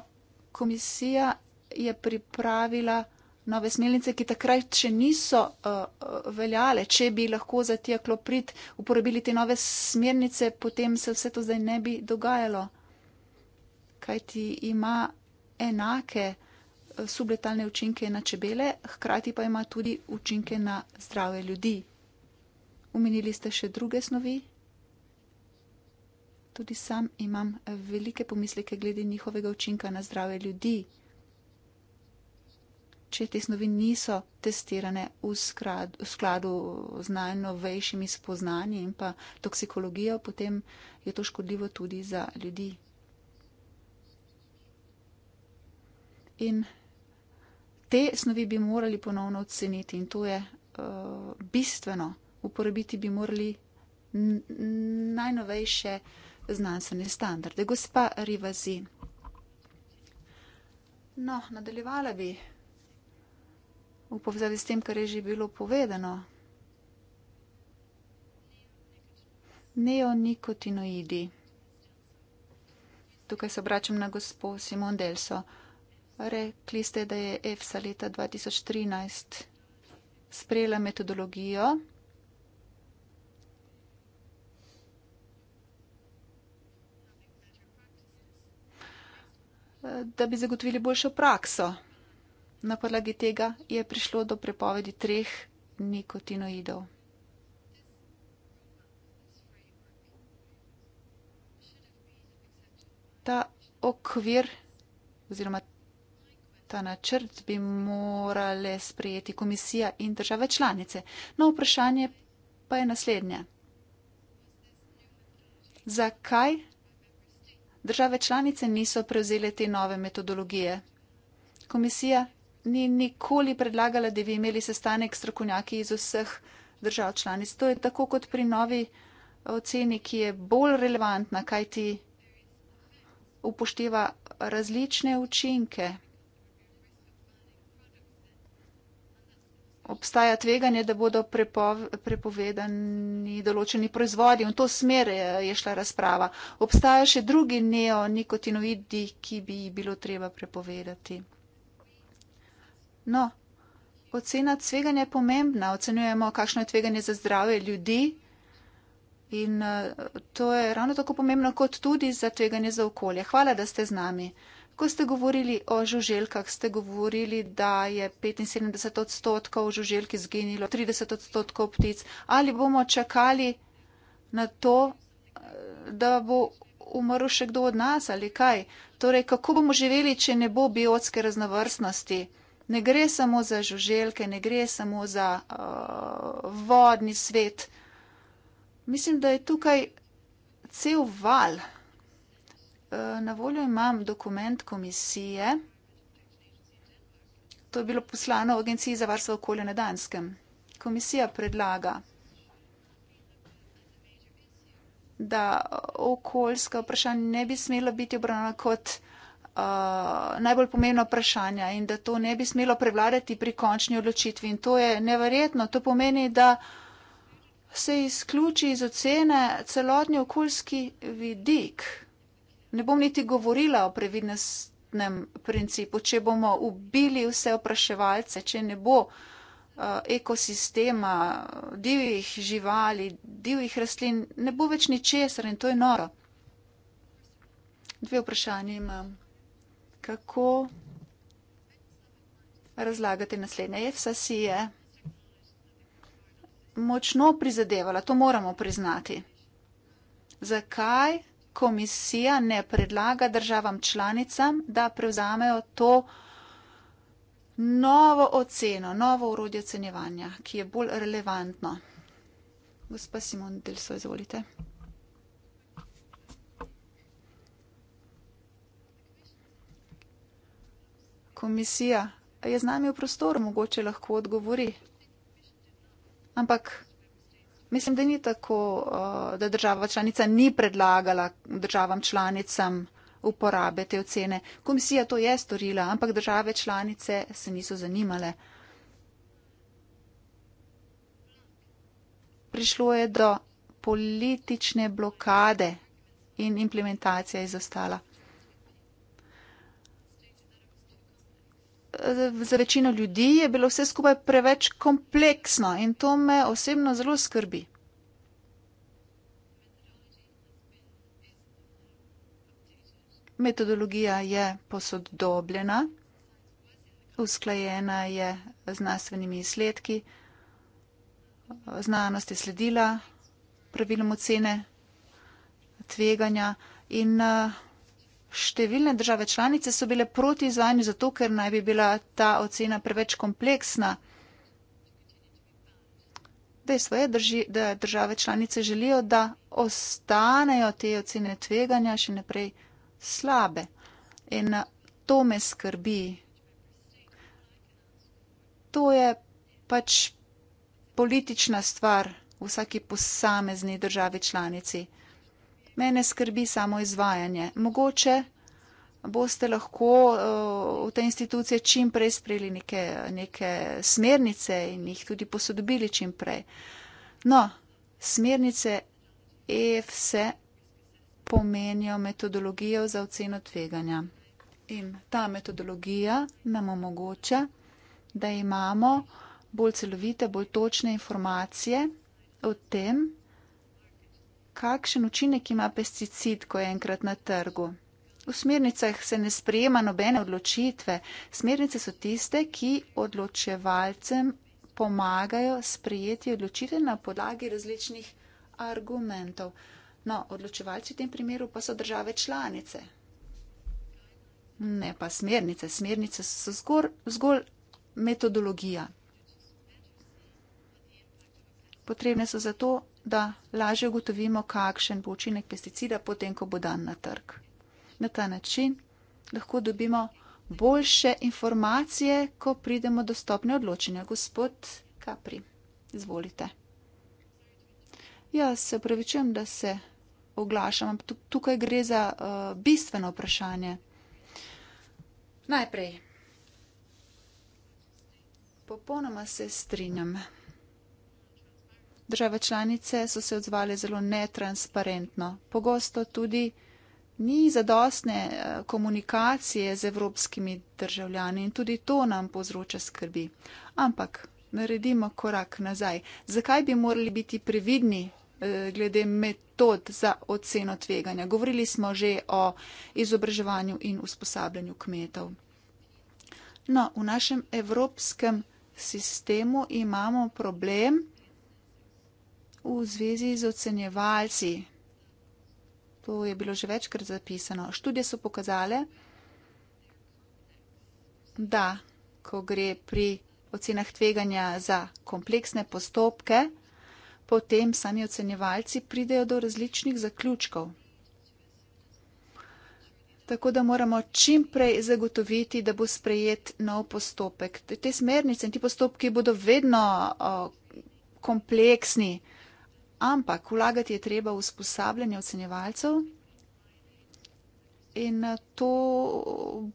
komisija je pripravila nove smelnice, ki takrat še niso uh, veljale. Če bi lahko za ti akloprit uporabili te nove smernice, potem se vse to zdaj ne bi dogajalo. Kaj ti ima enake subletalne učinke na čebele, hkrati pa ima tudi učinke na zdrave ljudi. Umenili ste še druge snovi? Tudi sam imam velike pomisleke glede njihovega učinka na zdrave ljudi. Če te snovi niso testirane v, skrad, v skladu z najnovejšimi spoznanji in pa toksikologijo, potem je to škodljivo tudi za ljudi. In te snovi bi morali ponovno oceniti in to je uh, bistveno. Uporabiti bi morali najnovejše znanstvene standarde. Gospa Rivazi. No, nadaljevala bi v povzavi s tem, kar je že bilo povedano. Neonikotinoidi. Tukaj se obračam na gospo Simon Delso. Rekli ste, da je EFSA leta 2013 sprejela metodologijo. Da bi zagotovili boljšo prakso. Na podlagi tega je prišlo do prepovedi treh nikotinoidov. Ta okvir oziroma Ta načrt bi morale sprejeti komisija in države članice. No, vprašanje pa je naslednje. Zakaj države članice niso prevzele te nove metodologije? Komisija ni nikoli predlagala, da bi imeli sestanek strokovnjaki iz vseh držav članic. To je tako kot pri novi oceni, ki je bolj relevantna, kaj ti upošteva različne učinke. obstaja tveganje, da bodo prepov, prepovedani določeni proizvodi. In v to smer je šla razprava. Obstajajo še drugi neonikotinoidi, ki bi jih bilo treba prepovedati. No, ocena tveganja je pomembna. Ocenjujemo, kakšno je tveganje za zdrave ljudi. In eh, to je ravno tako pomembno, kot tudi za tveganje za okolje. Hvala, da ste z nami. Ko ste govorili o žuželkah, ste govorili, da je 75 odstotkov žuželk izginilo, 30 odstotkov ptic. Ali bomo čakali na to, da bo umrl še kdo od nas ali kaj? Torej, kako bomo živeli, če ne bo biotske raznovrstnosti? Ne gre samo za žuželke, ne gre samo za uh, vodni svet. Mislim, da je tukaj cel val. Eh, na voljo imam dokument komisije. To je bilo poslano v Agenciji za varstvo okolja na Danskem. Komisija predlaga, da okoljska vprašanja ne bi smela biti obravnava kot uh, najbolj pomembna vprašanja in da to ne bi smelo prevladati pri končni odločitvi. In to je neverjetno. To pomeni, da se izključi iz ocene celotni okoljski vidik. Ne bom niti govorila o previdnostnem principu, če bomo ubili vse opraševalce, če ne bo eh, ekosistema, divjih živali, divjih rastlin, ne bo več ničesar in to je noro. Dve vprašanje imam. Kako razlagate naslednje? Jevsa si je močno prizadevala, to moramo priznati. Zakaj? komisija ne predlaga državam članicam, da prevzamejo to novo oceno, novo urodje ocenjevanja, ki je bolj relevantno. Gospa Simon Delso, izvolite. Komisija je z nami v prostoru, mogoče lahko odgovori. Ampak Mislim, da ni tako, uh, da država članica ni predlagala državam članicam uporabe te ocene. Komisija to je storila, ampak države članice se niso zanimale. Prišlo je do politične blokade in implementacija je zastala. za večino ljudi je bilo vse skupaj preveč kompleksno in to me osebno zelo skrbi. Metodologija je posodobljena, usklajena je z znanstvenimi izsledki, znanost je sledila pravilom ocene tveganja in uh, Številne države članice so bile proti izvajanju zato, ker naj bi bila ta ocena preveč kompleksna. Dejstvo je, da države članice želijo, da ostanejo te ocene tveganja še naprej slabe. In eh, to me skrbi. To je pač politična stvar v vsaki posamezni državi članici. Mene skrbi samo izvajanje. Mogoče boste lahko eh, v te institucije čim prej sprejeli neke, neke smernice in jih tudi posodobili čim prej. No, smernice EFSE pomenijo metodologijo za oceno tveganja. In ta metodologija nam omogoča, da imamo bolj celovite, bolj točne informacije o tem, kakšen učinek ima pesticid, ko je enkrat na trgu. V smernicah se ne sprejema nobene odločitve. Smernice so tiste, ki odločevalcem pomagajo sprejeti odločitve na podlagi različnih argumentov. No, odločevalci v tem primeru pa so države članice. Ne pa smernice. Smernice so zgor, zgolj metodologija. Potrebne so zato da lažje ugotovimo, kakšen bo učinek pesticida, potem ko bo dan na trg. Na ta način lahko dobimo boljše informacije, ko pridemo do stopne odločenja. Gospod Kapri, izvolite. Jaz se upravičujem, da se oglašam, ampak tukaj gre za uh, bistveno vprašanje. Najprej. Popolnoma se strinjam. Države članice so se odzvale zelo netransparentno. Pogosto tudi ni zadostne eh, komunikacije z evropskimi državljani in tudi to nam povzroča skrbi. Ampak naredimo korak nazaj. Zakaj bi morali biti previdni eh, glede metod za oceno tveganja? Govorili smo že o izobraževanju in usposabljanju kmetov. No, v našem evropskem sistemu imamo problem, v zvezi z ocenjevalci. To je bilo že večkrat zapisano. Študije so pokazale, da ko gre pri ocenah tveganja za kompleksne postopke, potem sami ocenjevalci pridejo do različnih zaključkov. Tako da moramo čim prej zagotoviti, da bo sprejet nov postopek. Te smernice in ti postopki bodo vedno o, kompleksni ampak vlagati je treba v usposabljanje ocenjevalcev in eh, to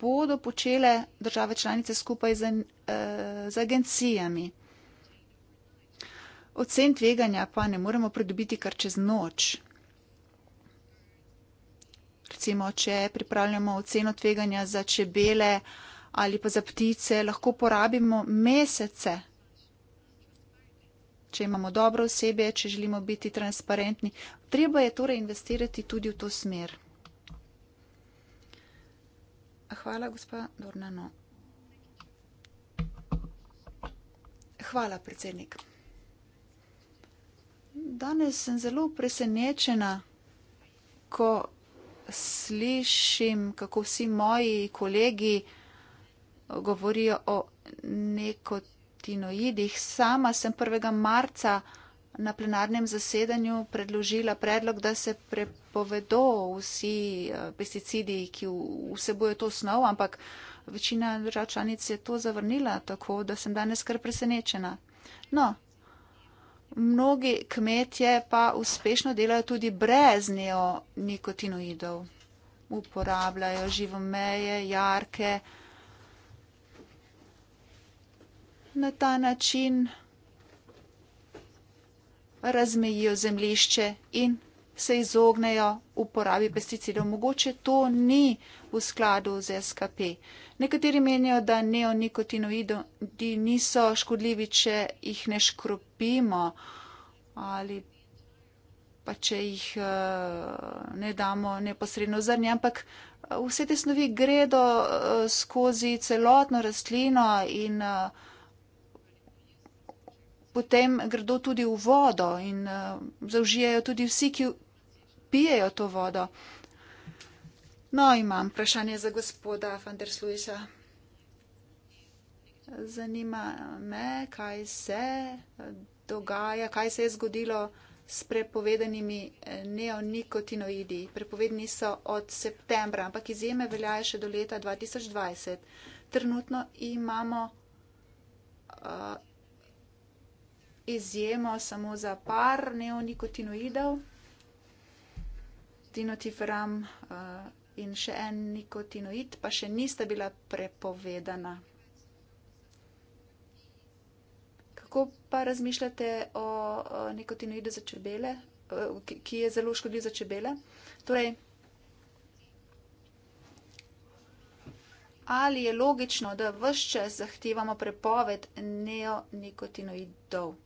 bodo počele države članice skupaj z, eh, z agencijami. Ocen tveganja pa ne moremo pridobiti kar čez noč. Recimo, če pripravljamo oceno tveganja za čebele ali pa za ptice, lahko porabimo mesece če imamo dobro osebje, če želimo biti transparentni. Treba je torej investirati tudi v to smer. Hvala, gospa Dornano. Hvala, predsednik. Danes sem zelo presenečena, ko slišim, kako vsi moji kolegi govorijo o nekotih karotinoidih. Sama sem 1. marca na plenarnem zasedanju predložila predlog, da se prepovedo vsi eh, pesticidi, ki vsebojo to snov, ampak večina držav članic je to zavrnila, tako da sem danes kar presenečena. No, mnogi kmetje pa uspešno delajo tudi brez neonikotinoidov. Uporabljajo živomeje, jarke, uh, na ta način razmejijo zemlišče in se izognejo uporabi pesticidov. Mogoče to ni v skladu z SKP. Nekateri menijo, da neonikotinoidi niso škodljivi, če jih ne škropimo ali pa če jih eh, ne damo neposredno zrnje, ampak eh, vse te snovi gredo eh, skozi celotno rastlino in uh, potem gredo tudi v vodo in uh, eh, zaužijajo tudi vsi, ki pijejo to vodo. No, imam vprašanje za gospoda van der Sluisa. Zanima me, kaj se eh, dogaja, kaj se je zgodilo s prepovedanimi eh, neonikotinoidi. Prepovedni so od septembra, ampak izjeme veljajo še do leta 2020. Trenutno imamo izjemo samo za par neonikotinoidov, dinotiferam uh, in še en nikotinoid, pa še nista bila prepovedana. Kako pa razmišljate o, o nikotinoidu za čebele, eh, ki, ki je zelo škodljiv za čebele? Torej, ali je logično, da vse čas zahtevamo prepoved neonikotinoidov?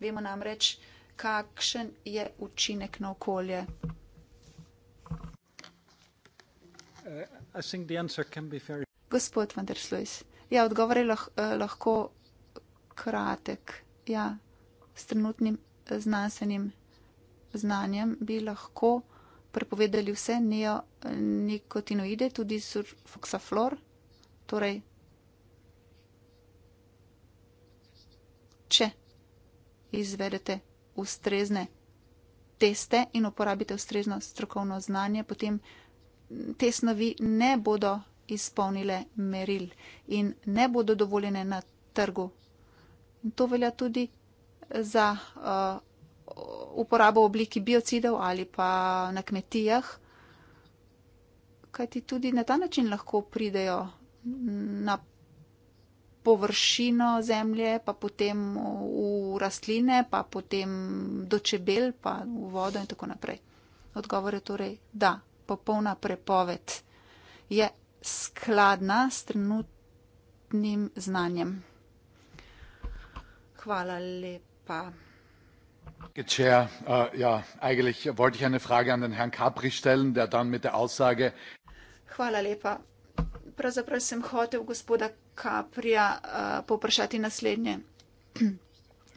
Vemo namreč, kakšen je učinek na okolje. Uh, Gospod van der Sluis, ja, odgovor je lahko, eh, lahko kratek. Ja, s trenutnim eh, znanstvenim znanjem bi lahko prepovedali vse neonikotinoide, eh, tudi surfoksaflor. Torej, če izvedete ustrezne teste in uporabite ustrezno strokovno znanje, potem te snovi ne bodo izpolnile meril in ne bodo dovoljene na trgu. In to velja tudi za uh, uporabo obliki biocidov ali pa na kmetijah, kajti tudi na ta način lahko pridejo na površino zemlje, pa potem v rastline, pa potem do čebel, pa v vodo in tako naprej. Odgovor je torej, da popolna prepoved je skladna s trenutnim znanjem. Hvala lepa. Chair, uh, ja, eigentlich wollte ich eine Frage an den Herrn Capri stellen, der dann mit der Aussage. Hvala lepa. Pravzaprav sem hotel gospoda Kaprija uh, äh, poprašati naslednje.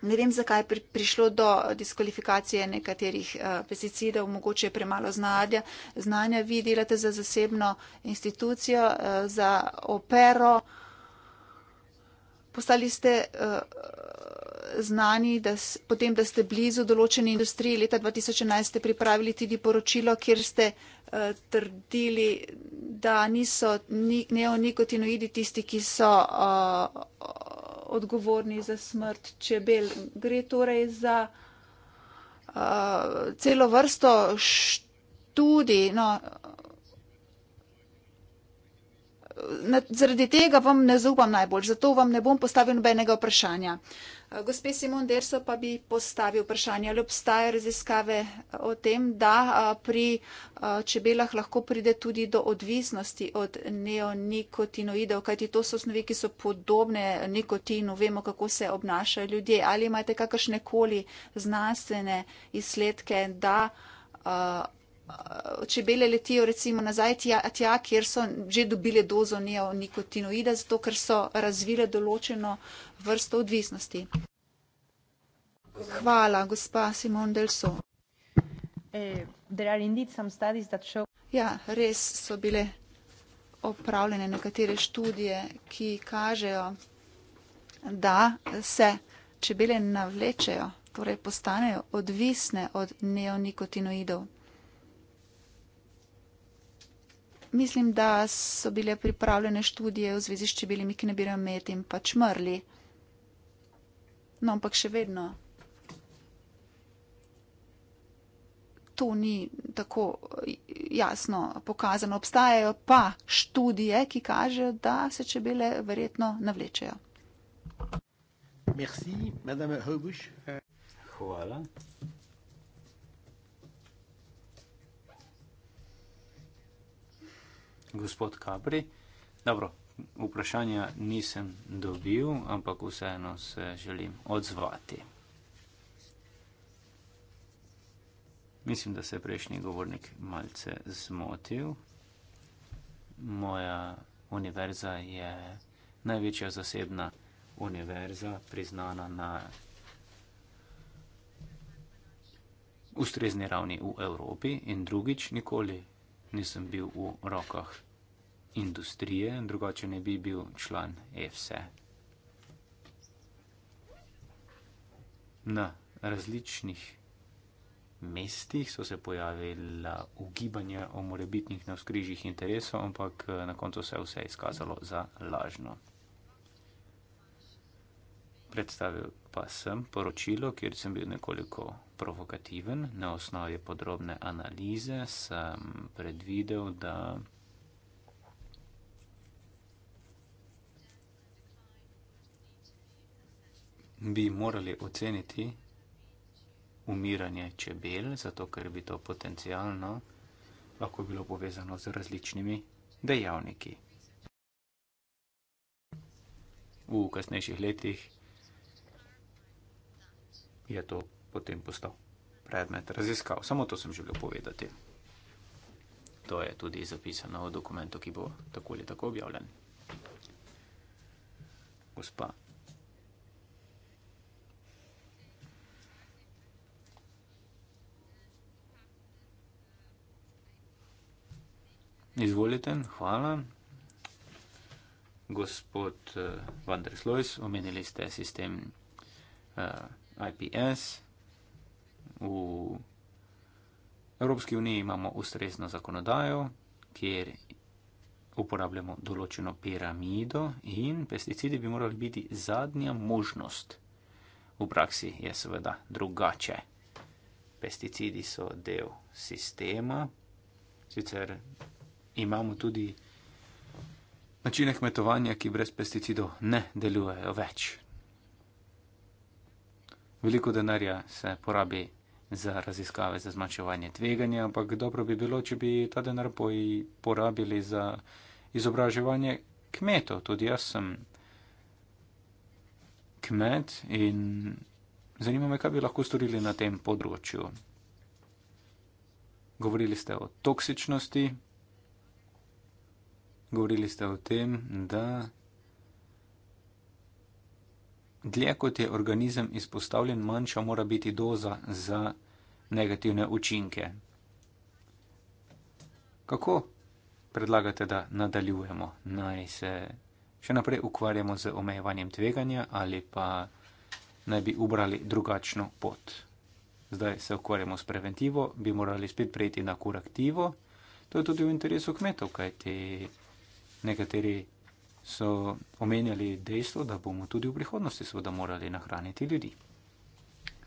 Ne vem, zakaj je pri, prišlo do diskvalifikacije nekaterih uh, pesticidov, mogoče je premalo znanja. znanja. Vi delate za zasebno institucijo, uh, za opero. Postali ste uh, znani, da s, potem, da ste blizu določeni industriji. Leta 2011 ste pripravili tudi poročilo, kjer ste uh, trdili, da niso ni, neonikotinoidi tisti, ki so. Uh, odgovorni za smrt čebel. Gre torej za uh, celo vrsto študij. No, na, zaradi tega vam ne zaupam najbolj, zato vam ne bom postavil nobenega vprašanja. Uh, Gospe Simon Derso pa bi postavil vprašanje, ali obstaje raziskave eh, o tem, da eh, pri eh, čebelah lahko pride tudi do odvisnosti od neonikotinoidov, kajti to so snovi, ki so podobne nikotinu, vemo, kako se obnašajo ljudje. Ali imate kakršne koli znanstvene izsledke, da čebele letijo recimo nazaj tja, tja, kjer so že dobile dozo neonikotinoida, zato ker so razvile določeno vrsto odvisnosti. Hvala, gospa Simon Delso. Eh, ja, res so bile opravljene nekatere študije, ki kažejo, da se čebele navlečejo, torej postanejo odvisne od neonikotinoidov. Mislim, da so bile pripravljene študije v zvezi s čebelimi, ki ne bi rameti in pač mrli. No, ampak še vedno to ni tako jasno pokazano. Obstajajo pa študije, ki kažejo, da se čebele verjetno navlečejo. Merci, madame Hobuš. Hvala. Gospod Kapri. Dobro, vprašanja nisem dobil, ampak vseeno se želim odzvati. Mislim, da se je prejšnji govornik malce zmotil. Moja univerza je največja zasebna univerza, priznana na ustrezni ravni v Evropi in drugič nikoli nisem bil v rokah industrije, drugače ne bi bil član EFSE. E. Na različnih mestih so se pojavila ugibanja o morebitnih navskrižjih interesov, ampak eh, na koncu se je vse izkazalo za lažno. Predstavil pa sem poročilo, kjer sem bil nekoliko provokativen. Na osnovi podrobne analize sem predvidel, da bi morali oceniti umiranje čebel, zato ker bi to potencialno lahko bilo povezano z različnimi dejavniki. V kasnejših letih je to potem postal predmet raziskav. Samo to sem želel povedati. To je tudi zapisano v dokumentu, ki bo tako ali tako objavljen. Gospa Izvolite, hvala. Gospod uh, Van der Slojs, omenili ste sistem uh, eh, IPS. V Evropski uniji imamo ustrezno zakonodajo, kjer uporabljamo določeno piramido in pesticidi bi morali biti zadnja možnost. V praksi je seveda drugače. Pesticidi so del sistema, sicer imamo tudi načine kmetovanja, ki brez pesticidov ne delujejo več. Veliko denarja se porabi za raziskave, za zmanjševanje tveganja, ampak dobro bi bilo, če bi ta denar porabili za izobraževanje kmetov. Tudi jaz sem kmet in zanima me, kaj bi lahko storili na tem področju. Govorili ste o toksičnosti. Govorili ste o tem, da dlje kot je organizem izpostavljen, manjša mora biti doza za negativne učinke. Kako predlagate, da nadaljujemo? Naj se še naprej ukvarjamo z omejevanjem tveganja ali pa naj bi ubrali drugačno pot? Zdaj se ukvarjamo s preventivo, bi morali spet prejti na kurativo. To je tudi v interesu kmetov, kajti Nekateri so omenjali dejstvo, da bomo tudi v prihodnosti seveda morali nahraniti ljudi.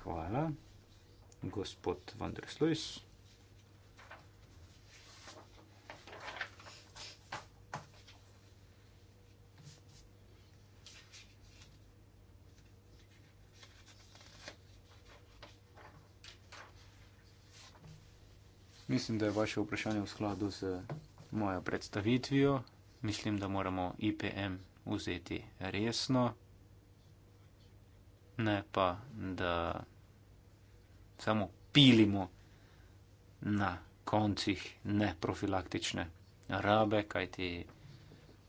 Hvala, gospod Vandersluis. Mislim, da je vaše vprašanje v skladu z mojo predstavitvijo mislim, da moramo IPM vzeti resno, ne pa, da samo pilimo na koncih neprofilaktične rabe, kajti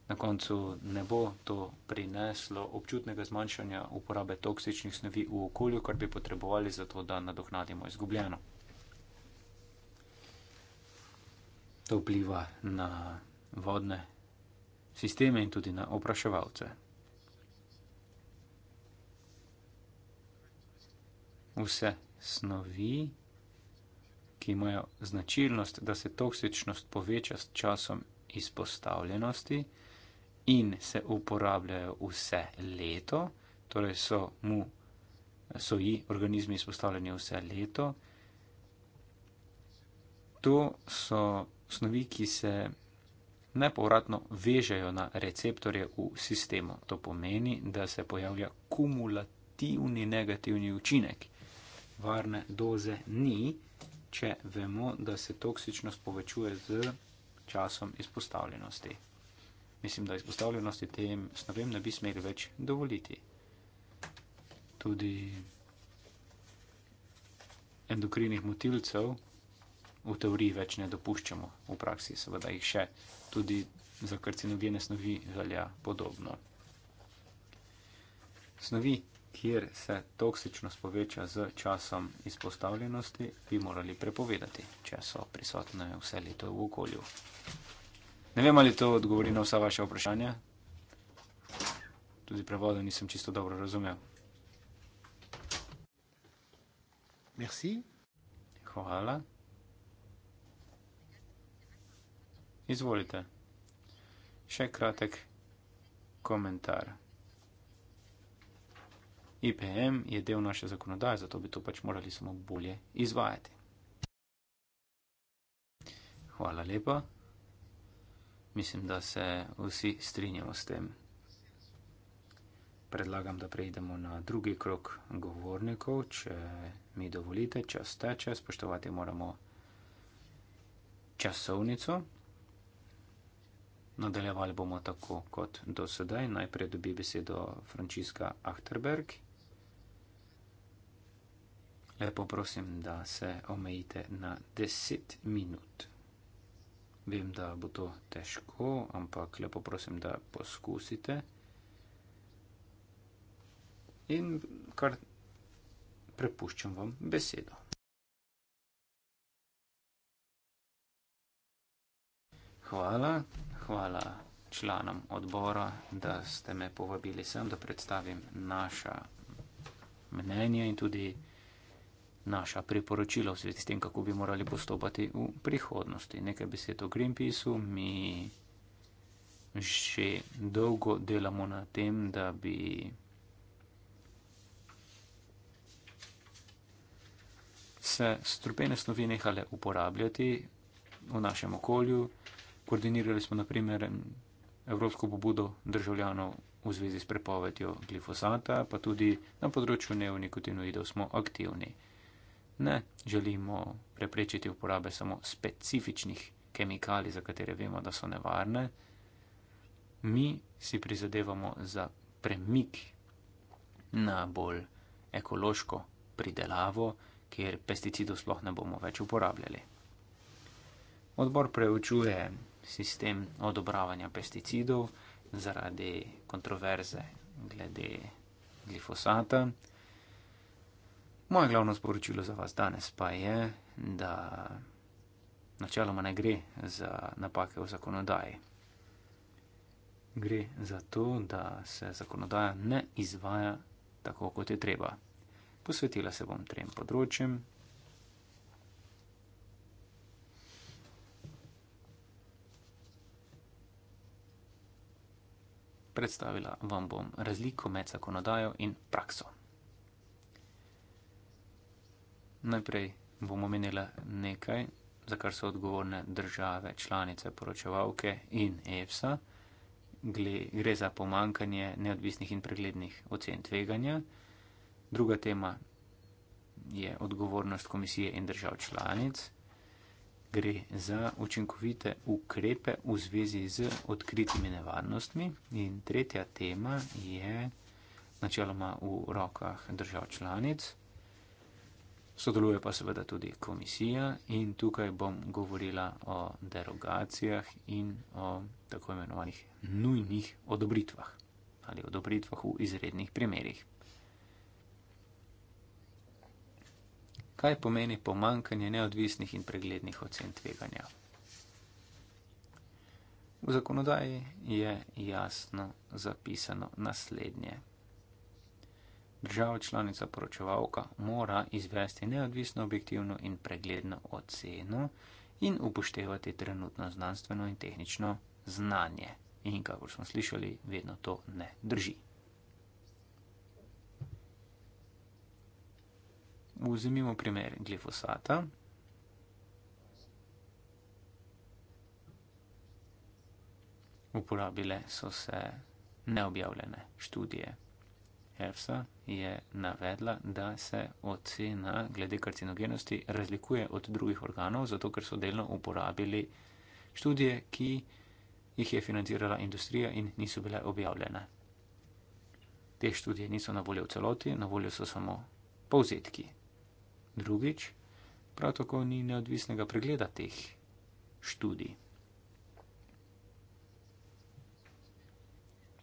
na koncu ne bo to prineslo občutnega zmanjšanja uporabe toksičnih snovi v okolju, kar bi potrebovali za to, da nadoknadimo izgubljeno. To vpliva na vodne sisteme in tudi na opraševalce. Vse snovi, ki imajo značilnost, da se toksičnost poveča s časom izpostavljenosti in se uporabljajo vse leto, torej so, mu, so ji organizmi izpostavljeni vse leto, to so snovi, ki se nepovratno vežejo na receptorje v sistemu. To pomeni, da se pojavlja kumulativni negativni učinek. Varne doze ni, če vemo, da se toksičnost povečuje z časom izpostavljenosti. Mislim, da izpostavljenosti tem snovem ne bi smeli več dovoliti. Tudi endokrinih motilcev v teoriji več ne dopuščamo, v praksi seveda jih še tudi za karcinogene snovi velja podobno. Snovi, kjer se toksičnost poveča z časom izpostavljenosti, bi morali prepovedati, če so prisotne vse leto v okolju. Ne vem, ali to odgovori na vsa vaše vprašanja. Tudi prevoda nisem čisto dobro razumel. Merci. Hvala. Izvolite. Še kratek komentar. IPM je del naše zakonodaje, zato bi to pač morali samo bolje izvajati. Hvala lepa. Mislim, da se vsi strinjamo s tem. Predlagam, da preidemo na drugi krok govornikov, če mi dovolite, čas teče, spoštovati moramo časovnico. Nadaljevali bomo tako kot do sedaj. Najprej dobi besedo Frančiska Achterberg. Lepo prosim, da se omejite na 10 minut. Vem, da bo to težko, ampak lepo prosim, da poskusite. In kar prepuščam vam besedo. Hvala, hvala članom odbora, da ste me povabili sem, da predstavim naša mnenja in tudi naša priporočila v zvezi s tem, kako bi morali postopati v prihodnosti. Nekaj besed o Greenpeaceu. Mi že dolgo delamo na tem, da bi. Se strupene snovi nehale uporabljati v našem okolju, Koordinirali smo naprimer evropsko pobudo državljanov v zvezi s prepovedjo glifosata, pa tudi na področju neonikotinoidov smo aktivni. Ne želimo preprečiti uporabe samo specifičnih kemikalij, za katere vemo, da so nevarne. Mi si prizadevamo za premik na bolj ekološko pridelavo, kjer pesticidov sploh ne bomo več uporabljali. Odbor preučuje sistem odobravanja pesticidov zaradi kontroverze glede glifosata. Moje glavno sporočilo za vas danes pa je, da načeloma ne gre za napake v zakonodaji. Gre za to, da se zakonodaja ne izvaja tako, kot je treba. Posvetila se bom trem področjem, predstavila vam bom razliko med zakonodajo in prakso. Najprej bom omenila nekaj, za kar so odgovorne države, članice, poročevalke in EFSA. Gre za pomankanje neodvisnih in preglednih ocen tveganja. Druga tema je odgovornost komisije in držav članic gre za učinkovite ukrepe v zvezi z odkritimi nevarnostmi. In tretja tema je načeloma v rokah držav članic, sodeluje pa seveda tudi komisija in tukaj bom govorila o derogacijah in o tako imenovanih nujnih odobritvah ali odobritvah v izrednih primerjih. kaj pomeni pomankanje neodvisnih in preglednih ocen tveganja. V zakonodaji je jasno zapisano naslednje. Država članica poročevalka mora izvesti neodvisno, objektivno in pregledno oceno in upoštevati trenutno znanstveno in tehnično znanje. In kako smo slišali, vedno to ne drži. vzemimo primer glifosata. Uporabile so se neobjavljene študije. EFSA je navedla, da se ocena glede karcinogenosti razlikuje od drugih organov, zato ker so delno uporabili študije, ki jih je financirala industrija in niso bile objavljene. Te študije niso na voljo v celoti, na voljo so samo povzetki Drugič, prav tako ni neodvisnega pregleda teh študij.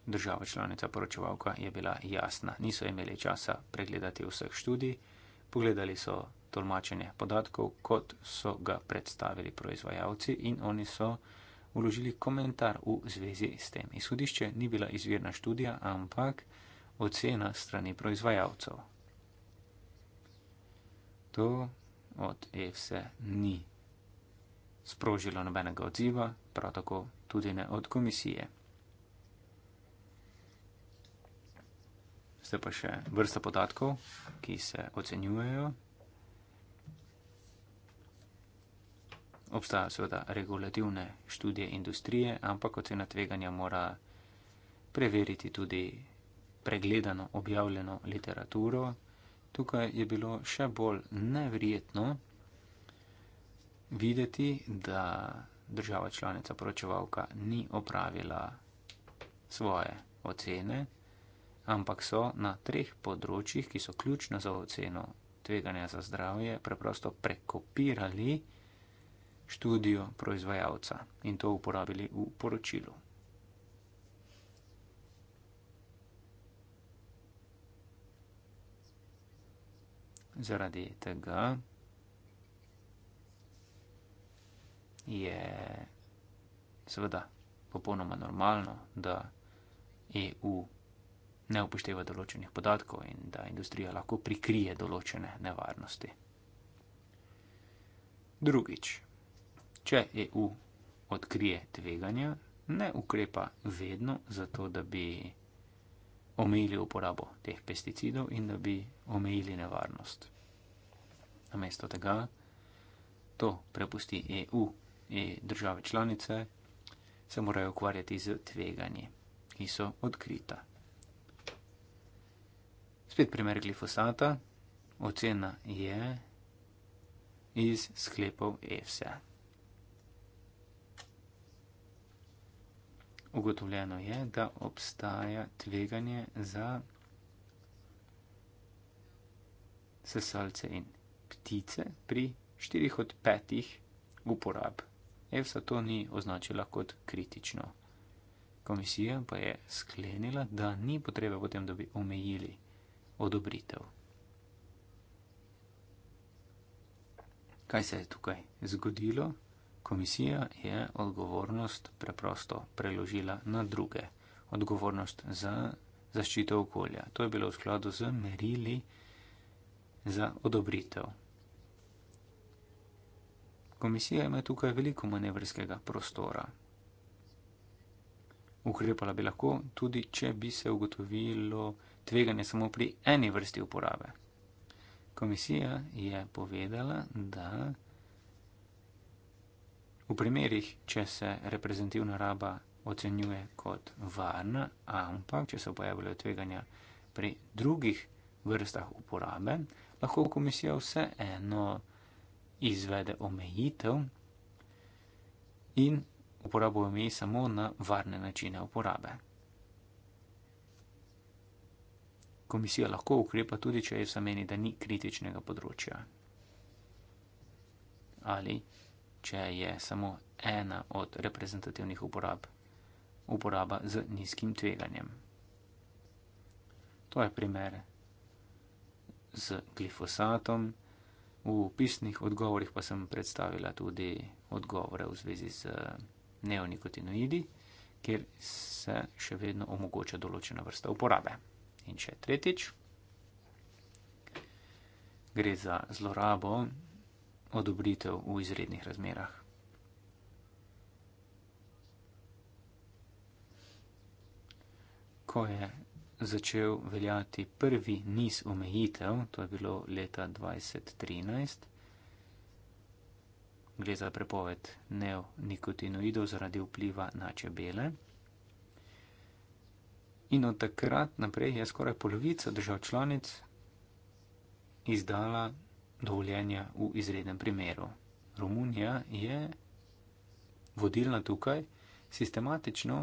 Država članica poročevalka je bila jasna, niso imeli časa pregledati vseh študij, pogledali so tolmačenje podatkov, kot so ga predstavili proizvajalci in oni so uložili komentar v zvezi s tem. Izhodišče ni bila izvirna študija, ampak ocena strani proizvajalcev to od Efse ni sprožilo nobenega odziva, prav tako tudi ne od komisije. Zdaj pa še vrsta podatkov, ki se ocenjujejo. Obstajajo seveda regulativne študije industrije, ampak ocena tveganja mora preveriti tudi pregledano objavljeno literaturo, Tukaj je bilo še bolj nevrjetno videti, da država članica poročevalka ni opravila svoje ocene, ampak so na treh področjih, ki so ključna za oceno tveganja za zdravje, preprosto prekopirali študijo proizvajalca in to uporabili v poročilu. Zaradi tega je seveda popolnoma normalno, da EU ne upošteva določenih podatkov in da industrija lahko prikrije določene nevarnosti. Drugič, če EU odkrije tveganja, ne ukrepa vedno zato, da bi omejili uporabo teh pesticidov in da bi omejili nevarnost. Namesto tega to prepusti EU in države članice, se morajo ukvarjati z tveganji, ki so odkrita. Spet primer glifosata, ocena je iz sklepov EFSE. ugotovljeno je, da obstaja tveganje za sesalce in ptice pri štirih od petih uporab. EFSA to ni označila kot kritično. Komisija pa je sklenila, da ni potrebe potem, da bi omejili odobritev. Kaj se je tukaj zgodilo? Komisija je odgovornost preprosto preložila na druge. Odgovornost za zaščito okolja. To je bilo v skladu z merili za odobritev. Komisija ima tukaj veliko manevrskega prostora. Ukrepala bi lahko tudi, če bi se ugotovilo tveganje samo pri eni vrsti uporabe. Komisija je povedala, da V primerih, če se reprezentativna raba ocenjuje kot varna, ampak če se pojavljajo tveganja pri drugih vrstah uporabe, lahko komisija vseeno izvede omejitev in uporabo omeji samo na varne načine uporabe. Komisija lahko ukrepa tudi, če je sameni, da ni kritičnega področja ali če je samo ena od reprezentativnih uporab, uporaba z nizkim tveganjem. To je primer z glifosatom. V pisnih odgovorih pa sem predstavila tudi odgovore v zvezi z neonikotinoidi, kjer se še vedno omogoča določena vrsta uporabe. In še tretjič. Gre za zlorabo odobritev v izrednih razmerah. Ko je začel veljati prvi niz omejitev, to je bilo leta 2013, gre za prepoved neonikotinoidov zaradi vpliva na čebele. In od takrat naprej je skoraj polovica držav članic izdala dovoljenja v izreden primeru. Romunija je vodilna tukaj, sistematično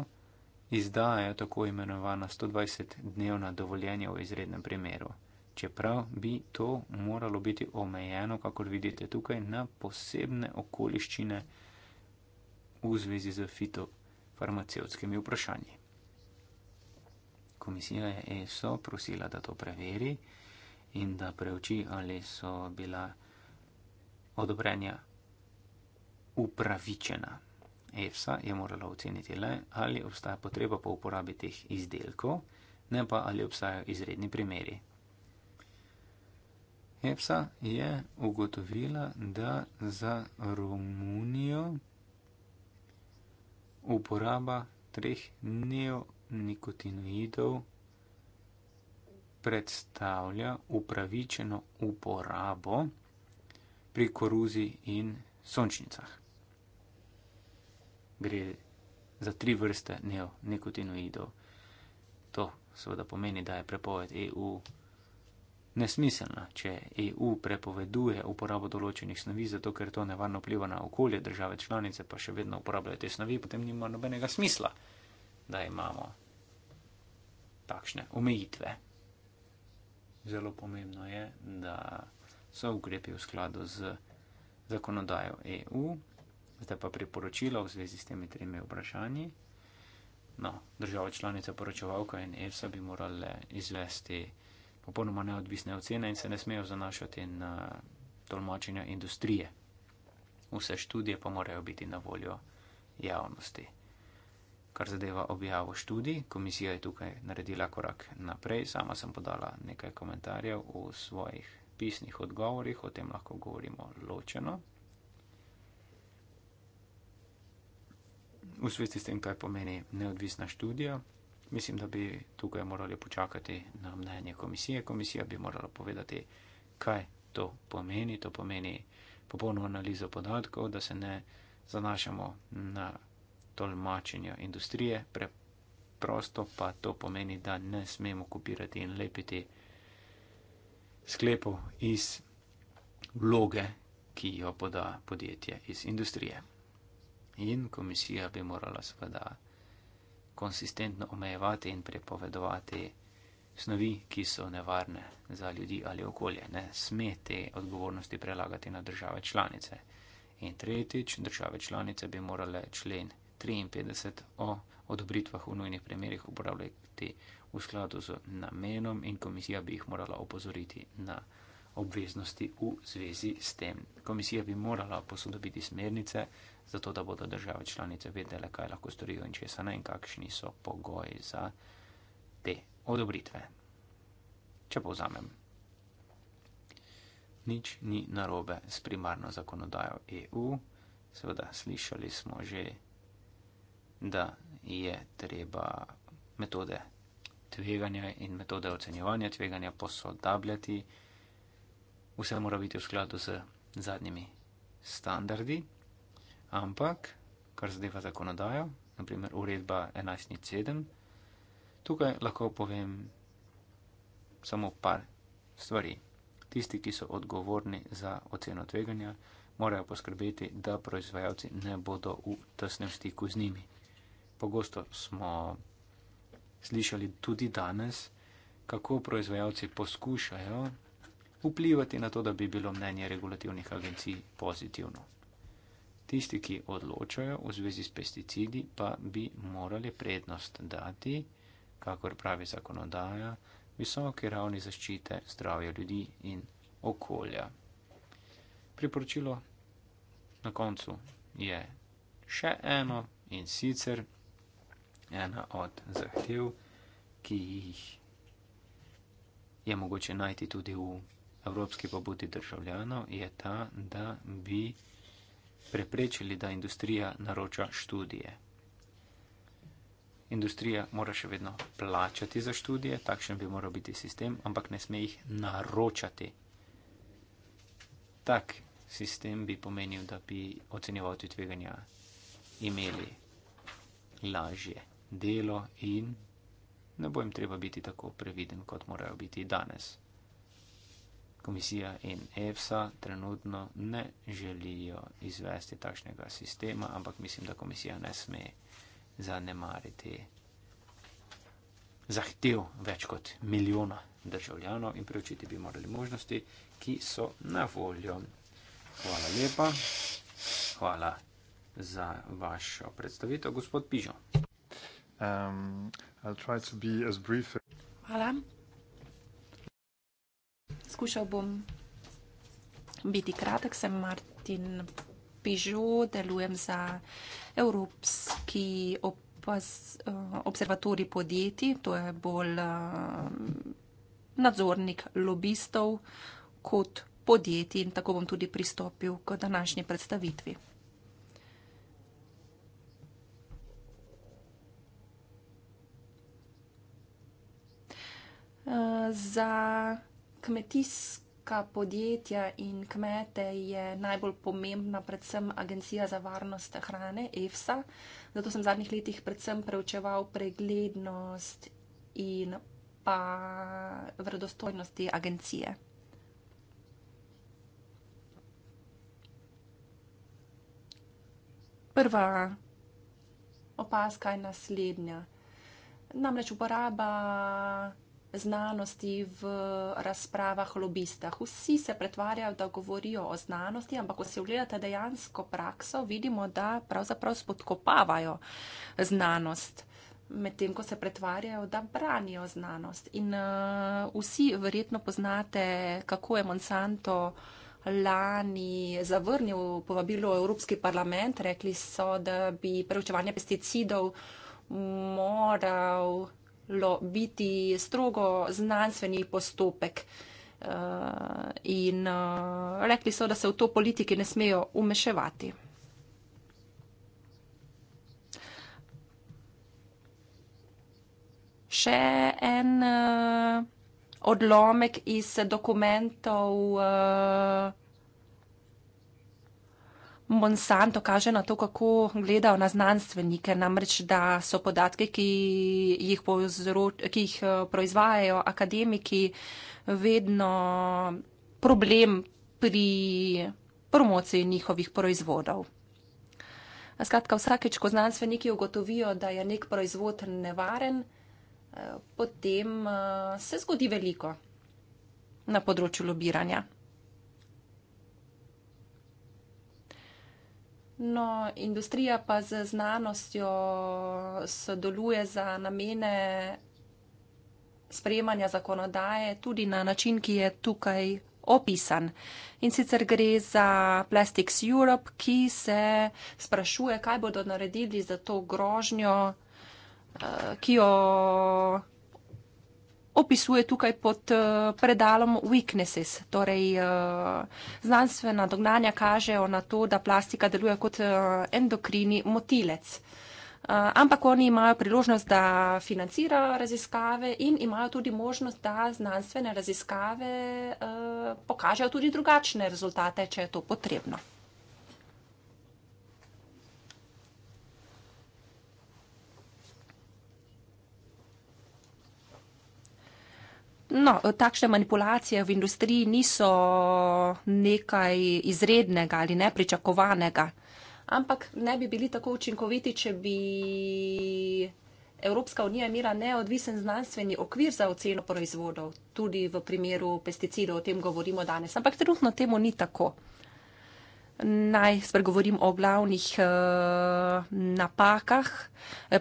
izdajo tako imenovana 120-dnevna dovoljenja v izreden primeru. Čeprav bi to moralo biti omejeno, kakor vidite tukaj, na posebne okoliščine v zvezi z fitofarmacevskimi vprašanji. Komisija je ESO prosila, da to preveri in da preuči, ali so bila odobrenja upravičena. EFSA je morala oceniti le, ali obstaja potreba po uporabi teh izdelkov, ne pa ali obstajajo izredni primeri. EFSA je ugotovila, da za Romunijo uporaba treh neonikotinoidov predstavlja upravičeno uporabo pri koruzi in sončnicah. Gre za tri vrste neonikotinoidov. To seveda pomeni, da je prepoved EU nesmiselna, če EU prepoveduje uporabo določenih snovi, zato ker to nevarno vpliva na okolje države članice, pa še vedno uporabljajo te snovi, potem nima nobenega smisla, da imamo takšne omejitve zelo pomembno je, da so ukrepi v skladu z zakonodajo EU, zdaj pa priporočila v zvezi s temi tremi vprašanji. No, država članica poročevalka in ESA bi morale izvesti popolnoma neodvisne ocene in se ne smejo zanašati na tolmačenja industrije. Vse študije pa morajo biti na voljo javnosti kar zadeva objavo študij. Komisija je tukaj naredila korak naprej, sama sem podala nekaj komentarjev v svojih pisnih odgovorih, o tem lahko govorimo ločeno. V svesti s tem, kaj pomeni neodvisna študija, mislim, da bi tukaj morali počakati na mnenje komisije. Komisija bi morala povedati, kaj to pomeni. To pomeni popolno analizo podatkov, da se ne zanašamo na tolmačenja industrije, preprosto pa to pomeni, da ne smemo kopirati in lepiti sklepov iz vloge, ki jo poda podjetje iz industrije. In komisija bi morala seveda konsistentno omejevati in prepovedovati snovi, ki so nevarne za ljudi ali okolje. Ne sme te odgovornosti prelagati na države članice. In tretjič, države članice bi morale člen 53 o odobritvah v nujnih primerjih uporabljati v skladu z namenom in komisija bi jih morala opozoriti na obveznosti v zvezi s tem. Komisija bi morala posodobiti smernice, zato da bodo države članice vedele, kaj lahko storijo in česa ne in kakšni so pogoji za te odobritve. Če povzamem. Nič ni narobe s primarno zakonodajo EU. Seveda, slišali smo že da je treba metode tveganja in metode ocenjevanja tveganja posodabljati. Vse mora biti v skladu z zadnjimi standardi, ampak kar zadeva zakonodajo, naprimer uredba 11.7, tukaj lahko povem samo par stvari. Tisti, ki so odgovorni za oceno tveganja, morajo poskrbeti, da proizvajalci ne bodo v tesnem stiku z njimi. Pogosto smo slišali tudi danes, kako proizvajalci poskušajo vplivati na to, da bi bilo mnenje regulativnih agencij pozitivno. Tisti, ki odločajo v zvezi s pesticidi, pa bi morali prednost dati, kakor pravi zakonodaja, visoki ravni zaščite zdravja ljudi in okolja. Priporočilo na koncu je še eno in sicer ena od zahtev, ki jih je mogoče najti tudi v evropski pobudi državljanov, je ta, da bi preprečili, da industrija naroča študije. Industrija mora še vedno plačati za študije, takšen bi moral biti sistem, ampak ne sme jih naročati. Tak sistem bi pomenil, da bi ocenjevalci tveganja imeli lažje delo in ne bo jim treba biti tako previden, kot morajo biti danes. Komisija in EFSA trenutno ne želijo izvesti takšnega sistema, ampak mislim, da komisija ne sme zanemariti zahtev več kot milijona državljanov in preučiti bi morali možnosti, ki so na voljo. Hvala lepa. Hvala za vašo predstavitev, gospod Pižo. Um, I'll try to be as brief. Hvala. Skušal bom biti kratek. Sem Martin Pižot, delujem za Evropski eh, observatorij podjetij, to je bolj eh, nadzornik lobistov kot podjetij in tako bom tudi pristopil k današnji predstavitvi. Eh, za kmetijska podjetja in kmete je najbolj pomembna predvsem Agencija za varnost hrane, EFSA. Zato sem v zadnjih letih predvsem preučeval preglednost in pa vredostojnost te agencije. Prva opaska je naslednja. Namreč uporaba znanosti v razpravah lobistah. Vsi se pretvarjajo, da govorijo o znanosti, ampak ko se ogledate dejansko prakso, vidimo, da pravzaprav spodkopavajo znanost medtem, ko se pretvarjajo, da branijo znanost. In uh, vsi verjetno poznate, kako je Monsanto lani zavrnil povabilo v Evropski parlament. Rekli so, da bi preučevanje pesticidov moral moralo biti strogo znanstveni postopek. Eh, in eh, rekli so, da se v to politiki ne smejo umeševati. Še en eh, odlomek iz dokumentov. Monsanto kaže na to, kako gledajo na znanstvenike, namreč da so podatke, ki jih, povzro, ki jih eh, proizvajajo akademiki, vedno problem pri promociji njihovih proizvodov. Skratka, vsakeč, ko znanstveniki ugotovijo, da je nek proizvod nevaren, eh, potem eh, se zgodi veliko na področju lobiranja. No, industrija pa z znanostjo sodeluje za namene sprejemanja zakonodaje tudi na način, ki je tukaj opisan. In sicer gre za Plastics Europe, ki se sprašuje, kaj bodo naredili za to grožnjo, eh, ki jo opisuje tukaj pod eh, predalom weaknesses. Torej, eh, znanstvena dognanja kažejo na to, da plastika deluje kot eh, endokrini motilec. Ampak oni imajo priložnost, da financirajo raziskave in imajo tudi možnost, da znanstvene raziskave pokažejo tudi drugačne rezultate, če je to potrebno. No, takšne manipulacije v industriji niso nekaj izrednega ali nepričakovanega, ampak ne bi bili tako učinkoviti, če bi Evropska unija imela neodvisen znanstveni okvir za oceno proizvodov, tudi v primeru pesticidov, o tem govorimo danes. Ampak trenutno temu ni tako. Naj spregovorim o glavnih uh, napakah.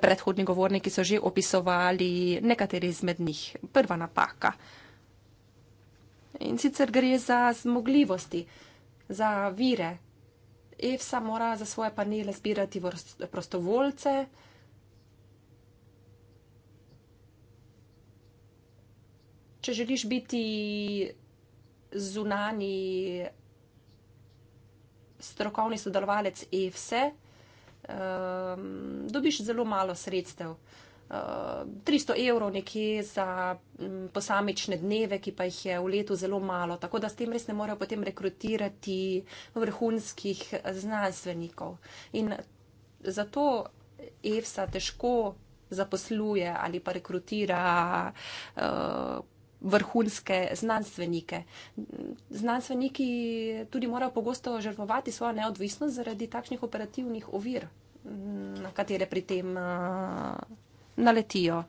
Predhodni govorniki so že opisovali nekateri izmed njih. Prva napaka. In sicer gre za zmogljivosti, za vire. EFSA mora za svoje panele zbirati prostovoljce. Če želiš biti zunani strokovni sodelovalec EFSE, e, um, dobiš zelo malo sredstev. Uh, 300 evrov nekje za um, posamične dneve, ki pa jih je v letu zelo malo. Tako da s tem res ne morejo potem rekrutirati vrhunskih znanstvenikov. In zato EFSA e težko zaposluje ali pa rekrutira uh, vrhunske znanstvenike. Znanstveniki tudi morajo pogosto žrtvovati svojo neodvisnost zaradi takšnih operativnih ovir, na katere pri tem eh, naletijo.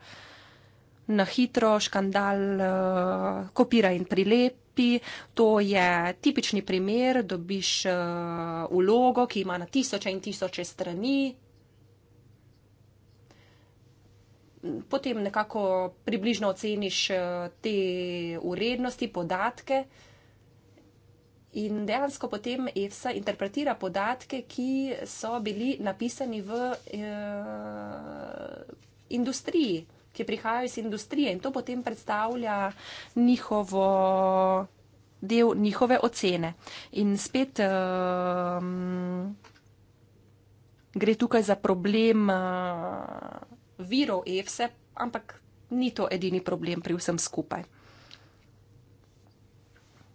Na hitro, škandal, eh, kopira in prilep. To je tipični primer, dobiš eh, vlogo, ki ima na tisoče in tisoče strani, potem nekako približno oceniš eh, te urednosti, podatke. In dejansko potem EFSA interpretira podatke, ki so bili napisani v eh, industriji, ki prihajajo iz industrije in to potem predstavlja njihovo, del njihove ocene. In spet eh, gre tukaj za problem. Eh, virov EFSE, e, ampak ni to edini problem pri vsem skupaj.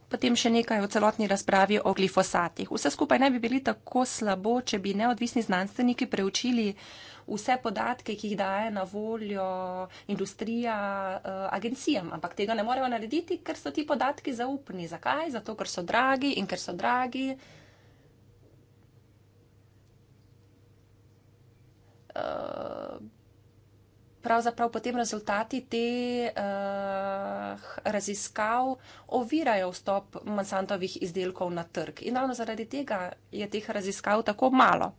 Potem še nekaj o celotni razpravi o glifosatih. Vse skupaj ne bi bili tako slabo, če bi neodvisni znanstveniki preučili vse podatke, ki jih daje na voljo industrija eh, agencijam, ampak tega ne morejo narediti, ker so ti podatki zaupni. Zakaj? Zato, ker so dragi in ker so dragi. Uh, pravzaprav potem rezultati teh uh, raziskav ovirajo vstop Monsantovih izdelkov na trg. In ravno zaradi tega je teh raziskav tako malo.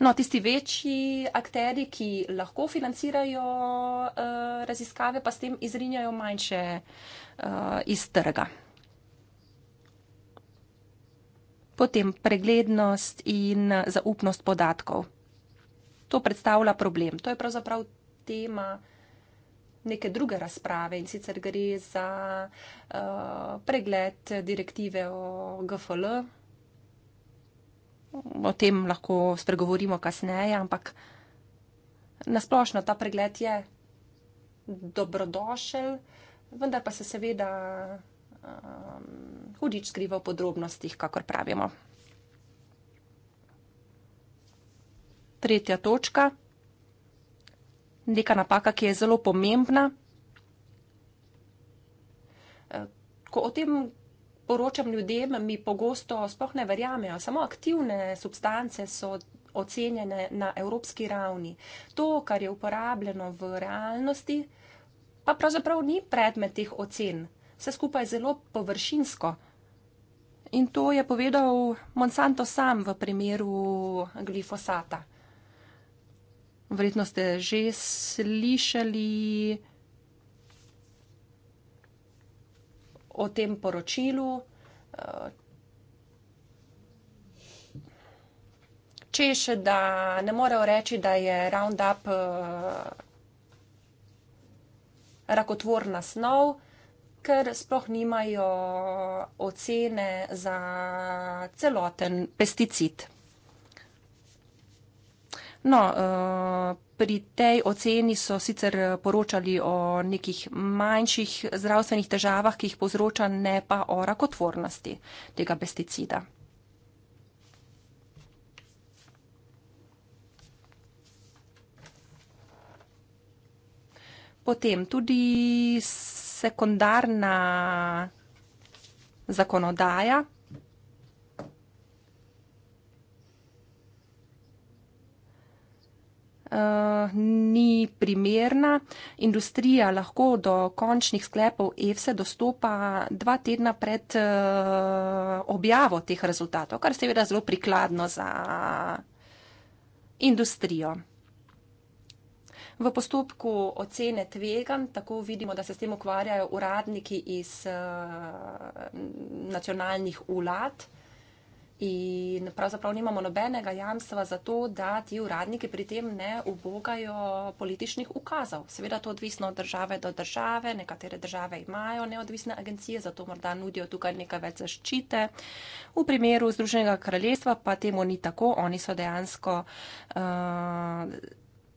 No, tisti večji akteri, ki lahko financirajo uh, raziskave, pa s tem izrinjajo manjše uh, iz trga. potem preglednost in zaupnost podatkov. To predstavlja problem. To je pravzaprav tema neke druge razprave in sicer gre za uh, pregled direktive o GFL. O tem lahko spregovorimo kasneje, ampak nasplošno ta pregled je dobrodošel, vendar pa se seveda um, hudič skriva v podrobnostih, kakor pravimo. Tretja točka, neka napaka, ki je zelo pomembna. Eh, ko o tem poročam ljudem, mi pogosto sploh ne verjamejo. Samo aktivne substance so ocenjene na evropski ravni. To, kar je uporabljeno v realnosti, pa pravzaprav ni predmet teh ocen vse skupaj zelo površinsko. In to je povedal Monsanto sam v primeru glifosata. Verjetno ste že slišali o tem poročilu. Češ, da ne morejo reči, da je Roundup eh, rakotvorna snov ker sploh nimajo ocene za celoten pesticid. No, eh, pri tej oceni so sicer poročali o nekih manjših zdravstvenih težavah, ki jih povzroča, ne pa o rakotvornosti tega pesticida. Potem tudi sekundarna zakonodaja. Uh, ni primerna. Industrija lahko do končnih sklepov EFSE dostopa dva tedna pred uh, objavo teh rezultatov, kar seveda zelo prikladno za industrijo. V postopku ocene tvegan, tako vidimo, da se s tem ukvarjajo uradniki iz uh, nacionalnih vlad in pravzaprav nimamo nobenega jamstva za to, da ti uradniki pri tem ne ubogajo političnih ukazov. Seveda to odvisno od države do države, nekatere države imajo neodvisne agencije, zato morda nudijo tukaj nekaj več zaščite. V primeru Združenega kraljestva pa temu ni tako, oni so dejansko. Uh,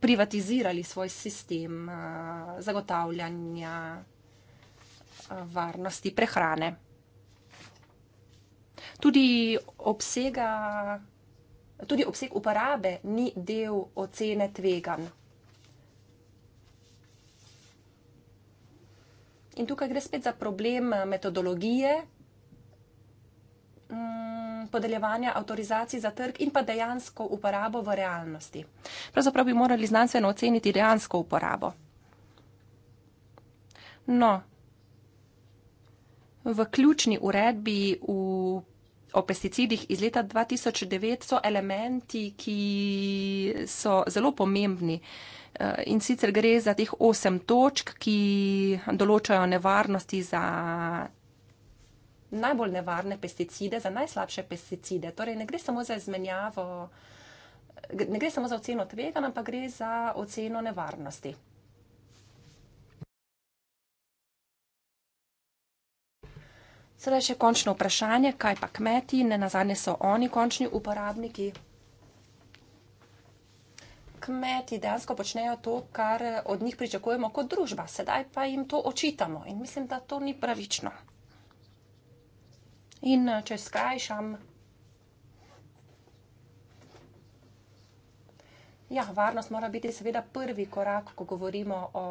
privatizirali svoj sistem eh, zagotavljanja eh, varnosti prehrane. Tudi, obsega, tudi obseg uporabe ni del ocene tvegan. In tukaj gre spet za problem eh, metodologije. Mm podeljevanja avtorizacij za trg in pa dejansko uporabo v realnosti. Pravzaprav bi morali znanstveno oceniti dejansko uporabo. No, v ključni uredbi v, o pesticidih iz leta 2009 so elementi, ki so zelo pomembni. Eh, in sicer gre za teh osem točk, ki določajo nevarnosti za najbolj nevarne pesticide za najslabše pesticide. Torej, ne gre samo za izmenjavo, ne gre samo za oceno tvega, ampak gre za oceno nevarnosti. Sedaj še končno vprašanje, kaj pa kmeti, ne nazadnje so oni končni uporabniki. Kmeti dejansko počnejo to, kar od njih pričakujemo kot družba, sedaj pa jim to očitamo in mislim, da to ni pravično. In eh, če skrajšam, Ja, varnost mora biti seveda prvi korak, ko govorimo o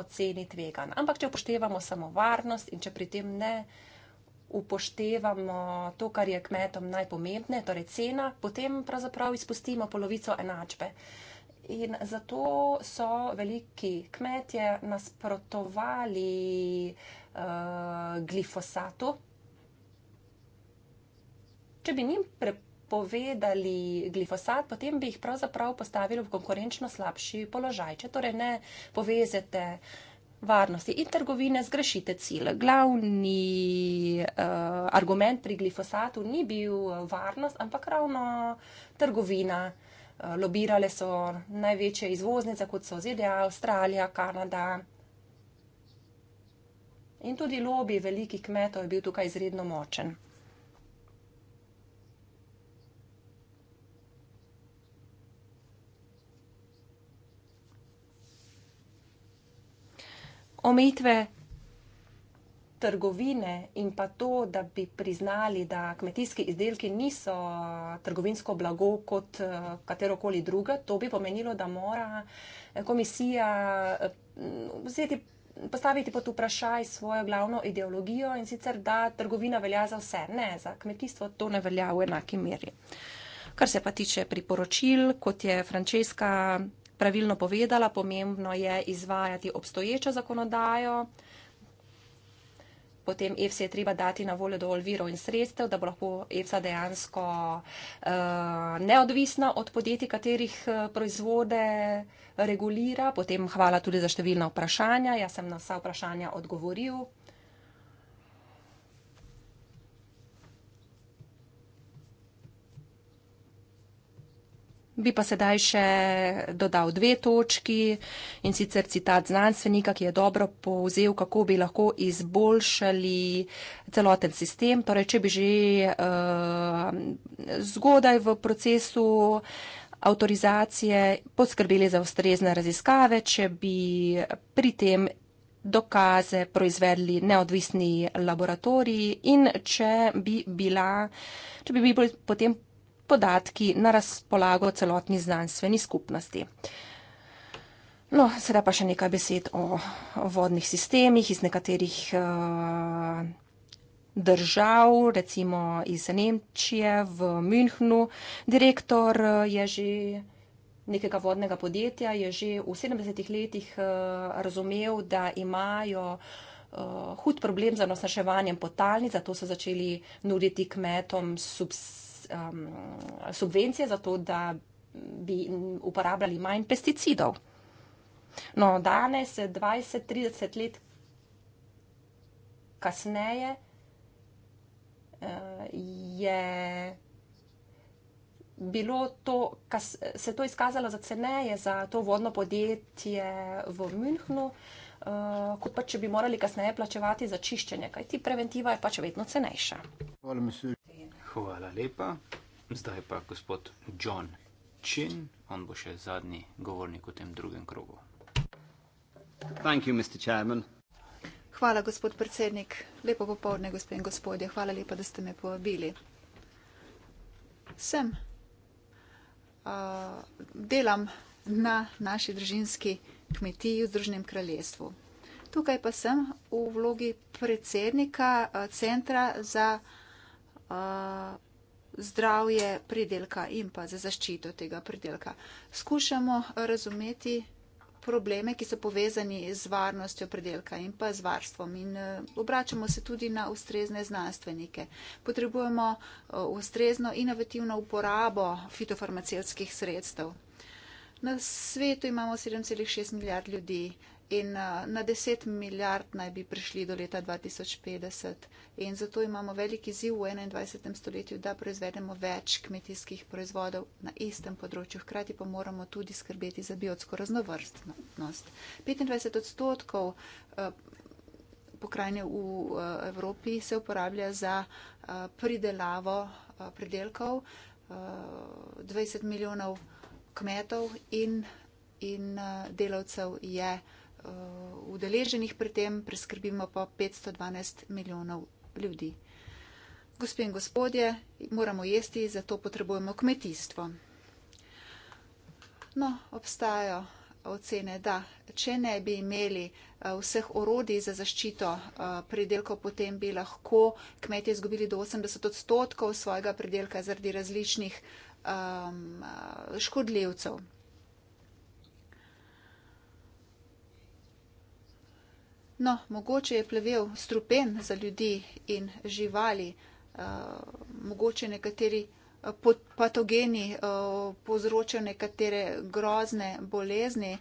oceni tvegan. Ampak, če upoštevamo samo varnost in če pri tem ne upoštevamo to, kar je kmetom najpomembne, torej cena, potem pravzaprav izpustimo polovico enačbe. In zato so veliki kmetje nasprotovali uh, glifosatu, če bi njim prepovedali glifosat, potem bi jih pravzaprav postavili v konkurenčno slabši položaj. Če torej ne povezete varnosti in trgovine, zgrešite cilj. Glavni uh, argument pri glifosatu ni bil varnost, ampak ravno trgovina. Eh, lobirale so največje izvoznice, kot so ZDA, Avstralija, Kanada. In tudi lobby velikih kmetov je bil tukaj izredno močen. omejitve trgovine in pa to, da bi priznali, da kmetijski izdelki niso trgovinsko blago kot eh, katerokoli druga, to bi pomenilo, da mora eh, komisija eh, vzeti, postaviti pod vprašaj svojo glavno ideologijo in sicer, da trgovina velja za vse. Ne, za kmetijstvo to ne velja v enaki meri. Kar se pa tiče priporočil, kot je Francesca pravilno povedala, pomembno je izvajati obstoječo zakonodajo, potem EFSA je treba dati na voljo dovolj virov in sredstev, da bo lahko EFSA dejansko uh, neodvisna od podjetij, katerih eh, proizvode regulira. Potem hvala tudi za številna vprašanja. Jaz sem na vsa vprašanja odgovoril. Bi pa sedaj še dodal dve točki in sicer citat znanstvenika, ki je dobro povzel, kako bi lahko izboljšali celoten sistem. Torej, če bi že uh, zgodaj v procesu avtorizacije poskrbeli za ustrezne raziskave, če bi pri tem dokaze proizvedli neodvisni laboratoriji in če bi bila, če bi bili potem podatki na razpolago celotni znanstveni skupnosti. No, sedaj pa še nekaj besed o vodnih sistemih iz nekaterih uh, držav, recimo iz Nemčije v Münchnu. Direktor eh, je že nekega vodnega podjetja, je že v 70 letih uh, eh, razumev, da imajo uh, hud problem z onosnaševanjem potalnic, zato so začeli nuditi kmetom subsidij um, subvencije za to, da bi uporabljali manj pesticidov. No, danes, 20-30 let kasneje, eh, je bilo to, se to izkazalo za ceneje za to vodno podjetje v Münchnu, eh, kot pa če bi morali kasneje plačevati za čiščenje, kajti preventiva je pač vedno cenejša. Hvala, monsieur. Hvala lepa. Zdaj pa gospod John Chin, on bo še zadnji govornik v tem drugem krogu. You, Hvala, gospod predsednik. Lepo popovdne, gospe in gospodje. Hvala lepa, da ste me povabili. Sem. Uh, delam na naši družinski kmetiji v Združenem kraljestvu. Tukaj pa sem v vlogi predsednika uh, centra za zdravje pridelka in pa za zaščito tega pridelka. Skušamo razumeti probleme, ki so povezani z varnostjo pridelka in pa z varstvom in e, obračamo se tudi na ustrezne znanstvenike. Potrebujemo e, ustrezno inovativno uporabo fitofarmacevskih sredstev. Na svetu imamo 7,6 milijard ljudi, in uh, na 10 milijard naj bi prišli do leta 2050. In zato imamo veliki ziv v 21. stoletju, da proizvedemo več kmetijskih proizvodov na istem področju. Hkrati pa moramo tudi skrbeti za biotsko raznovrstnost. 25 odstotkov uh, pokrajine v uh, Evropi se uporablja za uh, pridelavo uh, predelkov, uh, 20 milijonov kmetov in, in uh, delavcev je. Eh, udeleženih pri tem, preskrbimo pa 512 milijonov ljudi. Gospe in gospodje, moramo jesti, zato potrebujemo kmetijstvo. No, obstajajo ocene, da če ne bi imeli eh, vseh orodij za zaščito eh, pridelkov, potem bi lahko kmetje izgubili do 80 odstotkov svojega pridelka zaradi različnih um, škodljivcev. No, mogoče je plevel strupen za ljudi in živali, eh, mogoče nekateri eh, patogeni eh, povzročajo nekatere grozne bolezni,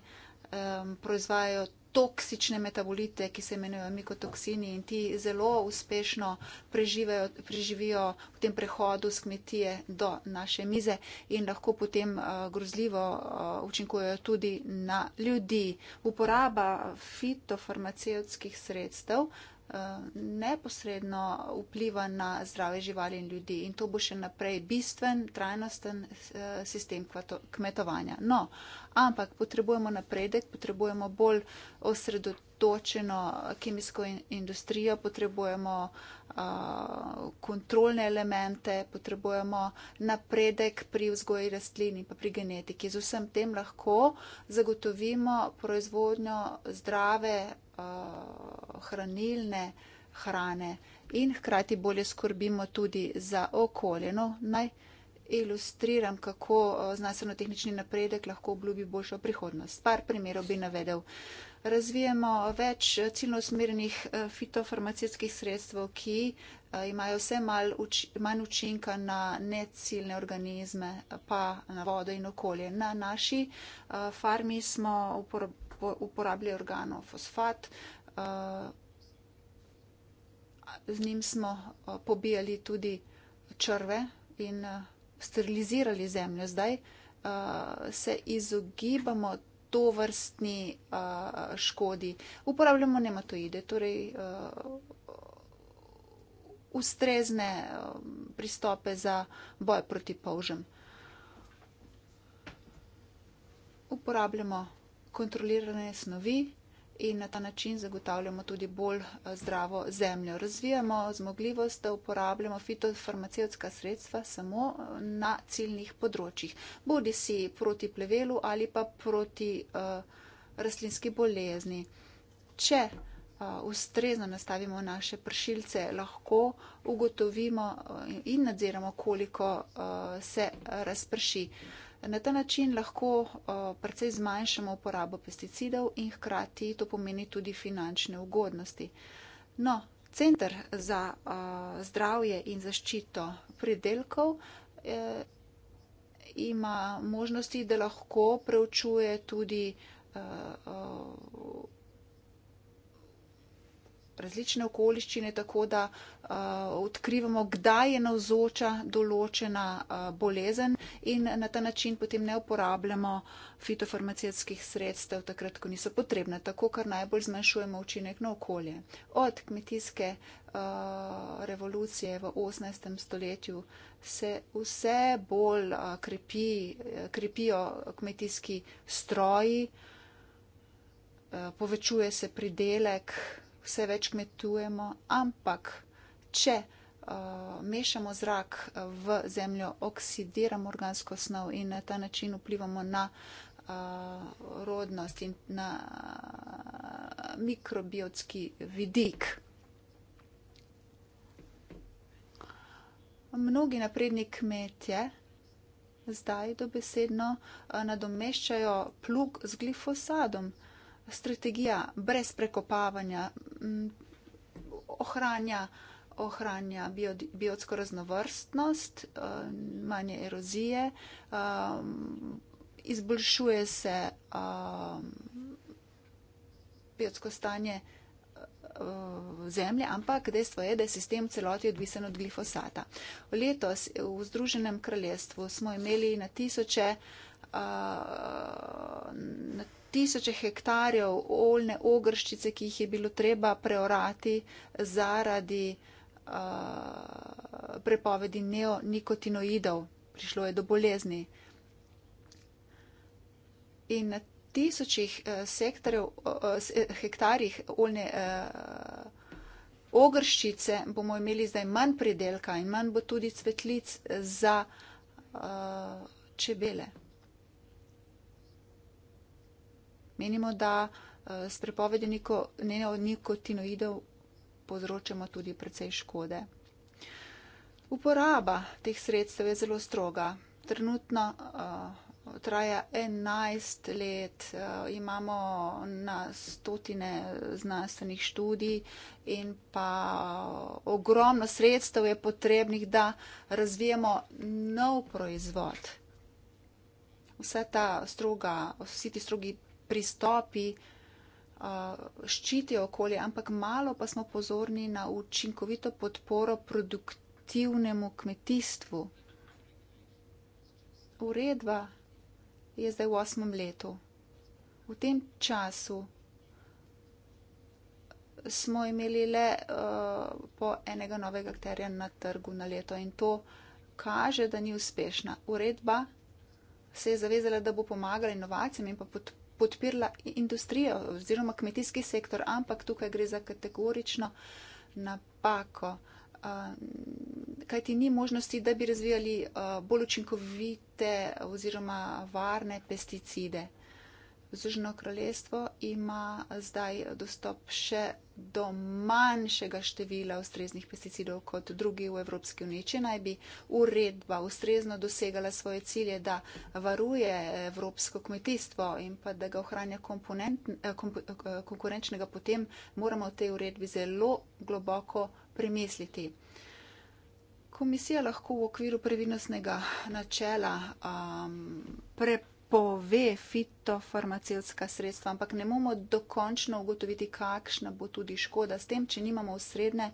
proizvajajo toksične metabolite, ki se imenujejo mikotoksini in ti zelo uspešno preživajo, preživijo v tem prehodu z kmetije do naše mize in lahko potem uh, grozljivo uh, učinkujejo tudi na ljudi. Uporaba fitofarmacevskih sredstev uh, Eh, neposredno vpliva na zdrave živali in ljudi in to bo še naprej bistven, trajnosten eh, sistem kmetovanja. No, ampak potrebujemo napredek, potrebujemo bolj osredotočeno kemijsko industrijo, potrebujemo uh, kontrolne elemente, potrebujemo napredek pri vzgoji rastlin in pa pri genetiki. Z vsem tem lahko zagotovimo proizvodnjo zdrave Eh, hranilne hrane in hkrati bolje skrbimo tudi za okolje. No, naj ilustriram, kako eh, znanstveno-tehnični napredek lahko obljubi boljšo prihodnost. Par primerov bi navedel. Razvijemo več ciljno usmerjenih eh, fitofarmacijskih sredstev, ki imajo vse mal uč, manj učinka na neciljne organizme, pa na vodo in okolje. Na naši farmi smo uporabili uporabljajo organo fosfat. Eh, z njim smo eh, pobijali tudi črve in eh, sterilizirali zemljo. Zdaj se izogibamo to vrstni škodi. Uporabljamo nematoide, torej ustrezne pristope za boj proti polžem. Uporabljamo kontrolirane snovi in na ta način zagotavljamo tudi bolj eh, zdravo zemljo. Razvijamo zmogljivost, da uporabljamo fitofarmacevtska sredstva samo eh, na ciljnih področjih, bodi si proti plevelu ali pa proti uh, rastlinski bolezni. Če ustrezno nastavimo naše pršilce, lahko ugotovimo in nadziramo, koliko se razprši. Na ta način lahko precej zmanjšamo uporabo pesticidov in hkrati to pomeni tudi finančne ugodnosti. No, Centr za zdravje in zaščito pridelkov e, ima možnosti, da lahko preučuje tudi e, različne okoliščine, tako da uh, odkrivamo, kdaj je navzoča določena uh, bolezen in na ta način potem ne uporabljamo fitofarmacijskih sredstev, takrat, ko niso potrebne, tako kar najbolj zmanjšujemo učinek na okolje. Od kmetijske uh, revolucije v 18. stoletju se vse bolj uh, krepi, uh, krepijo kmetijski stroji, uh, povečuje se pridelek, vse več kmetujemo, ampak če uh, mešamo zrak uh, v zemljo, oksidiramo organsko snov in na ta način vplivamo na uh, rodnost in na uh, mikrobiotski vidik. Mnogi napredni kmetje zdaj dobesedno uh, nadomeščajo plug z glifosadom strategija brez prekopavanja mm, ohranja, ohranja biotsko raznovrstnost, eh, manje erozije, eh, izboljšuje se eh, biotsko stanje zemlje, ampak dejstvo je, da je sistem v celoti odvisen od glifosata. Letos v Združenem kraljestvu smo imeli na tisoče, na tisoče hektarjev oljne ogrščice, ki jih je bilo treba preorati zaradi uh, prepovedi neonikotinoidov, prišlo je do bolezni. In na tisočih uh, uh, uh hektarjih oljne uh, ogrščice bomo imeli zdaj manj pridelka in manj bo tudi cvetlic za uh, čebele. Menimo, da eh, s prepovedjo nikotinoidov povzročamo tudi precej škode. Uporaba teh sredstev je zelo stroga. Trenutno uh, traja 11 let, uh, imamo na stotine znanstvenih študij in pa uh, ogromno sredstev je potrebnih, da razvijemo nov proizvod. Vse ta stroga, vsi ti strogi pristopi ščitijo okolje, ampak malo pa smo pozorni na učinkovito podporo produktivnemu kmetijstvu. Uredba je zdaj v osmem letu. V tem času smo imeli le uh, po enega novega akterja na trgu na leto in to kaže, da ni uspešna. Uredba se je zavezala, da bo pomagala inovacijam in pa podporila podpirala industrijo oziroma kmetijski sektor, ampak tukaj gre za kategorično napako. Kaj ti ni možnosti, da bi razvijali bolj učinkovite oziroma varne pesticide? Združeno kraljestvo ima zdaj dostop še do manjšega števila ustreznih pesticidov kot drugi v Evropski uniji. Če naj bi uredba ustrezno dosegala svoje cilje, da varuje evropsko kmetijstvo in pa da ga ohranja eh, eh, konkurenčnega, potem moramo v tej uredbi zelo globoko premisliti. Komisija lahko v okviru previdnostnega načela um, prepoveduje, pove fitofarmacevtska sredstva, ampak ne bomo dokončno ugotoviti, kakšna bo tudi škoda s tem, če nimamo usredne,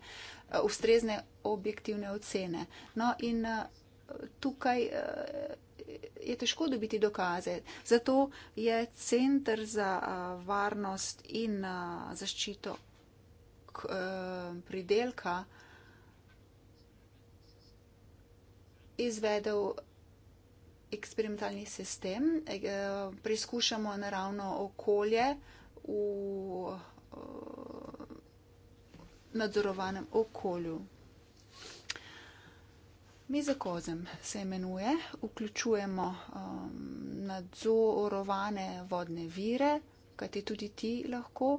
eh, ustrezne objektivne ocene. No in eh, tukaj eh, je težko dobiti dokaze. Zato je Centr za varnost in zaščito pridelka izvedel eksperimentalni sistem, eh, preizkušamo naravno okolje v eh, nadzorovanem okolju. Mi za kozem se imenuje, vključujemo um, nadzorovane vodne vire, kajti tudi ti lahko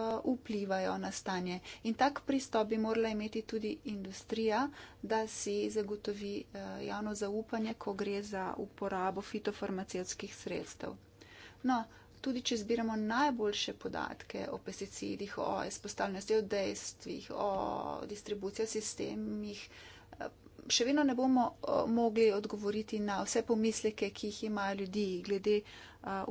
Eh, vplivajo na stanje. In tak pristop bi morala imeti tudi industrija, da si zagotovi eh, javno zaupanje, ko gre za uporabo fitofarmacijskih sredstev. No, tudi če zbiramo najboljše podatke o pesticidih, o izpostavljenosti, o dejstvih, o distribucijo sistemih, še vedno ne bomo eh, mogli odgovoriti na vse pomisleke, ki jih imajo ljudi glede eh,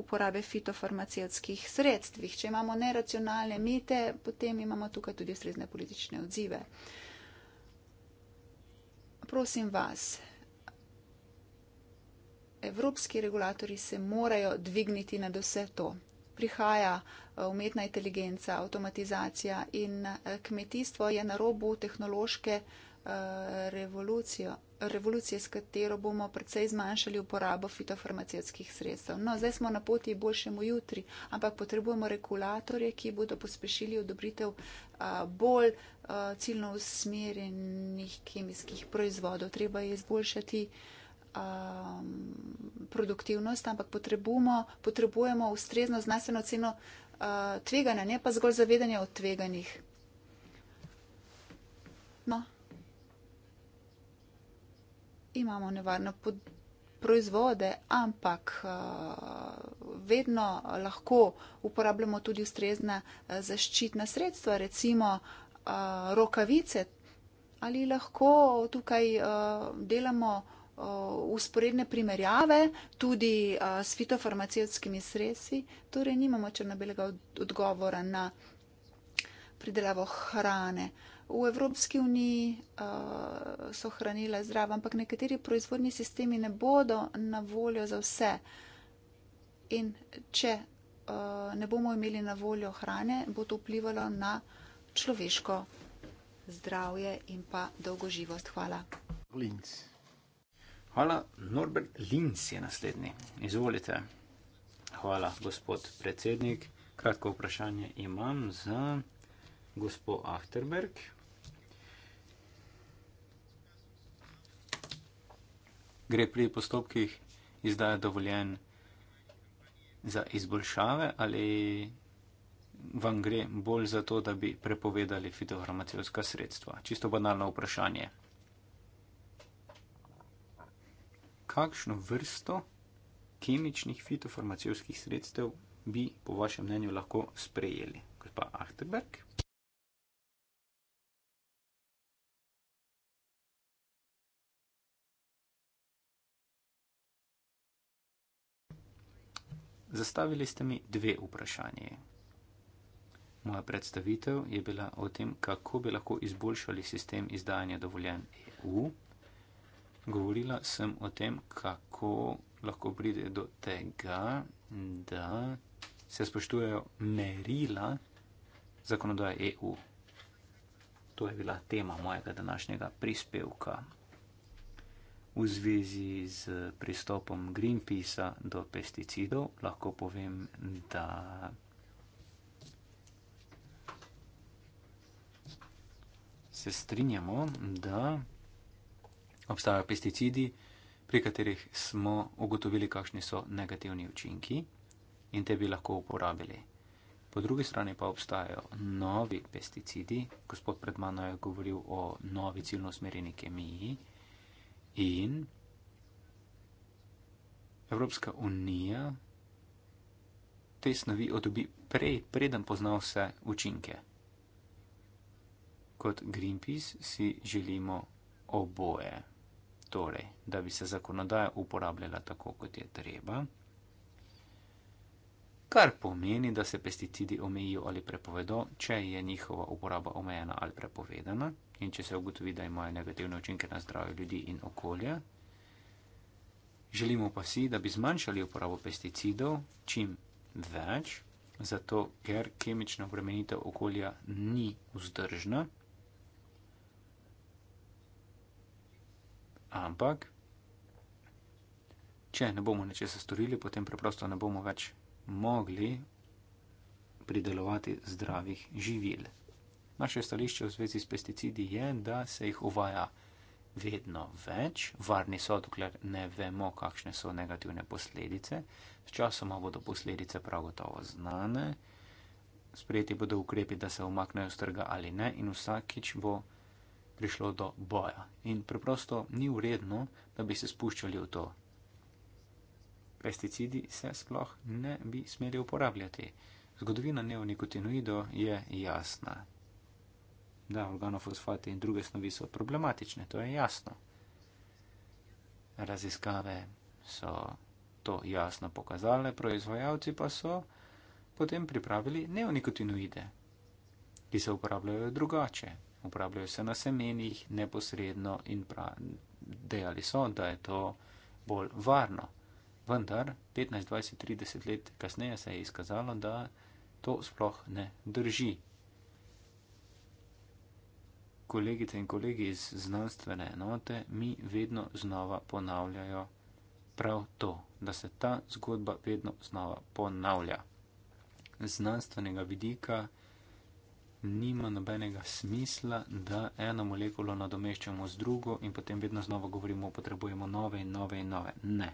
uporabe fitofarmacijskih sredstv. Če imamo neracionalne mite, potem imamo tukaj tudi ustrezne politične odzive. Prosim vas, evropski regulatori se morajo dvigniti nad vse to. Prihaja eh, umetna inteligenca, avtomatizacija in kmetijstvo je na robu tehnološke. Eh, revolucijo, revolucije, s katero bomo predvsej zmanjšali uporabo fitofarmacijskih sredstev. No, zdaj smo na poti boljšemu jutri, ampak potrebujemo regulatorje, ki bodo pospešili odobritev eh, bolj eh, ciljno usmerjenih kemijskih proizvodov. Treba je izboljšati ehm, produktivnost, ampak potrebujemo, potrebujemo ustrezno znanstveno ceno tveganja, ne pa zgolj zavedanje o tveganjih. No imamo nevarne pod, proizvode, ampak uh, vedno lahko uporabljamo tudi ustrezna uh, zaščitna sredstva, recimo uh, rokavice. Ali lahko tukaj uh, delamo uh, usporedne primerjave tudi uh, s fitofarmacijskimi sredstvi, torej nimamo črnobelega odgovora na pridelavo hrane. Uh, v Evropski uniji uh, so hranila zdrava, ampak nekateri proizvodni sistemi ne bodo na voljo za vse. In če uh, ne bomo imeli na voljo hrane, bo to vplivalo na človeško zdravje in pa dolgoživost. Hvala. Linz. Hvala. Norbert Linz je naslednji. Izvolite. Hvala, gospod predsednik. Kratko vprašanje imam za gospod Achterberg. gre pri postopkih izdaje dovoljen za izboljšave ali vam gre bolj za to, da bi prepovedali fitofarmacijska sredstva? Čisto banalno vprašanje. Kakšno vrsto kemičnih fitofarmacijskih sredstev bi po vašem mnenju lahko sprejeli? Gospa Achterberg. Zastavili ste mi dve vprašanje. Moja predstavitev je bila o tem, kako bi lahko izboljšali sistem izdajanja dovoljen EU. Govorila sem o tem, kako lahko pride do tega, da se spoštujejo merila zakonodaje EU. To je bila tema mojega današnjega prispevka. V zvezi z pristopom Greenpeacea do pesticidov lahko povem, da se strinjamo, da obstajajo pesticidi, pri katerih smo ugotovili, kakšni so negativni učinki in te bi lahko uporabili. Po drugi strani pa obstajajo novi pesticidi, gospod pred mano je govoril o novi ciljno usmerjeni kemiji in Evropska unija te snovi odobi prej, preden pozna vse učinke. Kot Greenpeace si želimo oboje, torej, da bi se zakonodaja uporabljala tako, kot je treba, kar pomeni, da se pesticidi omejijo ali prepovedo, če je njihova uporaba omejena ali prepovedana in če se ugotovi, da imajo negativne učinke na zdravje ljudi in okolje. Želimo pa si, da bi zmanjšali uporabo pesticidov čim več, zato ker kemična obremenitev okolja ni vzdržna. Ampak, če ne bomo nečesa storili, potem preprosto ne bomo več mogli pridelovati zdravih živil. Naše stališče v zvezi s pesticidi je, da se jih uvaja vedno več, varni so, dokler ne vemo, kakšne so negativne posledice. Sčasoma bodo posledice prav gotovo znane, sprejeti bodo ukrepi, da se umaknejo z trga ali ne, in vsakič bo prišlo do boja. In preprosto ni uredno, da bi se spuščali v to. Pesticidi se sploh ne bi smeli uporabljati. Zgodovina neonikotinoidov je jasna da organofosfati in druge snovi so problematične, to je jasno. Raziskave so to jasno pokazale, proizvajalci pa so potem pripravili neonikotinoide, ki se uporabljajo drugače. Uporabljajo se na semenih neposredno in dejali so, da je to bolj varno. Vendar 15, 20, 30 let kasneje se je izkazalo, da to sploh ne drži kolegice in kolegi iz znanstvene enote mi vedno znova ponavljajo prav to, da se ta zgodba vedno znova ponavlja. Z znanstvenega vidika nima nobenega smisla, da eno molekulo nadomeščamo z drugo in potem vedno znova govorimo, potrebujemo nove in nove in nove. Ne.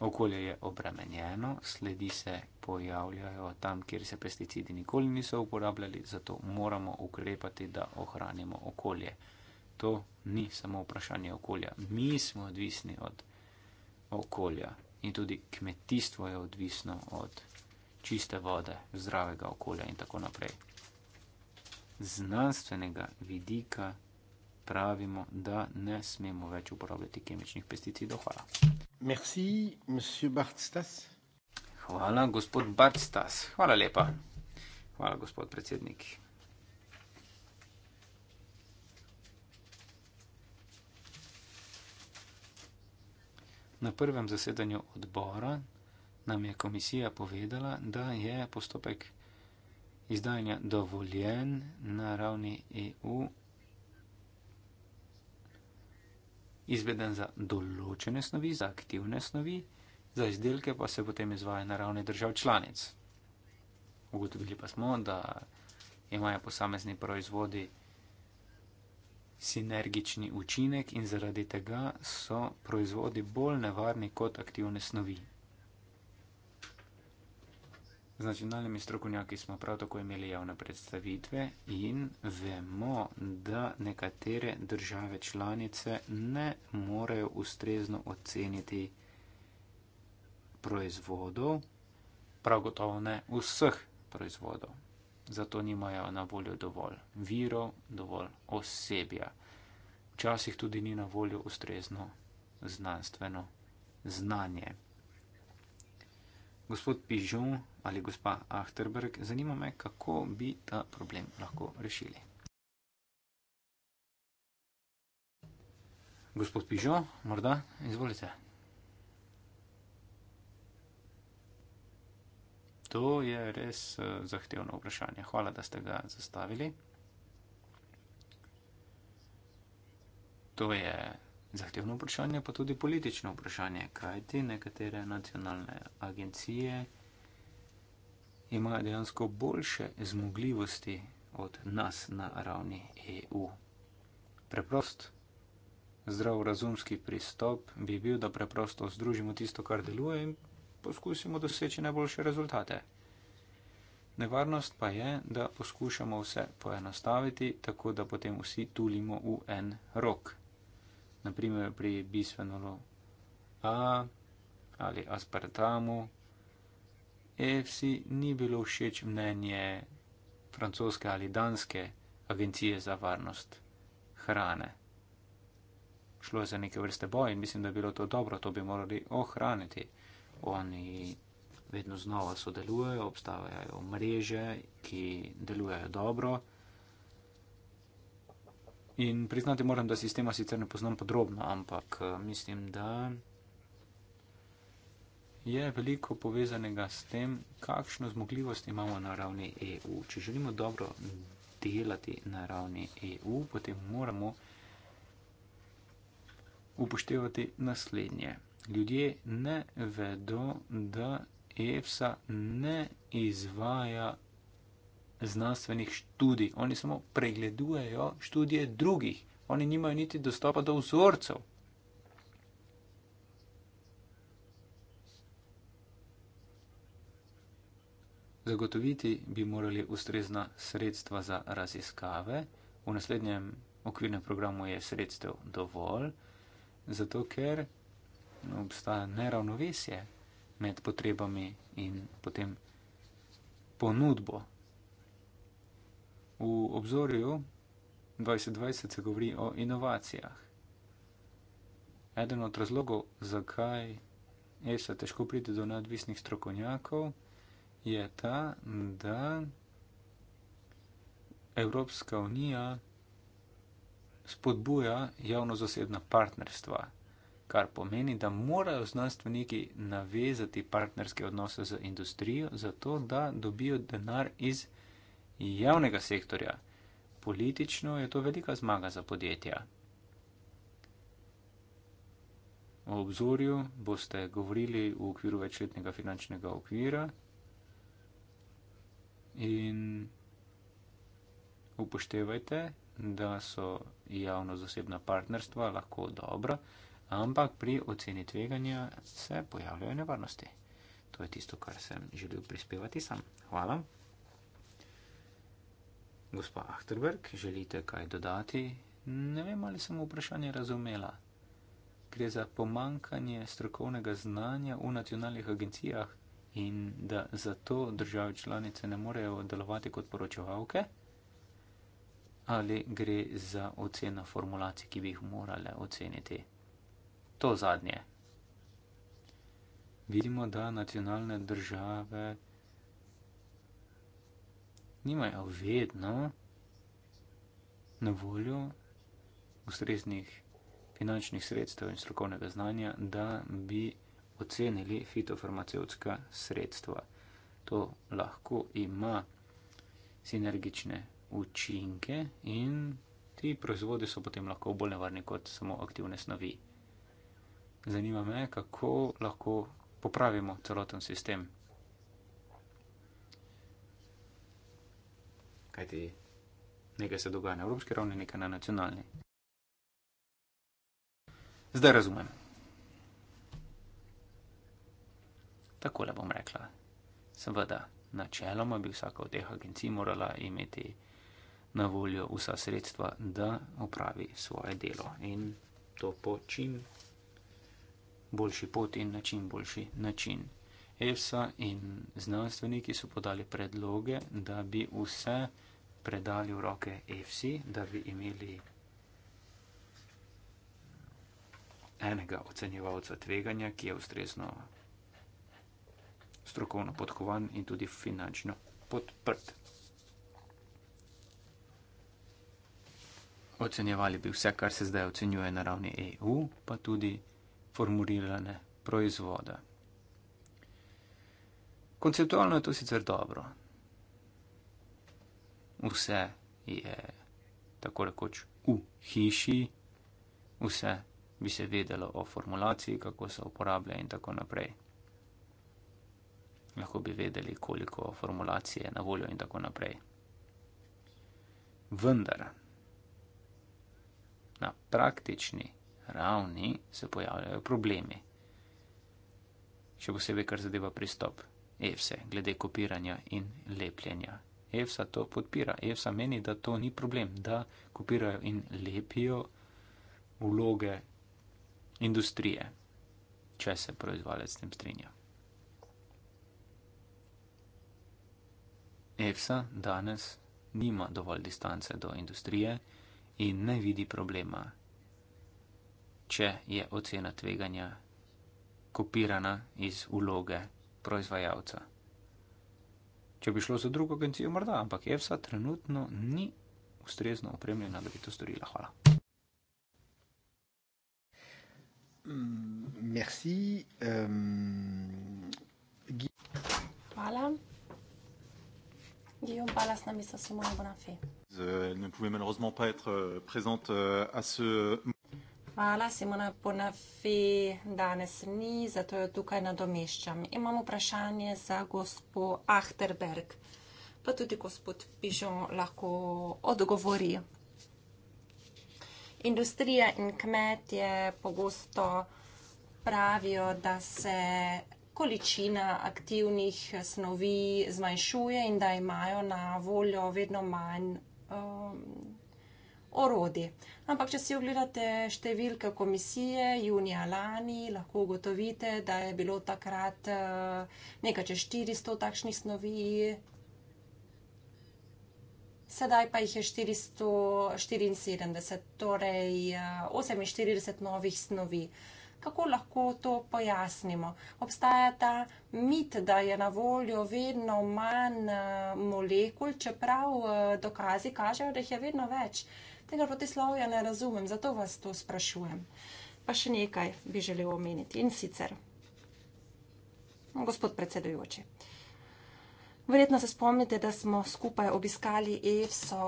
Okolje je obremenjeno, sledi se pojavljajo tam, kjer se pesticidi nikoli niso uporabljali, zato moramo ukrepati, da ohranimo okolje. To ni samo vprašanje okolja. Mi smo odvisni od okolja in tudi kmetijstvo je odvisno od čiste vode, zdravega okolja in tako naprej. Znanstvenega vidika pravimo, da ne smemo več uporabljati kemičnih pesticidov. Hvala. Merci, Hvala, gospod Bartstas. Hvala lepa. Hvala, gospod predsednik. Na prvem zasedanju odbora nam je komisija povedala, da je postopek izdajanja dovoljen na ravni EU izveden za določene snovi, za aktivne snovi za izdelke pa se potem izvaja na ravni držav članic. Ugotovili pa smo, da imajo posamezni proizvodi sinergični učinek in zaradi tega so proizvodi bolj nevarni kot aktivne snovi. Z nacionalnimi strokovnjaki smo prav tako imeli javne predstavitve in vemo, da nekatere države članice ne morejo ustrezno oceniti proizvodov, prav gotovo ne vseh proizvodov. Zato nimajo na voljo dovolj virov, dovolj osebja. Včasih tudi ni na voljo ustrezno znanstveno znanje. Gospod Pižun ali gospa Achterberg, zanima me, kako bi ta problem lahko rešili. Gospod Pižun, morda izvolite. To je res eh, zahtevno vprašanje. Hvala, da ste ga zastavili. To je zahtevno vprašanje, pa tudi politično vprašanje, kajti nekatere nacionalne agencije imajo dejansko boljše zmogljivosti od nas na ravni EU. Preprost, zdrav razumski pristop bi bil, da preprosto združimo tisto, kar deluje in poskusimo doseči najboljše rezultate. Nevarnost pa je, da poskušamo vse poenostaviti, tako da potem vsi tulimo v en rok. Naprimer pri bisfenolu A ali aspartamu. EFSI ni bilo všeč mnenje francoske ali danske agencije za varnost hrane. Šlo je za neke vrste boj in mislim, da je bilo to dobro, to bi morali ohraniti oni vedno znova sodelujejo, obstajajo mreže, ki delujejo dobro. In priznati moram, da sistema sicer ne poznam podrobno, ampak eh, mislim, da je veliko povezanega s tem, kakšno zmogljivost imamo na ravni EU. Če želimo dobro delati na ravni EU, potem moramo upoštevati naslednje ljudje ne vedo, da EFSA ne izvaja znanstvenih študij. Oni samo pregledujejo študije drugih. Oni nimajo niti dostopa do vzorcev. Zagotoviti bi morali ustrezna sredstva za raziskave. V naslednjem okvirnem programu je sredstev dovolj, zato ker obstaja neravnovesje med potrebami in potem ponudbo. V obzorju 2020 se govori o inovacijah. Eden od razlogov, zakaj ESA težko pride do neodvisnih strokovnjakov, je ta, da Evropska unija spodbuja javno-zasebna partnerstva kar pomeni, da morajo znanstveniki navezati partnerske odnose z industrijo, zato da dobijo denar iz javnega sektorja. Politično je to velika zmaga za podjetja. O obzorju boste govorili v okviru večletnega finančnega okvira in upoštevajte, da so javno-zasebna partnerstva lahko dobra ampak pri oceni tveganja se pojavljajo nevarnosti. To je tisto, kar sem želel prispevati sam. Hvala. Gospa Achterberg, želite kaj dodati? Ne vem, ali sem vprašanje razumela. Gre za pomankanje strokovnega znanja v nacionalnih agencijah in da zato države članice ne morejo delovati kot poročevalke? Ali gre za oceno formulacij, ki bi jih morale oceniti? to zadnje. Vidimo, da nacionalne države nimajo vedno na voljo ustreznih finančnih sredstev in strokovnega znanja, da bi ocenili fitofarmacevtska sredstva. To lahko ima sinergične učinke in ti proizvodi so potem lahko bolj nevarni kot samo aktivne snovi. Zanima me, kako lahko popravimo celoten sistem. Kaj ti nekaj se dogaja na evropski ravni, nekaj na nacionalni. Zdaj razumem. Takole bom rekla. Seveda, načeloma bi vsaka od teh agencij morala imeti na voljo vsa sredstva, da opravi svoje delo in to po čim boljši pot in način, boljši način. ESA in znanstveniki so podali predloge, da bi vse predali v roke EFSI, da bi imeli enega ocenjevalca tveganja, ki je ustrezno strokovno podkovan in tudi finančno podprt. Ocenjevali bi vse, kar se zdaj ocenjuje na ravni EU, pa tudi formulirane proizvode. Konceptualno je to sicer dobro. Vse je tako rekoč v hiši, vse bi se vedelo o formulaciji, kako se uporablja in tako naprej. Lahko bi vedeli, koliko formulacije je na voljo in tako naprej. Vendar na praktični ravni se pojavljajo problemi. Še posebej, kar zadeva pristop EFSE glede kopiranja in lepljenja. EFSA to podpira. EFSA meni, da to ni problem, da kopirajo in lepijo vloge industrije, če se proizvajalec s tem strinja. EFSA danes nima dovolj distance do industrije in ne vidi problema če je ocena tveganja kopirana iz uloge proizvajalca. Če bi šlo za drugo agencijo, morda, ampak EFSA trenutno ni ustrezno opremljena, da bi to storila. Hvala. Mm, merci, um, gi... Hvala. Guillaume Palas na mise à ce moment-là. Je ne pouvais malheureusement pas être euh, présente euh, à ce moment. Hvala, Simona Ponafi. Danes ni, zato jo tukaj nadomeščam. Imam vprašanje za gospo Achterberg, pa tudi gospod Pižo lahko odgovori. Industrija in kmetje pogosto pravijo, da se količina aktivnih snovi zmanjšuje in da imajo na voljo vedno manj. Um, orodi. Ampak, če si ogledate številke komisije junija lani, lahko ugotovite, da je bilo takrat eh, nekaj čez 400 takšnih snovi, sedaj pa jih je 474, torej 48 eh, novih snovi kako lahko to pojasnimo. Obstaja ta mit, da je na voljo vedno manj eh, molekul, čeprav eh, dokazi kažejo, da jih je vedno več. Tega protislovja ne razumem, zato vas to sprašujem. Pa še nekaj bi želel omeniti in sicer. Gospod predsedujoči, verjetno se spomnite, da smo skupaj obiskali EFSO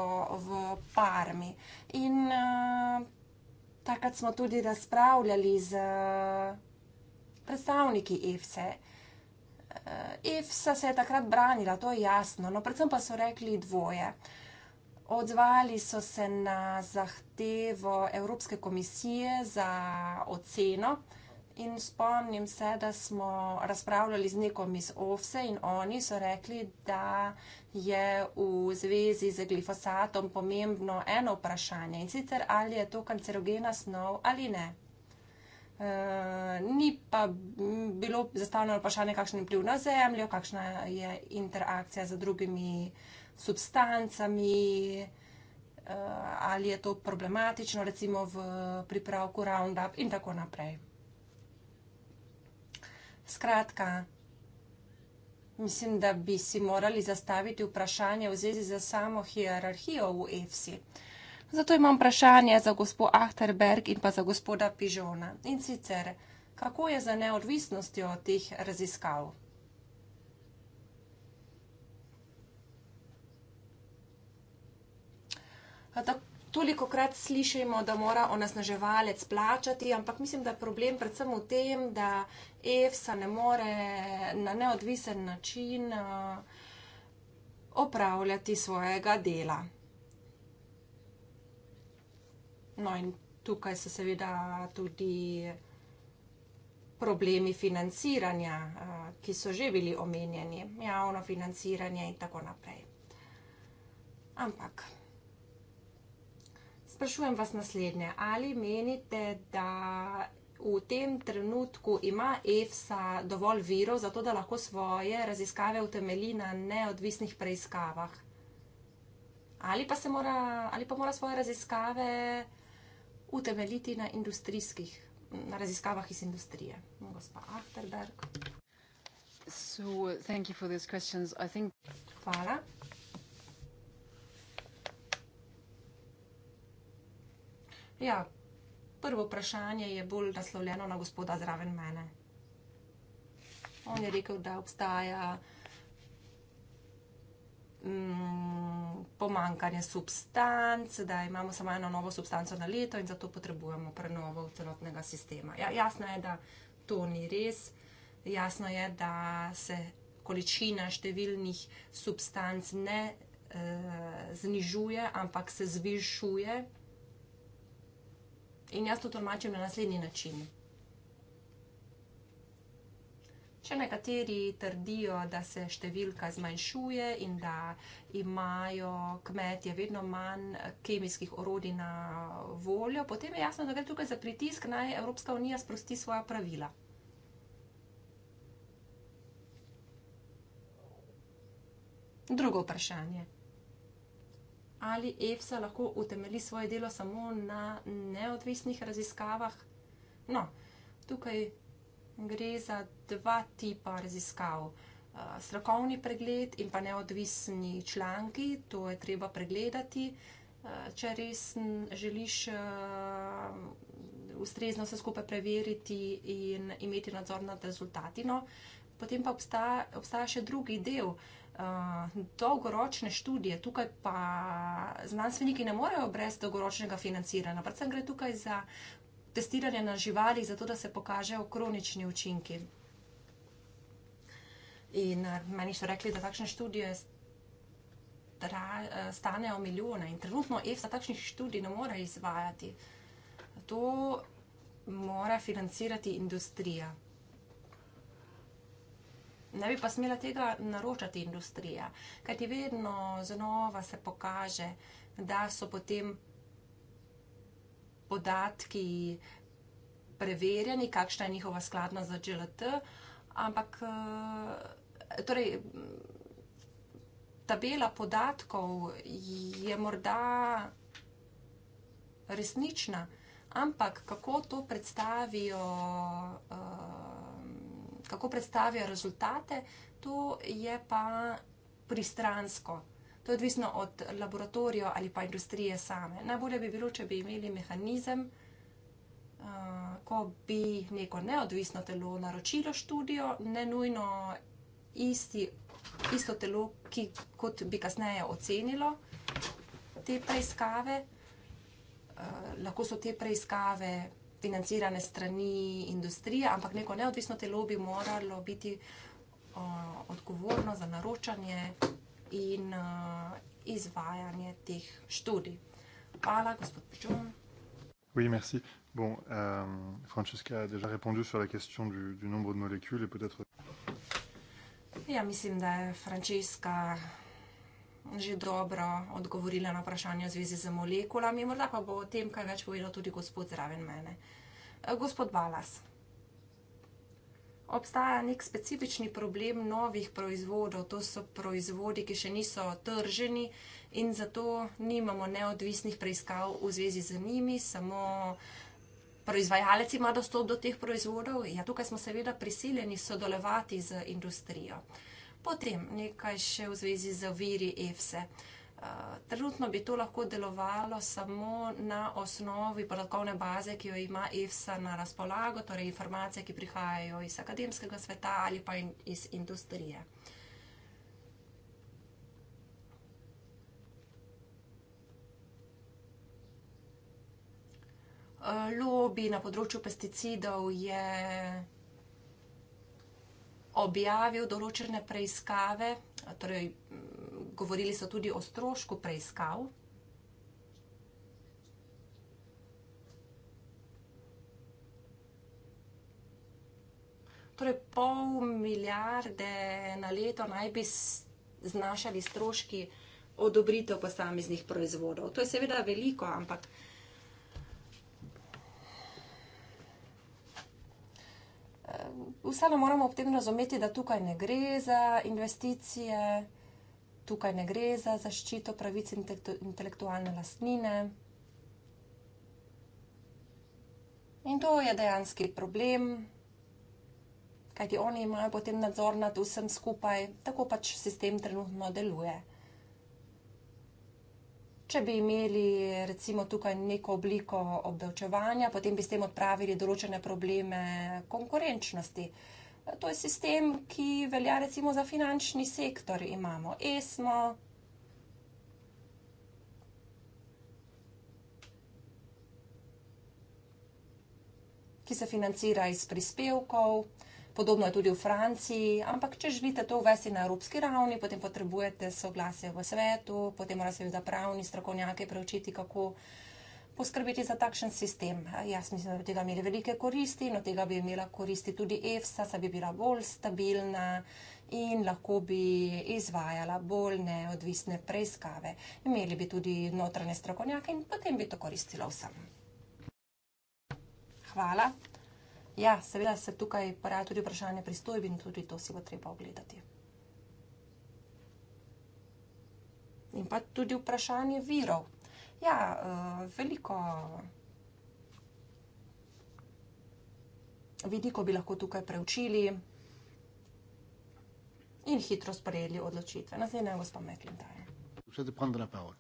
v Parmi in uh, takrat smo tudi razpravljali z eh, predstavniki EFSE. EFSA eh, e se je takrat branila, to je jasno, no predvsem pa so rekli dvoje. Odzvali so se na zahtevo Evropske komisije za oceno, In spomnim se, da smo razpravljali z nekom iz OVSE in oni so rekli, da je v zvezi z glifosatom pomembno eno vprašanje in sicer ali je to kancerogena snov ali ne. Uh, ni pa bilo zastavljeno vprašanje, kakšen je vpliv na zemljo, kakšna je interakcija z drugimi substancami, uh, ali je to problematično, recimo v pripravku Roundup in tako naprej. Skratka, mislim, da bi si morali zastaviti vprašanje v zvezi za samo hierarhijo v EFSI. Zato imam vprašanje za gospod Achterberg in pa za gospoda Pižona. In sicer, kako je za neodvisnostjo teh raziskav? Toliko krat slišimo, da mora onesnaževalec plačati, ampak mislim, da je problem predvsem v tem, da EFSA ne more na neodvisen način eh, opravljati svojega dela. No, in tukaj se seveda tudi problemi financiranja, eh, ki so že bili omenjeni, javno financiranje in tako naprej. Ampak. Sprašujem vas naslednje, ali menite, da v tem trenutku ima EFSA dovolj virov, zato da lahko svoje raziskave utemeli na neodvisnih preiskavah? Ali pa, mora, ali pa mora svoje raziskave utemeliti na industrijskih, na raziskavah iz industrije? Gospa Achterberg. So, thank you for these questions. I think... Hvala. Ja, prvo vprašanje je bolj naslovljeno na gospoda zraven mene. On je rekel, da obstaja mm, pomankanje substanc, da imamo samo eno novo substanco na leto in zato potrebujemo prenovo celotnega sistema. Ja, jasno je, da to ni res. Jasno je, da se količina številnih substanc ne eh, znižuje, ampak se zvišuje. In jaz to tolmačim na naslednji način. Če nekateri trdijo, da se številka zmanjšuje in da imajo kmetje vedno manj kemijskih orodij na voljo, potem je jasno, da gre tukaj za pritisk, naj Evropska unija sprosti svoja pravila. Drugo vprašanje ali EFSA lahko utemeli svoje delo samo na neodvisnih raziskavah? No, tukaj gre za dva tipa raziskav. Strokovni pregled in pa neodvisni članki, to je treba pregledati, če res želiš ustrezno vse skupaj preveriti in imeti nadzor nad rezultatino potem pa obstaja, obstaja še drugi del, uh, dolgoročne študije. Tukaj pa znanstveniki ne morejo brez dolgoročnega financiranja. Predvsem gre tukaj za testiranje na živali, zato da se pokažejo kronični učinki. In uh, meni so rekli, da takšne študije tra, uh, eh, stanejo milijone in trenutno EFSA takšnih študij ne more izvajati. To mora financirati industrija. Ne bi pa smela tega naročati industrija, kajti vedno znova se pokaže, da so potem podatki preverjeni, kakšna je njihova skladnost za GLT, ampak eh, torej, tabela podatkov je morda resnična, ampak kako to predstavijo. Uh, kako predstavijo rezultate, to je pa pristransko. To je odvisno od laboratorija ali pa industrije same. Najbolje bi bilo, če bi imeli mehanizem, eh, ko bi neko neodvisno telo naročilo študijo, ne nujno isti, isto telo, ki kot bi kasneje ocenilo te preiskave. Eh, lahko so te preiskave financirane strani industrije, ampak neko neodvisno telo bi moralo biti o, odgovorno za naročanje in o, izvajanje teh študij. Hvala, gospod Pečun. Oui, merci. Bon, euh, Francesca a déjà répondu sur la question du, du nombre de molécules et peut-être. Oui, ja, je pense que Francesca že dobro odgovorila na vprašanje v zvezi z molekulami, morda pa bo o tem kaj več povedal tudi gospod zraven mene. Eh, gospod Balas, obstaja nek specifični problem novih proizvodov, to so proizvodi, ki še niso trženi in zato nimamo neodvisnih preiskav v zvezi z njimi, samo proizvajalec ima dostop do teh proizvodov. Ja, tukaj smo seveda prisiljeni sodelovati z industrijo. Potem nekaj še v zvezi z viri EFSE. Eh, trenutno bi to lahko delovalo samo na osnovi podatkovne baze, ki jo ima EFSA na razpolago, torej informacije, ki prihajajo iz akademskega sveta ali pa iz industrije. Eh, lobi na področju pesticidov je nekaj, objavil določene preiskave, torej mm, govorili so tudi o strošku preiskav. Torej, pol milijarde na leto naj bi znašali stroški odobritev posameznih proizvodov. To je seveda veliko, ampak. vseeno moramo ob tem razumeti, da tukaj ne gre za investicije, tukaj ne gre za zaščito pravic intelektualne lastnine. In to je dejanski problem, kajti oni imajo potem nadzor nad vsem skupaj, tako pač sistem trenutno deluje. Če bi imeli recimo tukaj neko obliko obdavčevanja, potem bi s tem odpravili določene probleme konkurenčnosti. To je sistem, ki velja recimo za finančni sektor. Imamo ESMO. ki se financira iz prispevkov. Podobno je tudi v Franciji, ampak če želite to uvesti na evropski ravni, potem potrebujete soglasje v svetu, potem mora seveda pravni strokovnjaki preučiti, kako poskrbeti za takšen sistem. Jaz mislim, da bi tega imeli velike koristi, no tega bi imela koristi tudi EFSA, saj bi bila bolj stabilna in lahko bi izvajala bolj neodvisne preiskave. Imeli bi tudi notranje strokovnjake in potem bi to koristilo vsem. Hvala. Ja, seveda se tukaj poraja tudi vprašanje pristojbi in tudi to si bo treba ogledati. In pa tudi vprašanje virov. Ja, eh, veliko vidiko bi lahko tukaj preučili in hitro sprejeli odločitve. Naslednja gospa McIntyre. Vse depende na pa on.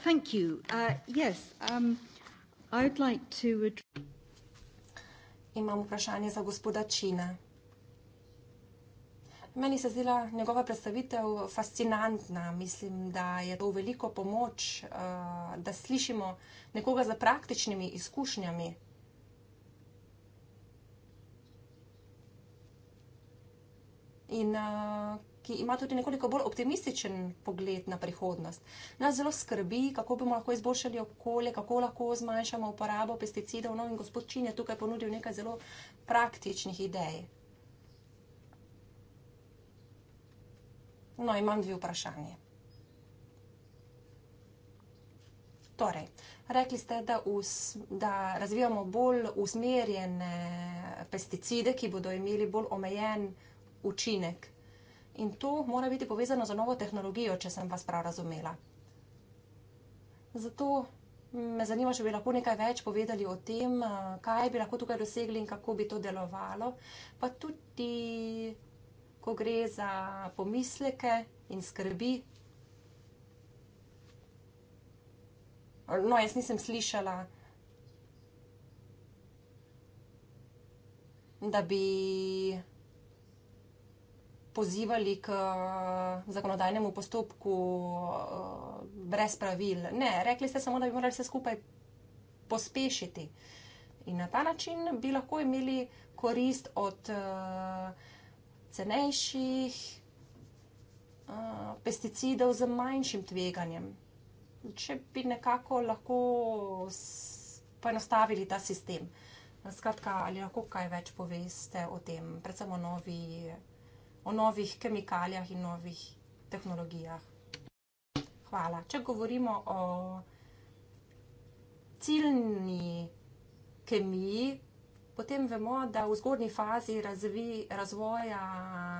Thank you. Uh, yes. Um... Imam vprašanje za gospoda Čina. Meni se zdela njegova predstavitev fascinantna. Mislim, da je to veliko pomoč, eh, da slišimo nekoga za praktičnimi izkušnjami. In eh, ki ima tudi nekoliko bolj optimističen pogled na prihodnost. Nas zelo skrbi, kako bomo lahko izboljšali okolje, kako lahko zmanjšamo uporabo pesticidov. No, in gospod Čin je tukaj ponudil nekaj zelo praktičnih idej. No, imam dve vprašanje. Torej, rekli ste, da, us, da razvijamo bolj usmerjene pesticide, ki bodo imeli bolj omejen učinek in to mora biti povezano z novo tehnologijo, če sem vas prav razumela. Zato me zanima, če bi lahko nekaj več povedali o tem, kaj bi lahko tukaj dosegli in kako bi to delovalo, pa tudi, ko gre za pomisleke in skrbi. No, jaz nisem slišala, da bi pozivali k eh, zakonodajnemu postopku eh, brez pravil. Ne, rekli ste samo, da bi morali vse skupaj pospešiti. In na ta način bi lahko imeli korist od eh, cenejših pesticidov z manjšim tveganjem. Če bi nekako lahko poenostavili ta sistem. Skratka, ali lahko kaj več poveste o tem, predvsem o novi o novih kemikalijah in novih tehnologijah. Hvala. Če govorimo o ciljni kemiji, potem vemo, da v zgodni fazi razvi, razvoja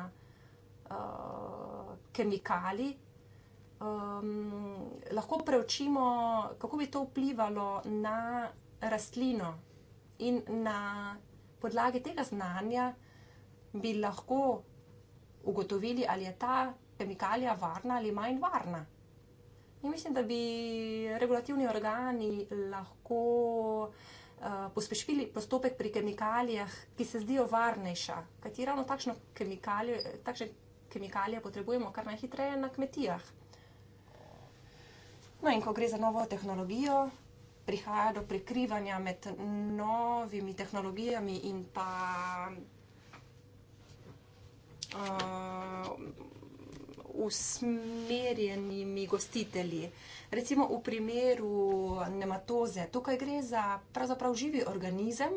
uh, eh, kemikali um, ehm, lahko preučimo, kako bi to vplivalo na rastlino in na podlagi tega znanja bi lahko ugotovili, ali je ta kemikalija varna ali manj varna. In mislim, da bi regulativni organi lahko eh, pospešili postopek pri kemikalijah, ki se zdijo varnejša, kajti ravno takšno kemikalijo, takšne kemikalije potrebujemo kar najhitreje na kmetijah. No in ko gre za novo tehnologijo, prihaja do prekrivanja med novimi tehnologijami in pa uh, usmerjenimi gostitelji. Recimo v primeru nematoze, tukaj gre za pravzaprav živi organizem.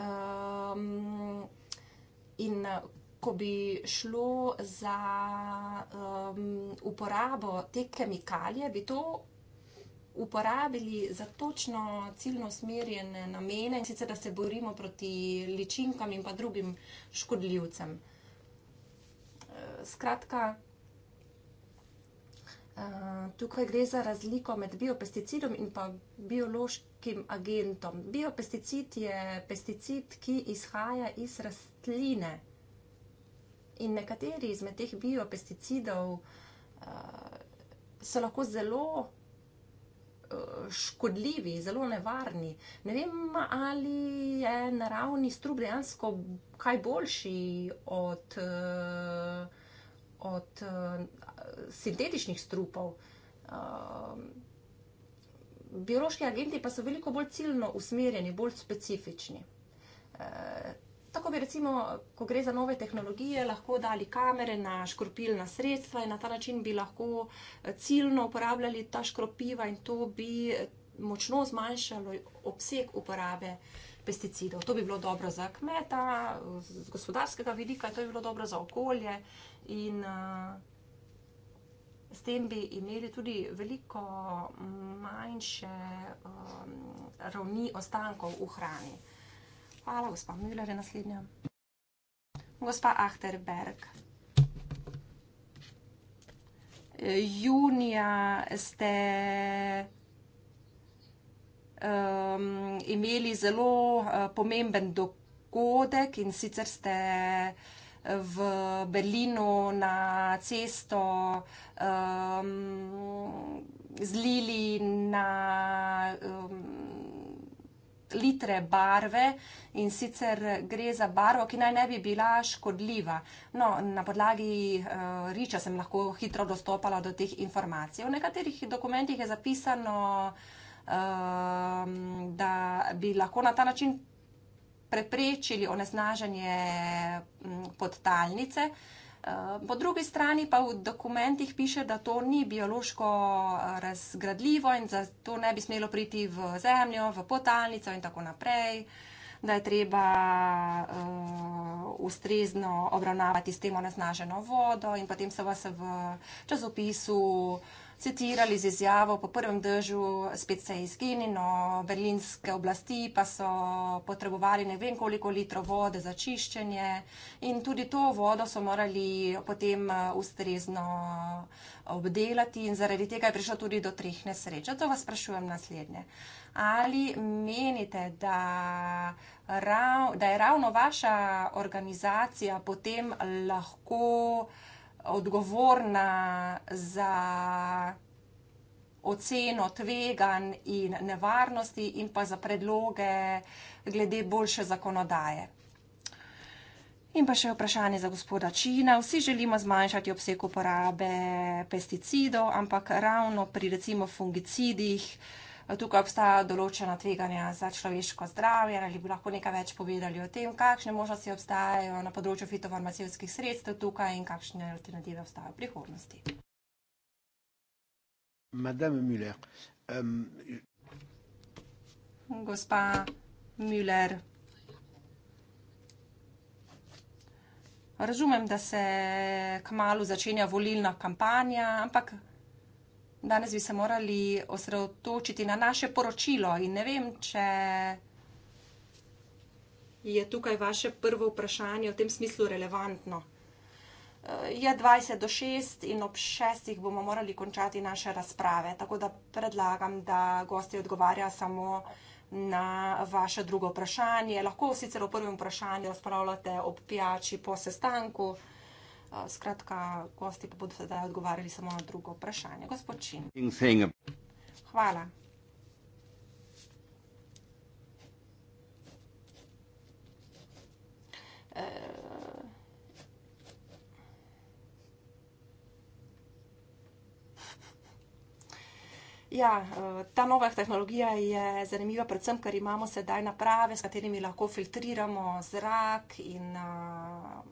Um, in uh, ko bi šlo za um, uporabo te kemikalije, bi to uporabili za točno ciljno usmerjene namene, in sicer da se borimo proti ličinkam in pa drugim škodljivcem. Skratka, eh, tukaj gre za razliko med biopesticidom in pa biološkim agentom. Biopesticid je pesticid, ki izhaja iz rastline. In nekateri izmed teh biopesticidov eh, so lahko zelo škodljivi, zelo nevarni. Ne vem, ali je naravni strup dejansko kaj boljši od, eh, od eh, sintetičnih strupov. Eh, biološki agenti pa so veliko bolj ciljno usmerjeni, bolj specifični. Tako bi recimo, ko gre za nove tehnologije, lahko dali kamere na škropilna sredstva in na ta način bi lahko eh, ciljno uporabljali ta škropiva in to bi eh, močno zmanjšalo obseg uporabe pesticidov. To bi bilo dobro za kmeta, z gospodarskega vidika, to bi bilo dobro za okolje in eh, s tem bi imeli tudi veliko mm, manjše ravni ostankov v hrani. Hvala, gospa Müller je naslednja. Gospa Achterberg. E, junija ste um, imeli zelo e, pomemben dogodek in sicer ste e, v Berlinu na cesto um, zlili na um, litre barve in sicer gre za barvo, ki naj ne bi bila škodljiva. No, na podlagi uh, riča sem lahko hitro dostopala do teh informacij. V nekaterih dokumentih je zapisano, uh, da bi lahko na ta način preprečili onesnaženje mm, podtalnice. Uh, Ehm, po drugi strani pa v dokumentih piše, da to ni biološko eh, razgradljivo in da to ne bi smelo priti v zemljo, v potalnico in tako naprej, da je treba uh, ustrezno obravnavati s tem onesnaženo vodo in potem se vas v časopisu uh, citirali z izjavo po prvem dežu, spet se je izginilo, berlinske oblasti pa so potrebovali ne vem koliko litrov vode za čiščenje in tudi to vodo so morali potem eh, ustrezno eh, obdelati in zaradi tega je prišlo tudi do treh nesreč. To vas sprašujem naslednje. Ali menite, da, rav, da je ravno vaša organizacija potem lahko odgovorna za oceno tveganj in nevarnosti in pa za predloge glede boljše zakonodaje. In pa še vprašanje za gospoda Čina. Vsi želimo zmanjšati obseg uporabe pesticidov, ampak ravno pri recimo fungicidih, uh, tukaj obstaja določena tveganja za človeško zdravje, ali bi lahko nekaj več povedali o tem, kakšne možnosti obstajajo na področju fitofarmacijskih sredstev tukaj in kakšne alternative obstajajo v prihodnosti. Madame Müller. Um... Gospa Müller. Razumem, da se kmalo začenja volilna kampanja, ampak Danes bi se morali osredotočiti na naše poročilo in ne vem, če. Je tukaj vaše prvo vprašanje v tem smislu relevantno? Eh, je 20 do 6 in ob 6 bomo morali končati naše razprave, tako da predlagam, da gosti odgovarja samo na vaše drugo vprašanje. Lahko sicer o prvem vprašanju razpravljate ob pijači po sestanku. Eh, skratka, gosti pa bodo sedaj odgovarjali samo na drugo vprašanje. Gospod Čin. Hvala. Eh. Ja, eh, ta nova tehnologija je zanimiva predvsem, ker imamo sedaj naprave, s katerimi lahko filtriramo zrak in uh,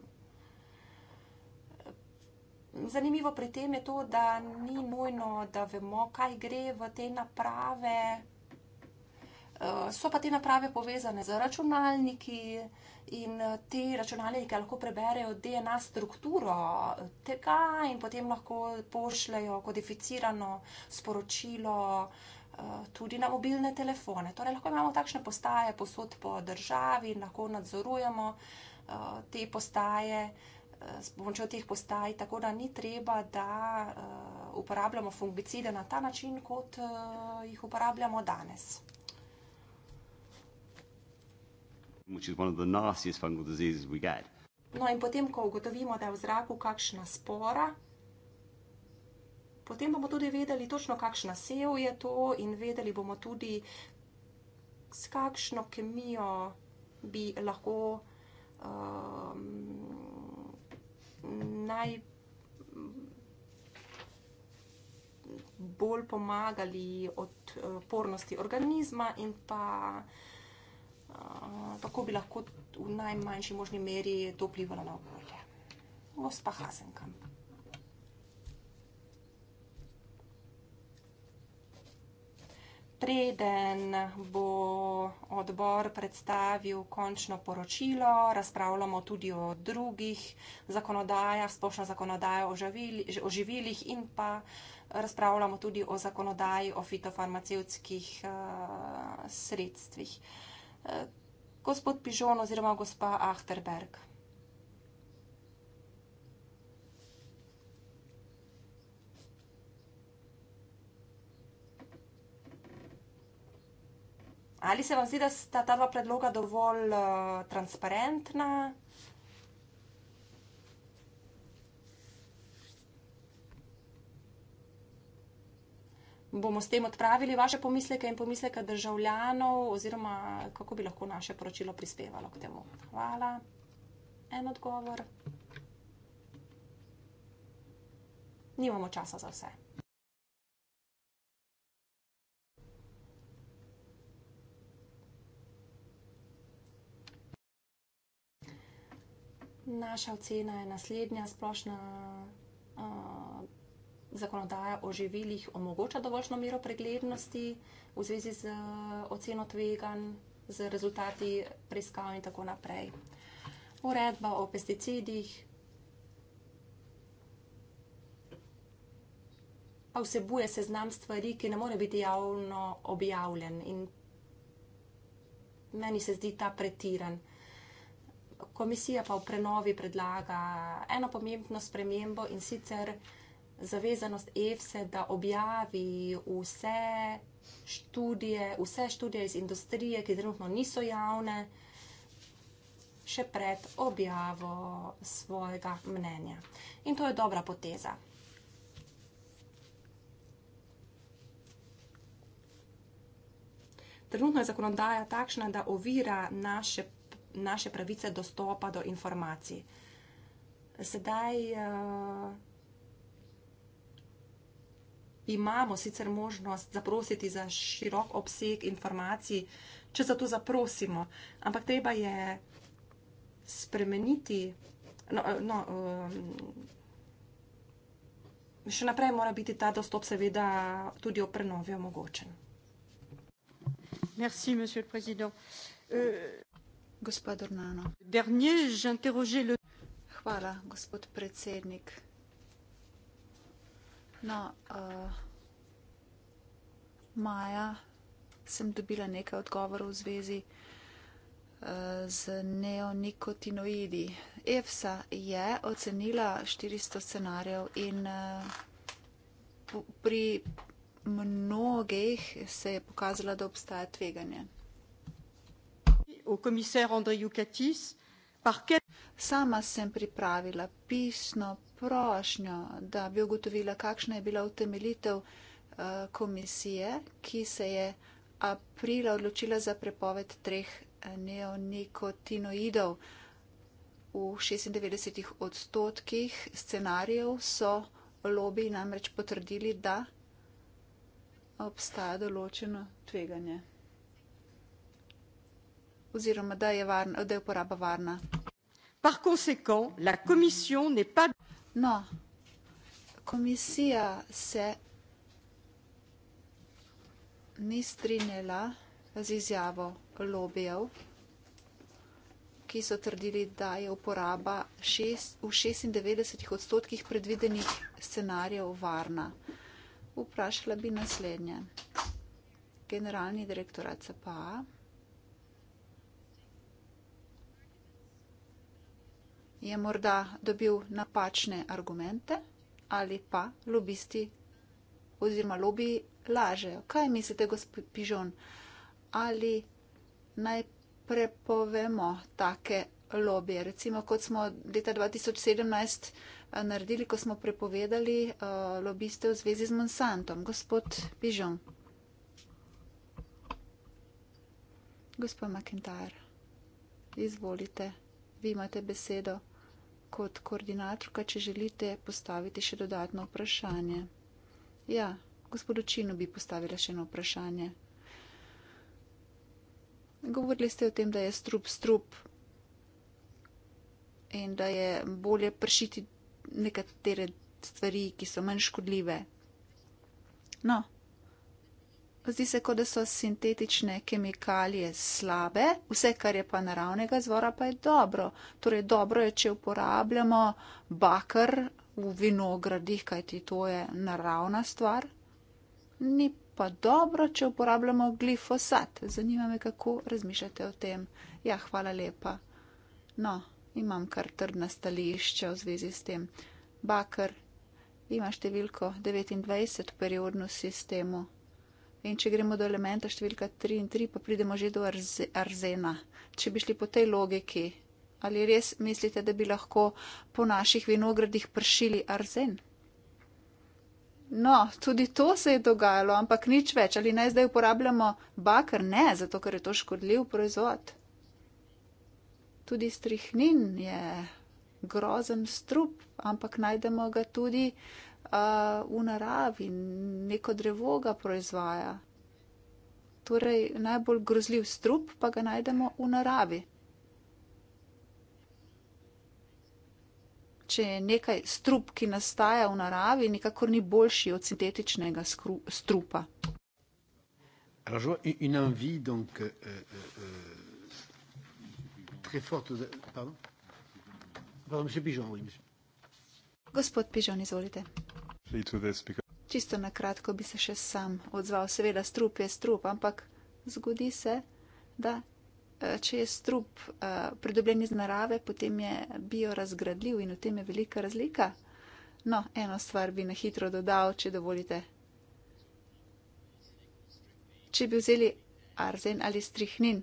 zanimivo pri tem je to, da ni nujno, da vemo, kaj gre v te naprave. Eh, so pa te naprave povezane z računalniki in eh, te računalnike lahko preberejo DNA strukturo eh, tega in potem lahko pošljajo kodificirano sporočilo tudi na mobilne telefone. Torej lahko imamo takšne postaje posod po državi in lahko nadzorujemo te postaje. Eh, s pomočjo teh postaj, tako da ni treba, da eh, uporabljamo fungicide na ta način, kot eh, jih uporabljamo danes. No in potem, ko ugotovimo, da je v zraku kakšna spora, potem bomo tudi vedeli točno, kakšna sev je to in vedeli bomo tudi, s kakšno kemijo bi lahko um, naj bolj pomagali odpornosti eh, organizma in pa eh, tako bi lahko v najmanjši možni meri to vplivalo na okolje. Gospa Hasenkamp. Preden bo odbor predstavil končno poročilo, razpravljamo tudi o drugih zakonodajah, splošna zakonodaja o živilih in pa razpravljamo tudi o zakonodaji o fitofarmacevskih eh, sredstvih. Eh, gospod Pižon oziroma gospa Achterberg. Ali se vam zdi, da sta ta dva predloga dovolj uh, transparentna? Bomo s tem odpravili vaše pomisleke in pomisleke državljanov, oziroma kako bi lahko naše poročilo prispevalo k temu? Hvala. En odgovor. Nimamo časa za vse. Naša ocena je naslednja. Splošna uh, zakonodaja o živilih omogoča dovoljšno mero preglednosti v zvezi z oceno tvegan, z rezultati preiskav in tako naprej. Uredba o pesticidih pa vsebuje seznam stvari, ki ne more biti javno objavljen in meni se zdi ta pretiran komisija pa v prenovi predlaga eno pomembno spremembo in sicer zavezanost EFSE, da objavi vse študije, vse študije iz industrije, ki trenutno niso javne, še pred objavo svojega mnenja. In to je dobra poteza. Trenutno je zakonodaja takšna, da ovira naše naše pravice dostopa do informacij. Sedaj uh, imamo sicer možnost zaprositi za širok obseg informacij, če za to zaprosimo, ampak treba je spremeniti. No, eh, no, um, še naprej mora biti ta dostop seveda tudi ob prenovi omogočen. Merci, monsieur le Président. Euh... Hvala, gospod predsednik. No, eh, maja sem dobila nekaj odgovorov v zvezi eh, z neonikotinoidi. EFSA je ocenila 400 scenarijev in eh, pri mnogih se je pokazala, da obstaja tveganje au commissaire Andriukaitis par quel sama sem pripravila pisno prošnjo da bi ugotovila kakšna je bila utemeljitev uh, komisije ki se je aprila odločila za prepoved treh eh, neonikotinoidov v 96 odstotkih scenarijev so lobi namreč potrdili, da obstaja določeno tveganje oziroma da je, varn, da je uporaba varna. Par conséquent, la komisija ne pa. No, komisija se ni strinjala z izjavo lobijev, ki so trdili, da je uporaba šest, v 96 odstotkih predvidenih scenarijev varna. Vprašala bi naslednje. Generalni direktorat CPA. je morda dobil napačne argumente ali pa lobisti oziroma lobi lažejo. Kaj mislite, gospod Pižon, ali naj prepovemo take lobije? Recimo, kot smo leta 2017 eh, naredili, ko smo prepovedali uh, lobiste v zvezi z Monsantom. Gospod Pižon. Gospod McIntyre, izvolite. Vi imate besedo kot koordinatorka, če želite postaviti še dodatno vprašanje. Ja, gospodu Činu bi postavila še eno vprašanje. Govorili ste o tem, da je strup strup in da je bolje pršiti nekatere stvari, ki so manj škodljive. No, pa zdi se, kot da so sintetične kemikalije slabe, vse, kar je pa naravnega zvora, pa je dobro. Torej, dobro je, če uporabljamo bakar v vinogradih, kajti to je naravna stvar. Ni pa dobro, če uporabljamo glifosat. Zanima me, kako razmišljate o tem. Ja, hvala lepa. No, imam kar trdna stališča v zvezi s tem. Bakar ima številko 29 v periodnem sistemu. In če gremo do elementa številka 3 in 3, pa pridemo že do arzena. Če bi šli po tej logiki, ali res mislite, da bi lahko po naših vinogradih pršili arzen? No, tudi to se je dogajalo, ampak nič več. Ali naj zdaj uporabljamo bakr? Ne, zato ker je to škodljiv proizvod. Tudi strihnin je grozen strup, ampak najdemo ga tudi. Uh, v naravi, neko drevo ga proizvaja. Torej, najbolj grozljiv strup pa ga najdemo v naravi. Če je nekaj strup, ki nastaja v naravi, nikakor ni boljši od sintetičnega skru, strupa. Gospod Pižon, izvolite. Čisto na kratko bi se še sam odzval. Seveda, strup je strup, ampak zgodi se, da eh, če je strup eh, pridobljen iz narave, potem je bio razgradljiv in v tem je velika razlika. No, eno stvar bi na hitro dodal, če dovolite. Če bi vzeli arzen ali strihnin,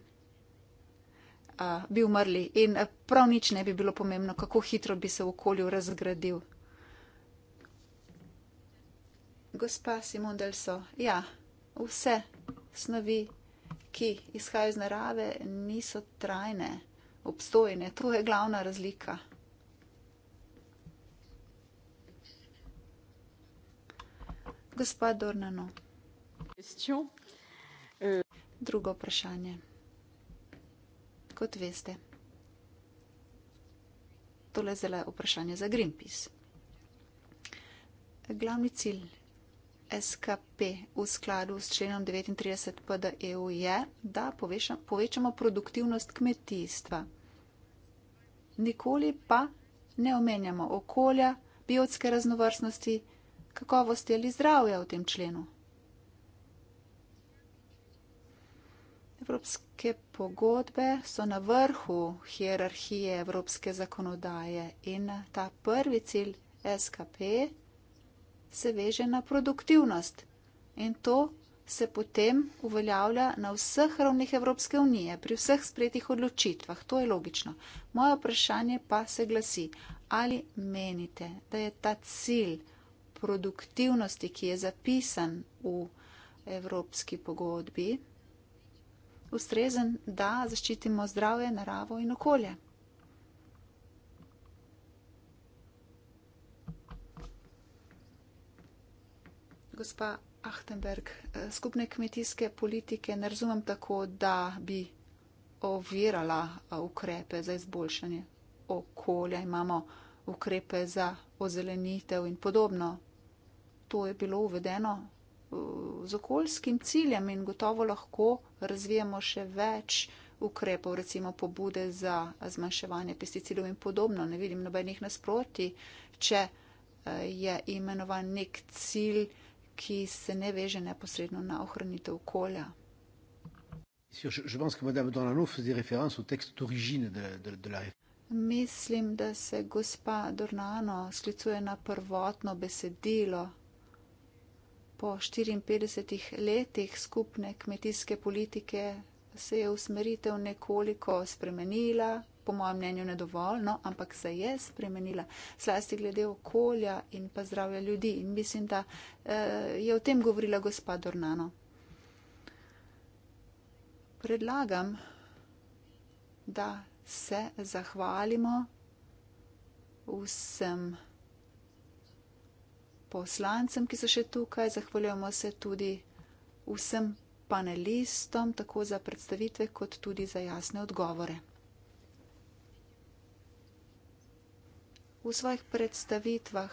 eh, bi umrli in prav nič ne bi bilo pomembno, kako hitro bi se v okolju razgradil gospa Simon Delso. Ja, vse snovi, ki izhajajo iz narave, niso trajne, obstojne. To je glavna razlika. Gospa Dornano. Drugo vprašanje. Kot veste, tole je zelo vprašanje za Greenpeace. Glavni cilj SKP v skladu s členom 39 PDEU je, da povečamo produktivnost kmetijstva. Nikoli pa ne omenjamo okolja, biotske raznovrstnosti, kakovosti ali zdravja v tem členu. Evropske pogodbe so na vrhu hierarhije evropske zakonodaje in ta prvi cilj SKP se veže na produktivnost in to se potem uveljavlja na vseh ravnih Evropske unije, pri vseh spretih odločitvah. To je logično. Moje vprašanje pa se glasi, ali menite, da je ta cilj produktivnosti, ki je zapisan v Evropski pogodbi, ustrezen, da zaščitimo zdravje, naravo in okolje. Gospa Achtenberg, eh, skupne kmetijske politike ne razumem tako, da bi ovirala eh, ukrepe za izboljšanje okolja. Imamo ukrepe za ozelenitev in podobno. To je bilo uvedeno eh, z okoljskim ciljem in gotovo lahko razvijamo še več ukrepov, recimo pobude za zmanjševanje pesticidov in podobno. Ne vidim nobenih nasproti, če je imenovan nek cilj, ki se ne veže neposredno na ohranitev okolja. Mislim, da se gospa Dornano sklicuje na prvotno besedilo. Po 54 letih skupne kmetijske politike se je usmeritev nekoliko spremenila, po mojem mnenju ne dovolj, no, ampak se je spremenila, slasti glede okolja in pa zdravja ljudi. In mislim, da eh, je o tem govorila gospa Dornano. Predlagam, da se zahvalimo vsem poslancem, ki so še tukaj, zahvaljujemo se tudi vsem panelistom, tako za predstavitve, kot tudi za jasne odgovore. v svojih predstavitvah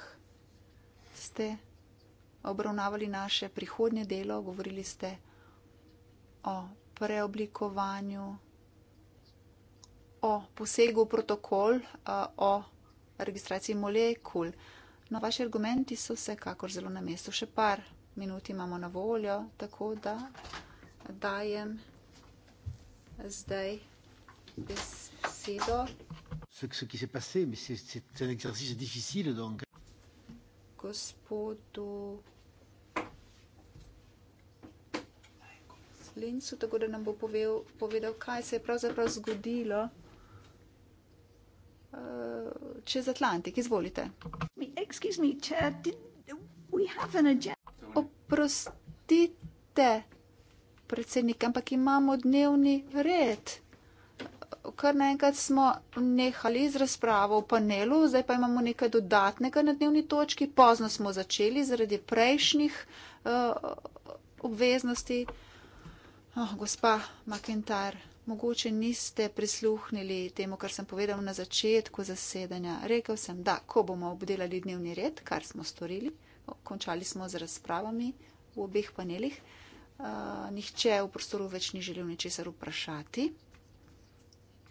ste obravnavali naše prihodnje delo, govorili ste o preoblikovanju, o posegu v protokol, o registraciji molekul. No, vaši argumenti so vsekakor zelo na mestu. Še par minut imamo na voljo, tako da dajem zdaj besedo ce, ce qui s'est passé, mais c'est, c'est un exercice difficile donc. Gospodu Lincu, tako da nam bo povedal, povedal kaj se je pravzaprav zgodilo uh, čez Atlantik. Izvolite. Oprostite, predsednik, ampak imamo dnevni red kar naenkrat smo nehali z razpravo v panelu, zdaj pa imamo nekaj dodatnega na dnevni točki, pozno smo začeli zaradi prejšnjih uh, obveznosti. Oh, gospa McIntyre, mogoče niste prisluhnili temu, kar sem povedal na začetku zasedanja. Rekel sem, da ko bomo obdelali dnevni red, kar smo storili, končali smo z razpravami v obeh panelih. Uh, nihče v prostoru več ni želel ničesar vprašati.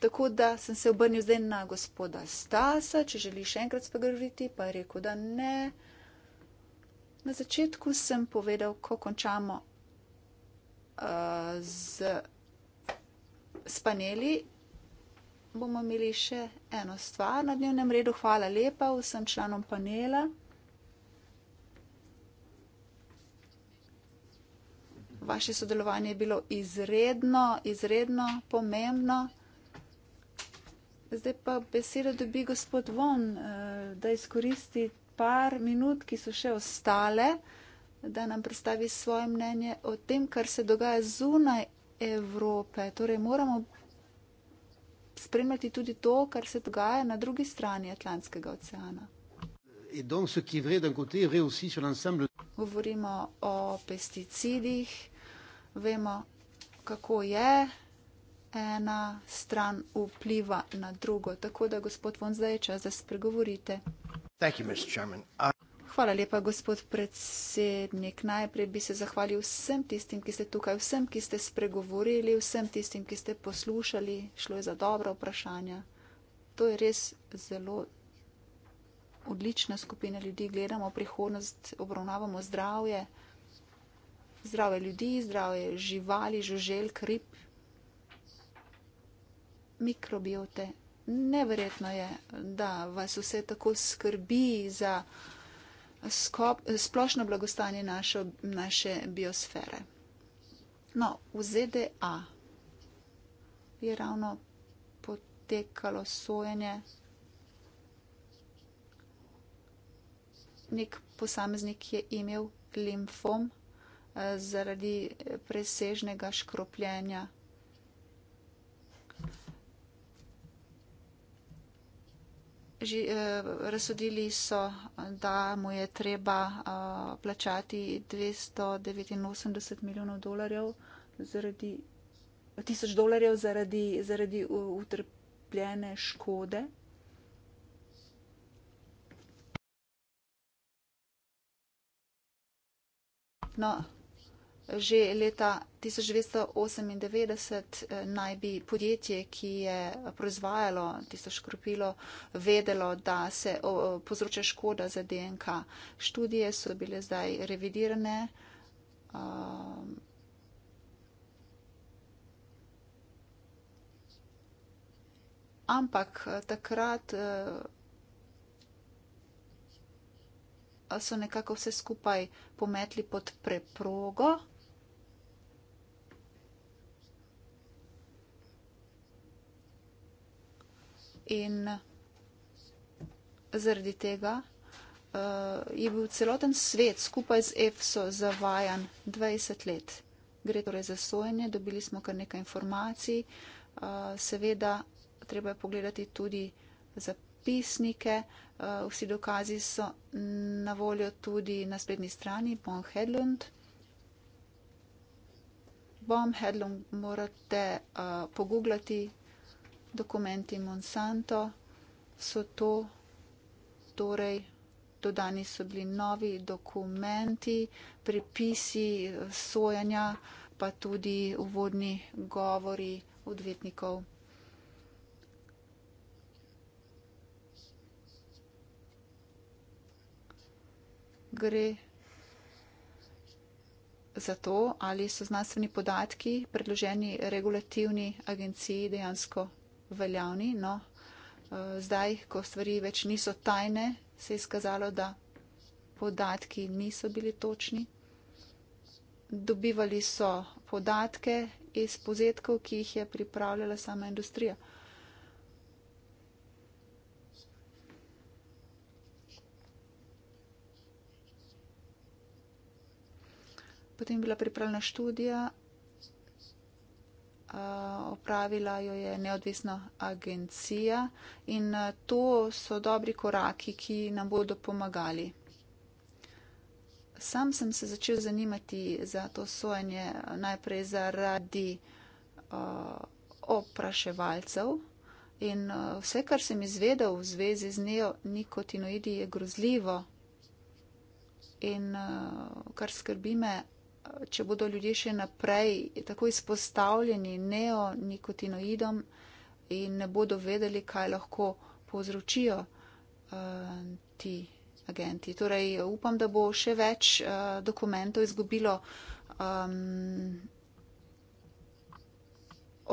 Tako da sem se obrnil zdaj na gospoda Stasa, če želi še enkrat spregovoriti, pa je rekel, da ne. Na začetku sem povedal, ko končamo uh, z, s paneli, bomo imeli še eno stvar na dnevnem redu. Hvala lepa vsem članom panela. Vaše sodelovanje je bilo izredno, izredno pomembno. Zdaj pa besedo dobi gospod Von, eh, da izkoristi par minut, ki so še ostale, da nam predstavi svoje mnenje o tem, kar se dogaja zunaj Evrope. Torej moramo spremljati tudi to, kar se dogaja na drugi strani Atlantskega oceana. Govorimo o pesticidih, vemo, kako je ena stran vpliva na drugo. Tako da, gospod Von, zdaj je čas, da spregovorite. Hvala lepa, gospod predsednik. Najprej bi se zahvalil vsem tistim, ki ste tukaj, vsem, ki ste spregovorili, vsem tistim, ki ste poslušali. Šlo je za dobra vprašanja. To je res zelo odlična skupina ljudi. Gledamo prihodnost, obravnavamo zdravje. Zdravje ljudi, zdravje živali, žuželk, rib, mikrobiote. Neverjetno je, da vas vse tako skrbi za skop, splošno blagostanje naše, naše biosfere. No, v ZDA je ravno potekalo sojenje. Nek posameznik je imel limfom eh, zaradi presežnega škropljenja. Ži, eh, razsodili so, da mu je treba uh, plačati 289 milijonov dolarjev zaradi, tisoč dolarjev zaradi, zaradi utrpljene škode. No, že leta 1998 eh, naj bi podjetje, ki je proizvajalo tisto škropilo, vedelo, da se povzroča škoda za DNK. Študije so bile zdaj revidirane. Eh, ampak eh, takrat so nekako vse skupaj pometli pod preprogo. in zaradi tega uh, je bil celoten svet skupaj z EFSO zavajan 20 let. Gre torej za sojenje, dobili smo kar nekaj informacij, uh, seveda treba je pogledati tudi zapisnike, uh, vsi dokazi so na voljo tudi na sprednji strani Bon Hedlund. Bom Hedlund morate uh, pogooglati, dokumenti Monsanto so to, torej dodani so bili novi dokumenti, prepisi eh, sojanja, pa tudi uvodni govori odvetnikov. Gre za to, ali so znanstveni podatki predloženi regulativni agenciji dejansko veljavni. No, eh, zdaj, ko stvari več niso tajne, se je skazalo, da podatki niso bili točni. Dobivali so podatke iz pozetkov, ki jih je pripravljala sama industrija. Potem je bila pripravljena študija Eh, opravila jo je neodvisna agencija in eh, to so dobri koraki, ki nam bodo pomagali. Sam sem se začel zanimati za to sojenje eh, najprej zaradi opraševalcev in vse, kar sem izvedel v zvezi z neonikotinoidi, je grozljivo. In kar skrbi me, če bodo ljudje še naprej tako izpostavljeni neonikotinoidom in ne bodo vedeli, kaj lahko povzročijo uh, ti agenti. Torej, upam, da bo še več uh, dokumentov izgubilo. Um,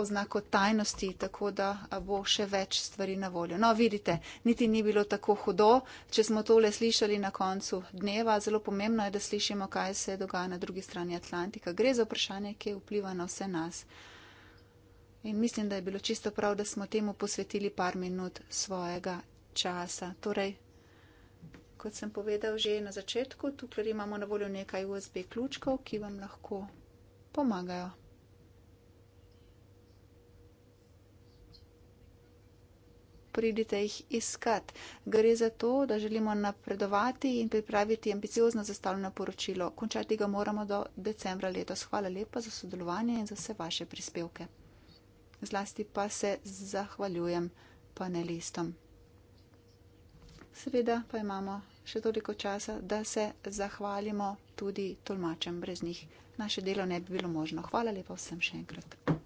oznako tajnosti, tako da bo še več stvari na voljo. No, vidite, niti ni bilo tako hudo, če smo tole slišali na koncu dneva. Zelo pomembno je, da slišimo, kaj se dogaja na drugi strani Atlantika. Gre za vprašanje, ki vpliva na vse nas. In mislim, da je bilo čisto prav, da smo temu posvetili par minut svojega časa. Torej, kot sem povedal že na začetku, tukaj imamo na voljo nekaj USB ključkov, ki vam lahko pomagajo. pridite jih iskat. Gre za to, da želimo napredovati in pripraviti ambiciozno zastavljeno poročilo. Končati ga moramo do decembra letos. Hvala lepa za sodelovanje in za vse vaše prispevke. Zlasti pa se zahvaljujem panelistom. Seveda pa imamo še toliko časa, da se zahvalimo tudi tolmačem. Brez njih naše delo ne bi bilo možno. Hvala lepa vsem še enkrat.